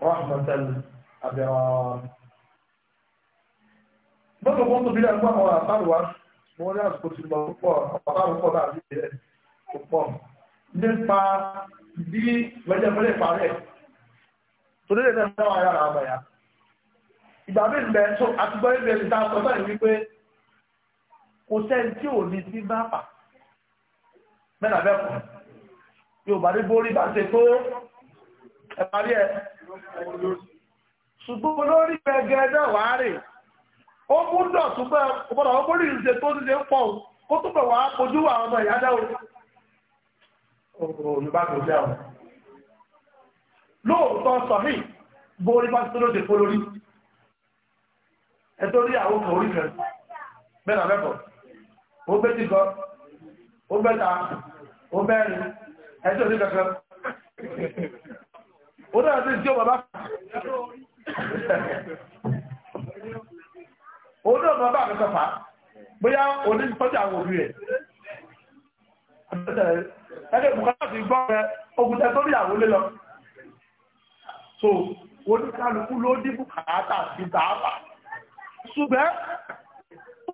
رحمة الأبرار. بدر قلت بلا أنواع وأقوى mo ní àsìkò ti lọ púpọ̀ ọ̀pá púpọ̀ láti ilẹ̀ púpọ̀ nípa bí wẹ́jẹ̀fẹ́lẹ̀ parẹ́ torí lè tẹ́lẹ̀ náà yára àmọ̀ ya ìgbà bí ìgbẹ́ tó àtúgbọ́ ìgbẹ́ ti ta sọ báyìí wípé kò sẹ́ni tí ò ní sí bá fà mẹ́ta bẹ́ẹ̀ yóò bá dé borí bá ṣe tó ẹ̀ parí ẹ̀ ṣùgbọ́n olórí gẹ́gẹ́ náà wàá rè ó mú dọ̀tún pé ọ̀pọ̀lọpọ̀ àwọn pólì ìṣe tó ti ṣe ń pọ̀ ó tún bẹ̀ wá kojú àwọn ọmọ ìyá dáwọ́ yorùbá kò jẹ́ àwọn lóòótọ́ sọ̀hí borí bá ti tó lóde kó lórí ẹ̀tọ́ rí àwọn kan orí kan mẹ́ta mẹ́kọ̀ọ́ ó bẹ́ ti gan ó bẹ́ta ó bẹ́rin ẹjọ́ orí kankan ó dára sí ìjọba bá òun náà máa mi kọfà bóyá òní tọ́jú àwọn òbí rẹ̀ ẹgbẹ́ bùkátà ti gbọ́ rẹ ogun tó rí àwọn olé so oníkálukú ló dín bùkátà sí tààbà ṣùgbọ́n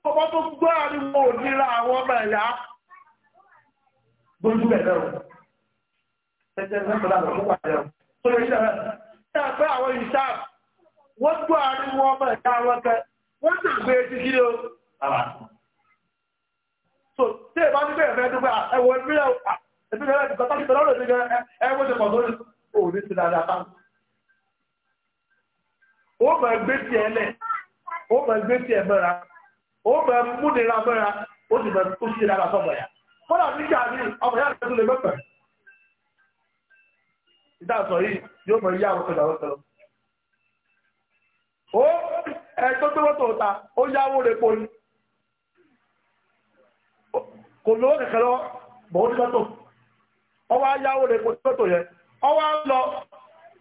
ọmọ tó gbọ́ àríwọ̀ òdíra àwọn ọmọ ẹ̀yà gbójú ẹ̀ lẹ́rù tẹ́tẹ́ mẹ́tọ́ láti ọdún wà lẹ́rù tó lè ṣe rẹ̀ ṣe àgbẹ̀ àwọn ìṣáà wọ́n gbọ́ àríwọ̀ ọmọ ẹ̀yà wọn kẹ́ wọ́n sì gbé etí kí ni ó bàbá so tí èèbá ní bẹ́ẹ̀ fẹ́ dúpẹ́ ẹ̀wọ̀ ìpínlẹ̀ ìpínlẹ̀ ìpínlẹ̀ ìpínlẹ̀ lọ́rọ̀ ìpínlẹ̀ ẹ̀wọ̀ ti pọ̀ lórí òní ti dáadáa tán. ó mọ̀ ẹgbẹ́ tiẹ̀ lẹ̀ ó mọ̀ ẹgbẹ́ tiẹ̀ mọ́ra ó mọ̀ múnira mọ́ra ó sì mọ̀ ó sì dára sọ́mọ yà kọ́dà nígbà ní ọmọ yà lọ́sọ̀ lè mẹ́fẹ̀. ìdá sọ yìí yóò mọ iye àwọn kọjá ẹgbẹ́ tó wọ́tò ta ó yáwó rẹ̀ pọ̀ ní kò lówó kẹ̀kẹ́ lọ bọ̀wọ́ tí wọ́tò ọwọ́ yáwó rẹ̀ pọ̀ tí wọ́tò yẹ ọwọ́ lọ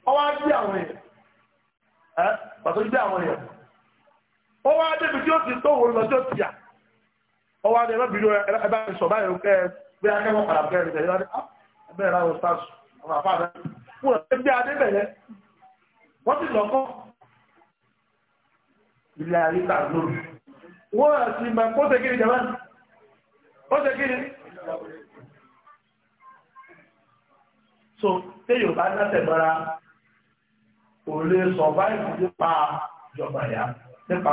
ọwọ́ bí àwọn yẹn ẹ pàtó bí àwọn yẹn ọwọ́ débi tí ó ti tó wò lọ ti yà ọwọ́ adé ẹ̀rọ bìrì ẹ bá báyìí ó kẹ́ ẹ bí akẹ́kọ̀ọ́ padà bẹ́ẹ̀ ah, rẹ̀ ẹ ilé ayé tààdó wọ́n àti ìgbà kó tẹ́ kiri jama ó tẹ́ kiri so tí yóò bá dáṣẹ̀ mọ́ra kò lè sọ̀báìsì nípa ìjọba ìyá nípa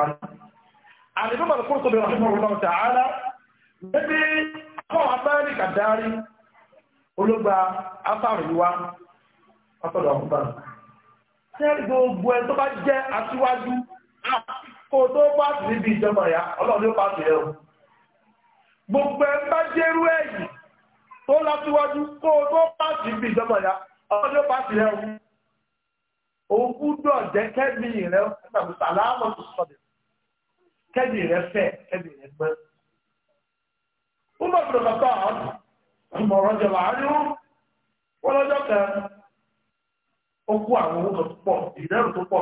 àdìgbò bàbá kó tóbi wàhálà ọ̀rọ̀ ọ̀tà ààrá níbi àwọn abáyé kàdárí ológba afárìwá ọ̀tọ̀dọ̀ ọ̀gbà tí gbogbo ẹ̀ tó bá jẹ́ aṣíwájú kò tó pàṣẹ níbi ìjọba ya ọlọ́run ló pàṣẹ ẹ̀ o gbogbo ẹ̀ bá jẹ́rú ẹ̀yìn tó lásìwájú kó tó pàṣẹ níbi ìjọba ya ọlọ́run ló pàṣẹ ẹ̀ o ògúdọ̀ jẹ́ kẹ́mi rẹ̀ sàlámọ̀ tó sọ̀dẹ̀ kẹ́mi rẹ̀ fẹ́ kẹ́mi rẹ̀ gbẹ́ ó bá gbọdọ̀ bàbá àwọn ọmọ ọ̀rọ̀jọ̀ láàárín wọn lọ́jọ́ kan ó kó àwọn owó kan tó pọ̀ ìdẹ́rù tó pọ̀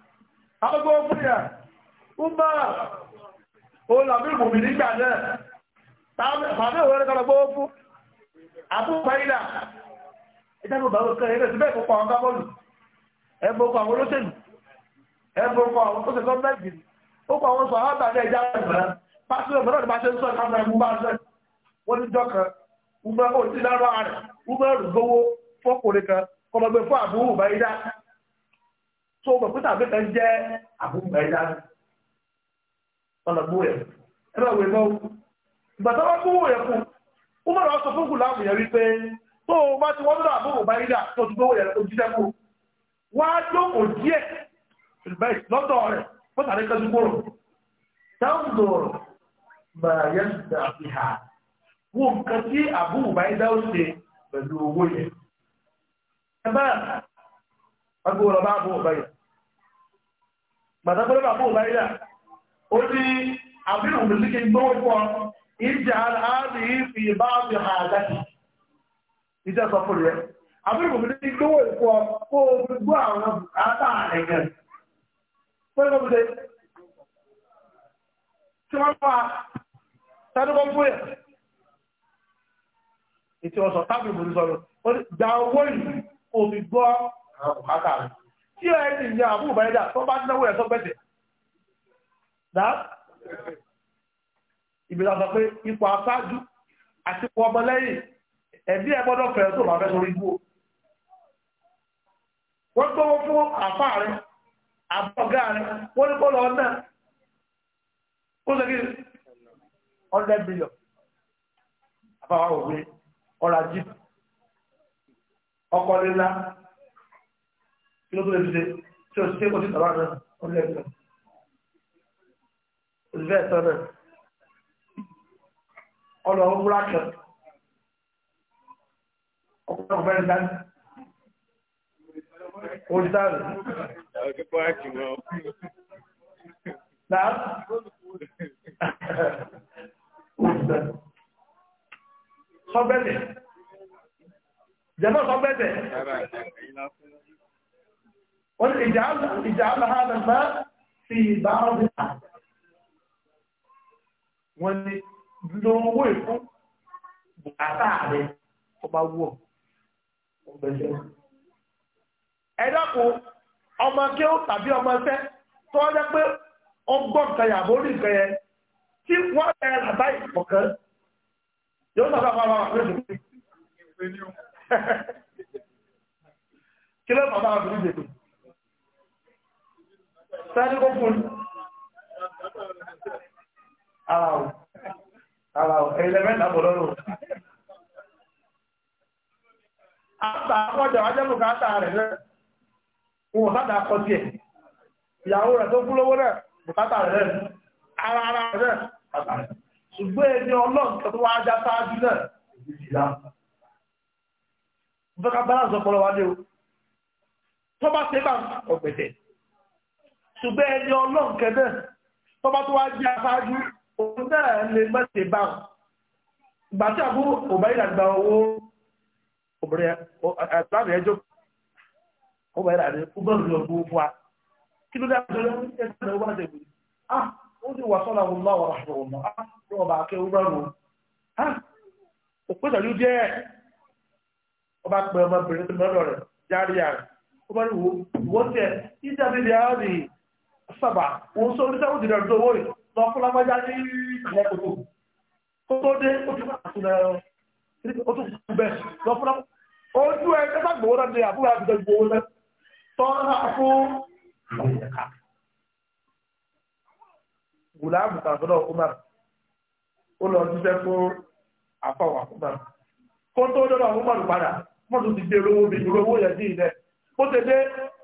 àgbọ̀ fún yà ńbà òun làbí ìbùmí nígbà náà tàbí òun rẹ̀ kọ́lọ́ gbówó fún àbúkọ ilà ìjábọ̀ bàbá kan ẹgbẹ́ síbẹ̀ ìkópa àwọn gábọ́ọ̀lù ẹgbẹ́ òkú àwọn olóṣèlú ẹgbẹ́ òkú àwọn olóṣèlú gọ́ọ̀mẹ́ntì òkú àwọn sọ àwọn àgbàdo ẹja àgbà pásítọ̀ ìbọ̀dọ̀ ni bá ṣe ń sọ ìkáwọn ẹgbẹ́ bá ṣe wọ́n ní dọ́kan ugbẹ́ òtí lárọ́ àrẹ̀ ugbẹ́ rògbòwó fọ́kùnrin kan kọlọ́gbẹ́ fún àbúrò báyìí dá tó mọ̀ pín tàbí kan jẹ́ àbúgbà ẹ̀dá ọ̀nà gbówó yẹn ẹ bá wẹ̀ mọ́ ìgbà tó bá gbówó yẹn kù ó mọ̀ lọ sọ fún gùláàmù yẹn wípé tó o bá ti wọ́n lọ́dọ̀ àbúrò bá yíyà tó ti gbówó yẹn lọ jíjẹ́ kù wá jókòó díẹ̀ lọ́dọ̀ rẹ̀ fún tàbí kan gbówó táwọn máa yẹn dàbí ha wọ́n nǹkan tí àbúrò bá ṣe pẹ̀lú owó yẹn. agbóhùn bá bó báyìí gbàdágbọ́n bá bó ó àbíhùn mi síkè gbówó pọ̀ ìjà bá hà ìjà sọ fún rẹ àbíhùn mi síkè gbówó pọ̀ kó o fi gbọ́ àwọn bùkátà ẹ̀gẹ̀ pẹ́lú ọ̀bùdé tí wọ́n fa tẹ́lẹ́kọ́ fún yẹ ètò ọ̀sán tábìlì mi sọ̀rọ̀ gbà owó yìí kò fi gbọ́ àwọn bùkátà rẹ̀ tí ẹ ti ń jẹ àbúrò bá ẹja tó bá ti náwó ẹ̀ tó gbẹ̀sẹ̀ dá ìbílẹ̀ sọ pé ipò aṣáájú àti ipò ọmọlẹ́yìn ẹ̀bí ẹ̀ gbọ́dọ̀ fẹ̀rẹ̀ tó bá fẹ́ sórí ibú o wọ́n gbọ́wọ́ fún àfá rẹ̀ àbọ̀gá rẹ̀ wọ́n ní bọ́ọ̀lù ọ̀nà ó sọ kí ni hundred million àbáwá òwe kí ló tó lè fi ṣe tí o ṣe ojú tàbá náà ó lè fi òṣìṣẹ́ ẹ̀tọ́ náà ọlọ ọmúra kan ọkùnrin ọ̀fẹ́ rẹ̀ dání ojú dáàrù. Náà sọ́bẹ̀tẹ̀ jẹ́mọ́ sọ́bẹ̀tẹ̀. والاجعال اجعل هذا الماء في بعض الأحداث wọ́n lo owó ìfún bùkátà rẹ̀ tó bá wù ọ́ ọ̀gbẹ̀sẹ̀. ẹ dákun ọmọ kí ó tàbí ọmọ ṣẹ́ tó wọ́n jẹ́ pé ó gbọ́ nǹkan yàgò orí nǹkan yẹn tí wọ́n rẹ̀ ràbá ìkọ̀kan yóò sọ fún àwọn àwọn àgbẹ̀sẹ̀ kí ló bàbá àgbẹ̀sẹ̀ sáré kó fún aláwọ̀ aláwọ̀ ẹ̀lẹ́mẹ́ta bọ̀ lọ́rùn àtà àkọjà wájẹ́bù káàtà rẹ̀ rẹ̀ wọn sáàdà akọ sí ẹ̀ ìyàwó rẹ̀ tó kú lówó rẹ̀ bùkátà rẹ̀ rẹ̀ ara ara rẹ̀ bùkátà rẹ̀ ṣùgbọ́n ẹni ọlọ́nkẹ́ tó wá já sáájú náà ìdíjìlá bọ́ká bá láti ọpọlọ wá lé o tó bá ṣe bá ọgbẹ̀tẹ̀ ṣùgbọ́n ẹni ọlọ́run kẹ́nà tọ́ba tó wá jẹ́ aṣáájú òun náà lè mẹ́sẹ̀ bá wọn. ìgbà tí àbúrò òbáyé àgbà owó obìnrin àtàlẹ́ ẹjọ́ òbáyé àgbà owó bọ́ọ̀lù lọ gbowó fún wa kí ló dé àgbẹ̀rẹ̀ ẹ̀sìn náà wọ́n ti wù ah ó ti wà sọ́nà wọn náà wọ́n rà wọn ní ọba akẹ́ wúrà wọn ah òpin ìtàlú jẹ́ ọba pẹ̀ ọmọbìnrin tó mọ́rọ̀ rẹ̀ járíà ó bá rí wo ìwọ́sẹ̀ sábà òun sọ oníṣẹ́ òjì dẹ̀rù tó owó rẹ̀ lọ fún lágbájá ní ìpínlẹ̀ kòtò kó tó dé ó ti pàtàkì náírà ó tún kú bẹ́ẹ̀ lọ fún lágbájá ojú ẹ kẹta gbowó náà ní àbúrò àbúrò gbowó náà tọ́ra fún ìyẹ̀ká gùlámù tàbí ọkùnrin ó lọ jíṣẹ́ fún àfọwọ́ àkùnrin kó tó dọ́dọ̀ ọkùnrin padà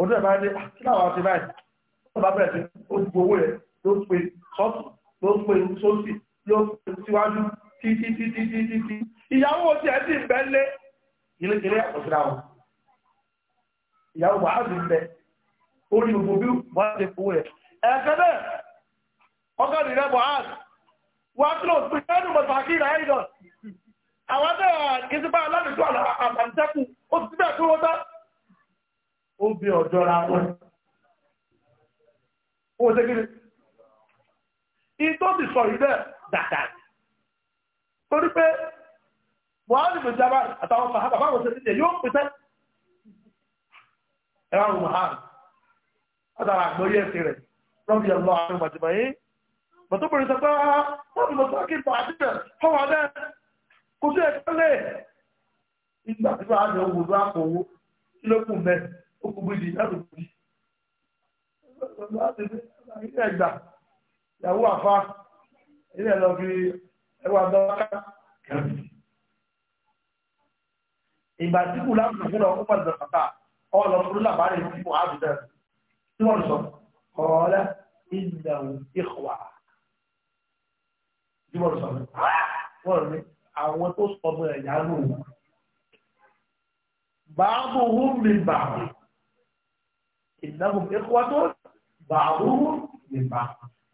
òun náà bá ní ah, kí làwọn àti báyìí wọ́n bá bẹ̀rẹ̀ sí ó gbogbo owó rẹ̀ ló pe sọ́ọ̀tù ló pe sósì ló pe síwájú títí títí títí tí ìyàwó tiẹ̀ sì ń bẹ́ lé ilé kéré àkọsíra wọn ìyàwó wàhálà ń bẹ ó ní gbogbo bí wọ́n á ti fowó rẹ̀ ẹ̀ẹ́kẹ́ bẹ́ẹ̀ ọgọ́rin rẹ̀ wàhálà wọ́n á tún lọ pé ẹnu mọ̀tàkì rẹ̀ ẹ̀yìn náà àwọn náà kì í sí bá aládùúgbò àbàntẹ́kù ó ti bẹ́ẹ̀ obi bí ọ̀jọ́ra wọn ó ṣe kí sọ buhari ló jábá àtàwọn sàhábà báwọn ṣe níjẹ yóò pèsè ẹwà ń wàhán látara àgbọ́yé ẹ̀sìn rẹ̀ lọ́bí ẹ̀lọ́ àwọn ìmọ̀jìmọ̀ yìí bọ̀tọ́bìnrin sọ pé wọ́n ah, ti mọ̀ sí kí n bọ̀ àti rẹ̀ fọwọ́ dẹ́ kò sí ó gbogbo ìdí láti gbòdì láti ilé ẹgbà ìyàwó àfa ilé lọ fi ẹwà dọ́wọ́ká kẹrì ìgbà tí kù láti gbòdì ọkọ̀ pàdé dọ̀kọ̀tà ọlọ fúru làbárí tí kò á dùdẹ tí wọ́n sọ ọ̀ọ́lẹ́ ìdàwó ìkọ̀wà tí wọ́n sọ wọ́n ní àwọn tó sọ ọmọ ẹ̀yà lóhùn báàbò hùwìn báàbò ìnáwó ẹ̀kọ́ tó bàrúrú nípa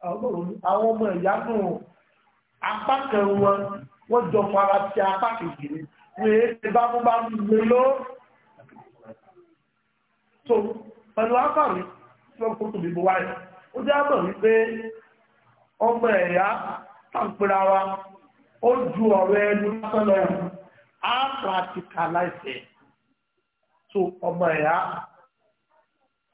àwọn ọmọ ìyá nù apá kan wọn wọ́n jọ fara ti apá kejì ni wọ́n èé bá mú bá mú lé lọ. so pẹ̀lú afárí tí wọ́n kó tóbi bó wáyé ó jẹ́ àmọ̀ wípé ọmọ ẹ̀yà tàǹpẹ̀rẹ̀ wa ó ju ọ̀rọ̀ ẹni lásán lọ á practicalize so ọmọ ẹ̀yà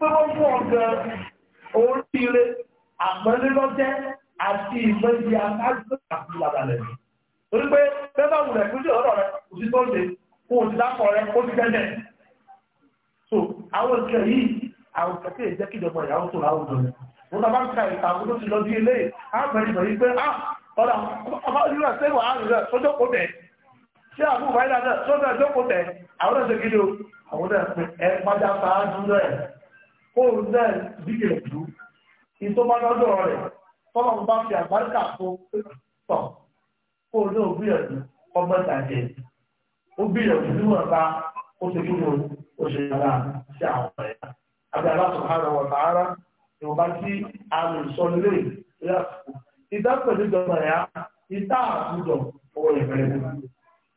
pé wọ́n fún ọ̀gá oríire àmọ́lélọ́jẹ́ àti ìmọ̀lẹ́ àtàgbé àti ìlàbàlẹ̀. torí pé bẹ́bà wùlẹ̀ fún sí ọ̀rọ̀ rẹ̀ kò sí tó lè kó o ti dákọ̀ rẹ̀ kó ti tẹ́lẹ̀. so àwọn ìkẹ́ yìí àwọn kẹ̀kẹ́ ìjẹ́ kíjọba ìyàwó tó láwùjọ rẹ̀. wọ́n ta bá ń ka ìtàkùn tó ti lọ sí ilé àbẹ̀rẹ̀ yìí pé ọ̀rọ̀ ọmọ ìrírà sẹ́wọ̀n àrùn rẹ̀ sọ́jọ́ kó bẹ̀. ṣé àbúrò báyìí náà fóònù náà dígẹ̀ ìlú ìtọ́mọ́dọ́dọ̀ rẹ̀ tọ́lọ́mù bá fi àgbáríkà fún tọ̀ fóònù náà gbìyànjú ọgbọ́n tàjẹ́ ó gbìyànjú níwọ̀n bá ó ti kí ló ó ṣe yàrá sí àwọn ẹ̀yà abẹ́rẹ́ láti hàrà wọ̀ tààrà ìwọ̀nba tí a lè sọ nílé ìyàsùkú ìdápẹ̀lú ìjọba ẹ̀yà ìta àbúdọ̀ owó ìfẹ́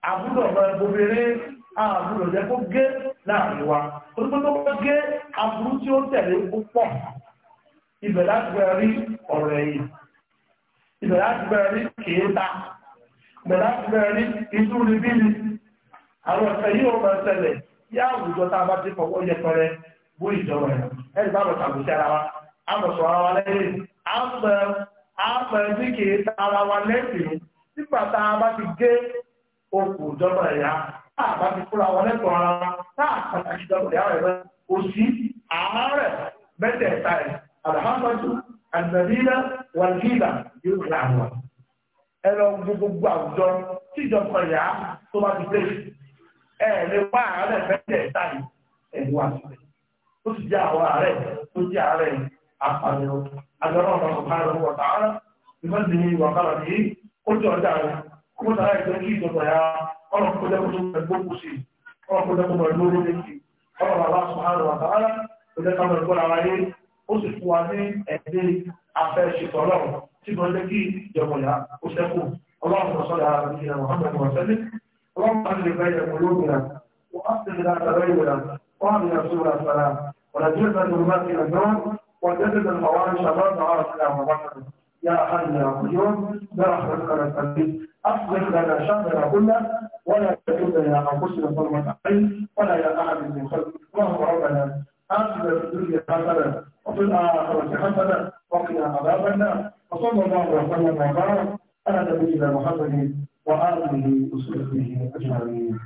àbúdọ̀ ọ̀gbọ́n àbúrò jẹ́ kó gé láàrin wa tó gé aburú tí ó tẹ̀lé púpọ̀ ibẹ̀ láti bẹ̀rẹ̀ rí ọ̀rọ̀ ẹ̀yìn ibẹ̀ láti bẹ̀rẹ̀ rí ibẹ̀ láti bẹ̀rẹ̀ rí inú àwọn ọ̀sẹ̀ yìí ó máa ṣẹlẹ̀ àwùjọ tá a bá ti fọwọ́ yẹpẹrẹ bó ìjọba ẹ̀ ẹ̀rí bá ara wa ara wa lẹ́yìn àbá ti fúra wọn lẹ́tọ̀ọ́ ara wa táà pàtàkì ìjọba ìyá rẹ̀ kò sí àárẹ̀ mẹ́tẹ̀ẹ̀ta ẹ̀ àdáhàmọ́tò àdàbílà wàlúùlà yóò fi àwọn. ẹ lọ gbogbo àwùjọ tí ìjọba ìyá tó bá ti pèsè ẹ lè wá àárẹ̀ mẹ́tẹ̀ẹ̀ta yìí ẹ̀ wá sílẹ̀ ó sì jẹ́ àwọn àárẹ̀ tó jẹ́ àárẹ̀ apànìyàn agbára ọ̀nà ọ̀kan rẹ̀ wọ̀ tààrà ìmọ̀lẹ́yìn wàkàrà yìí ó jẹ́ ọjà rẹ̀ kó tààrà ìjọ kí ìjọba ìyá ọ̀rọ̀ kó lẹ́kùn tó gbẹ̀gbọ́ kù sí ọ̀rọ̀ kó lẹ́kùn mọ̀ lórí létí ọ̀rọ̀ bàbá sọ̀hánù àtàrà kó lẹ́kùn mọ̀ lọ́kọ́ ara yé ó sì fún wa ní ẹ̀dẹ́ afẹ́ṣetọ̀ ọlọ́run tí mo lé kí ìjọmọ̀yà ó sẹ́kù اللهم صل على نبينا محمد وسلم اللهم اجعل بين قلوبنا واصلح ذات بيننا واهدنا سبل السلام ونجعلنا ظلمات الى النور وجدد الموارد شباب عرفنا وبكر يا حي يا قيوم برحمتك نستغيث أصلح لنا شهرنا كله ولا تكلنا يا أنفسنا ظلمة عين ولا إلى أحد من خلقك اللهم ربنا آخر في الدنيا حسنة وفي الآخرة حسنة وقنا عذاب النار وصلى الله وسلم وبارك على نبينا محمد وآله وصحبه أجمعين.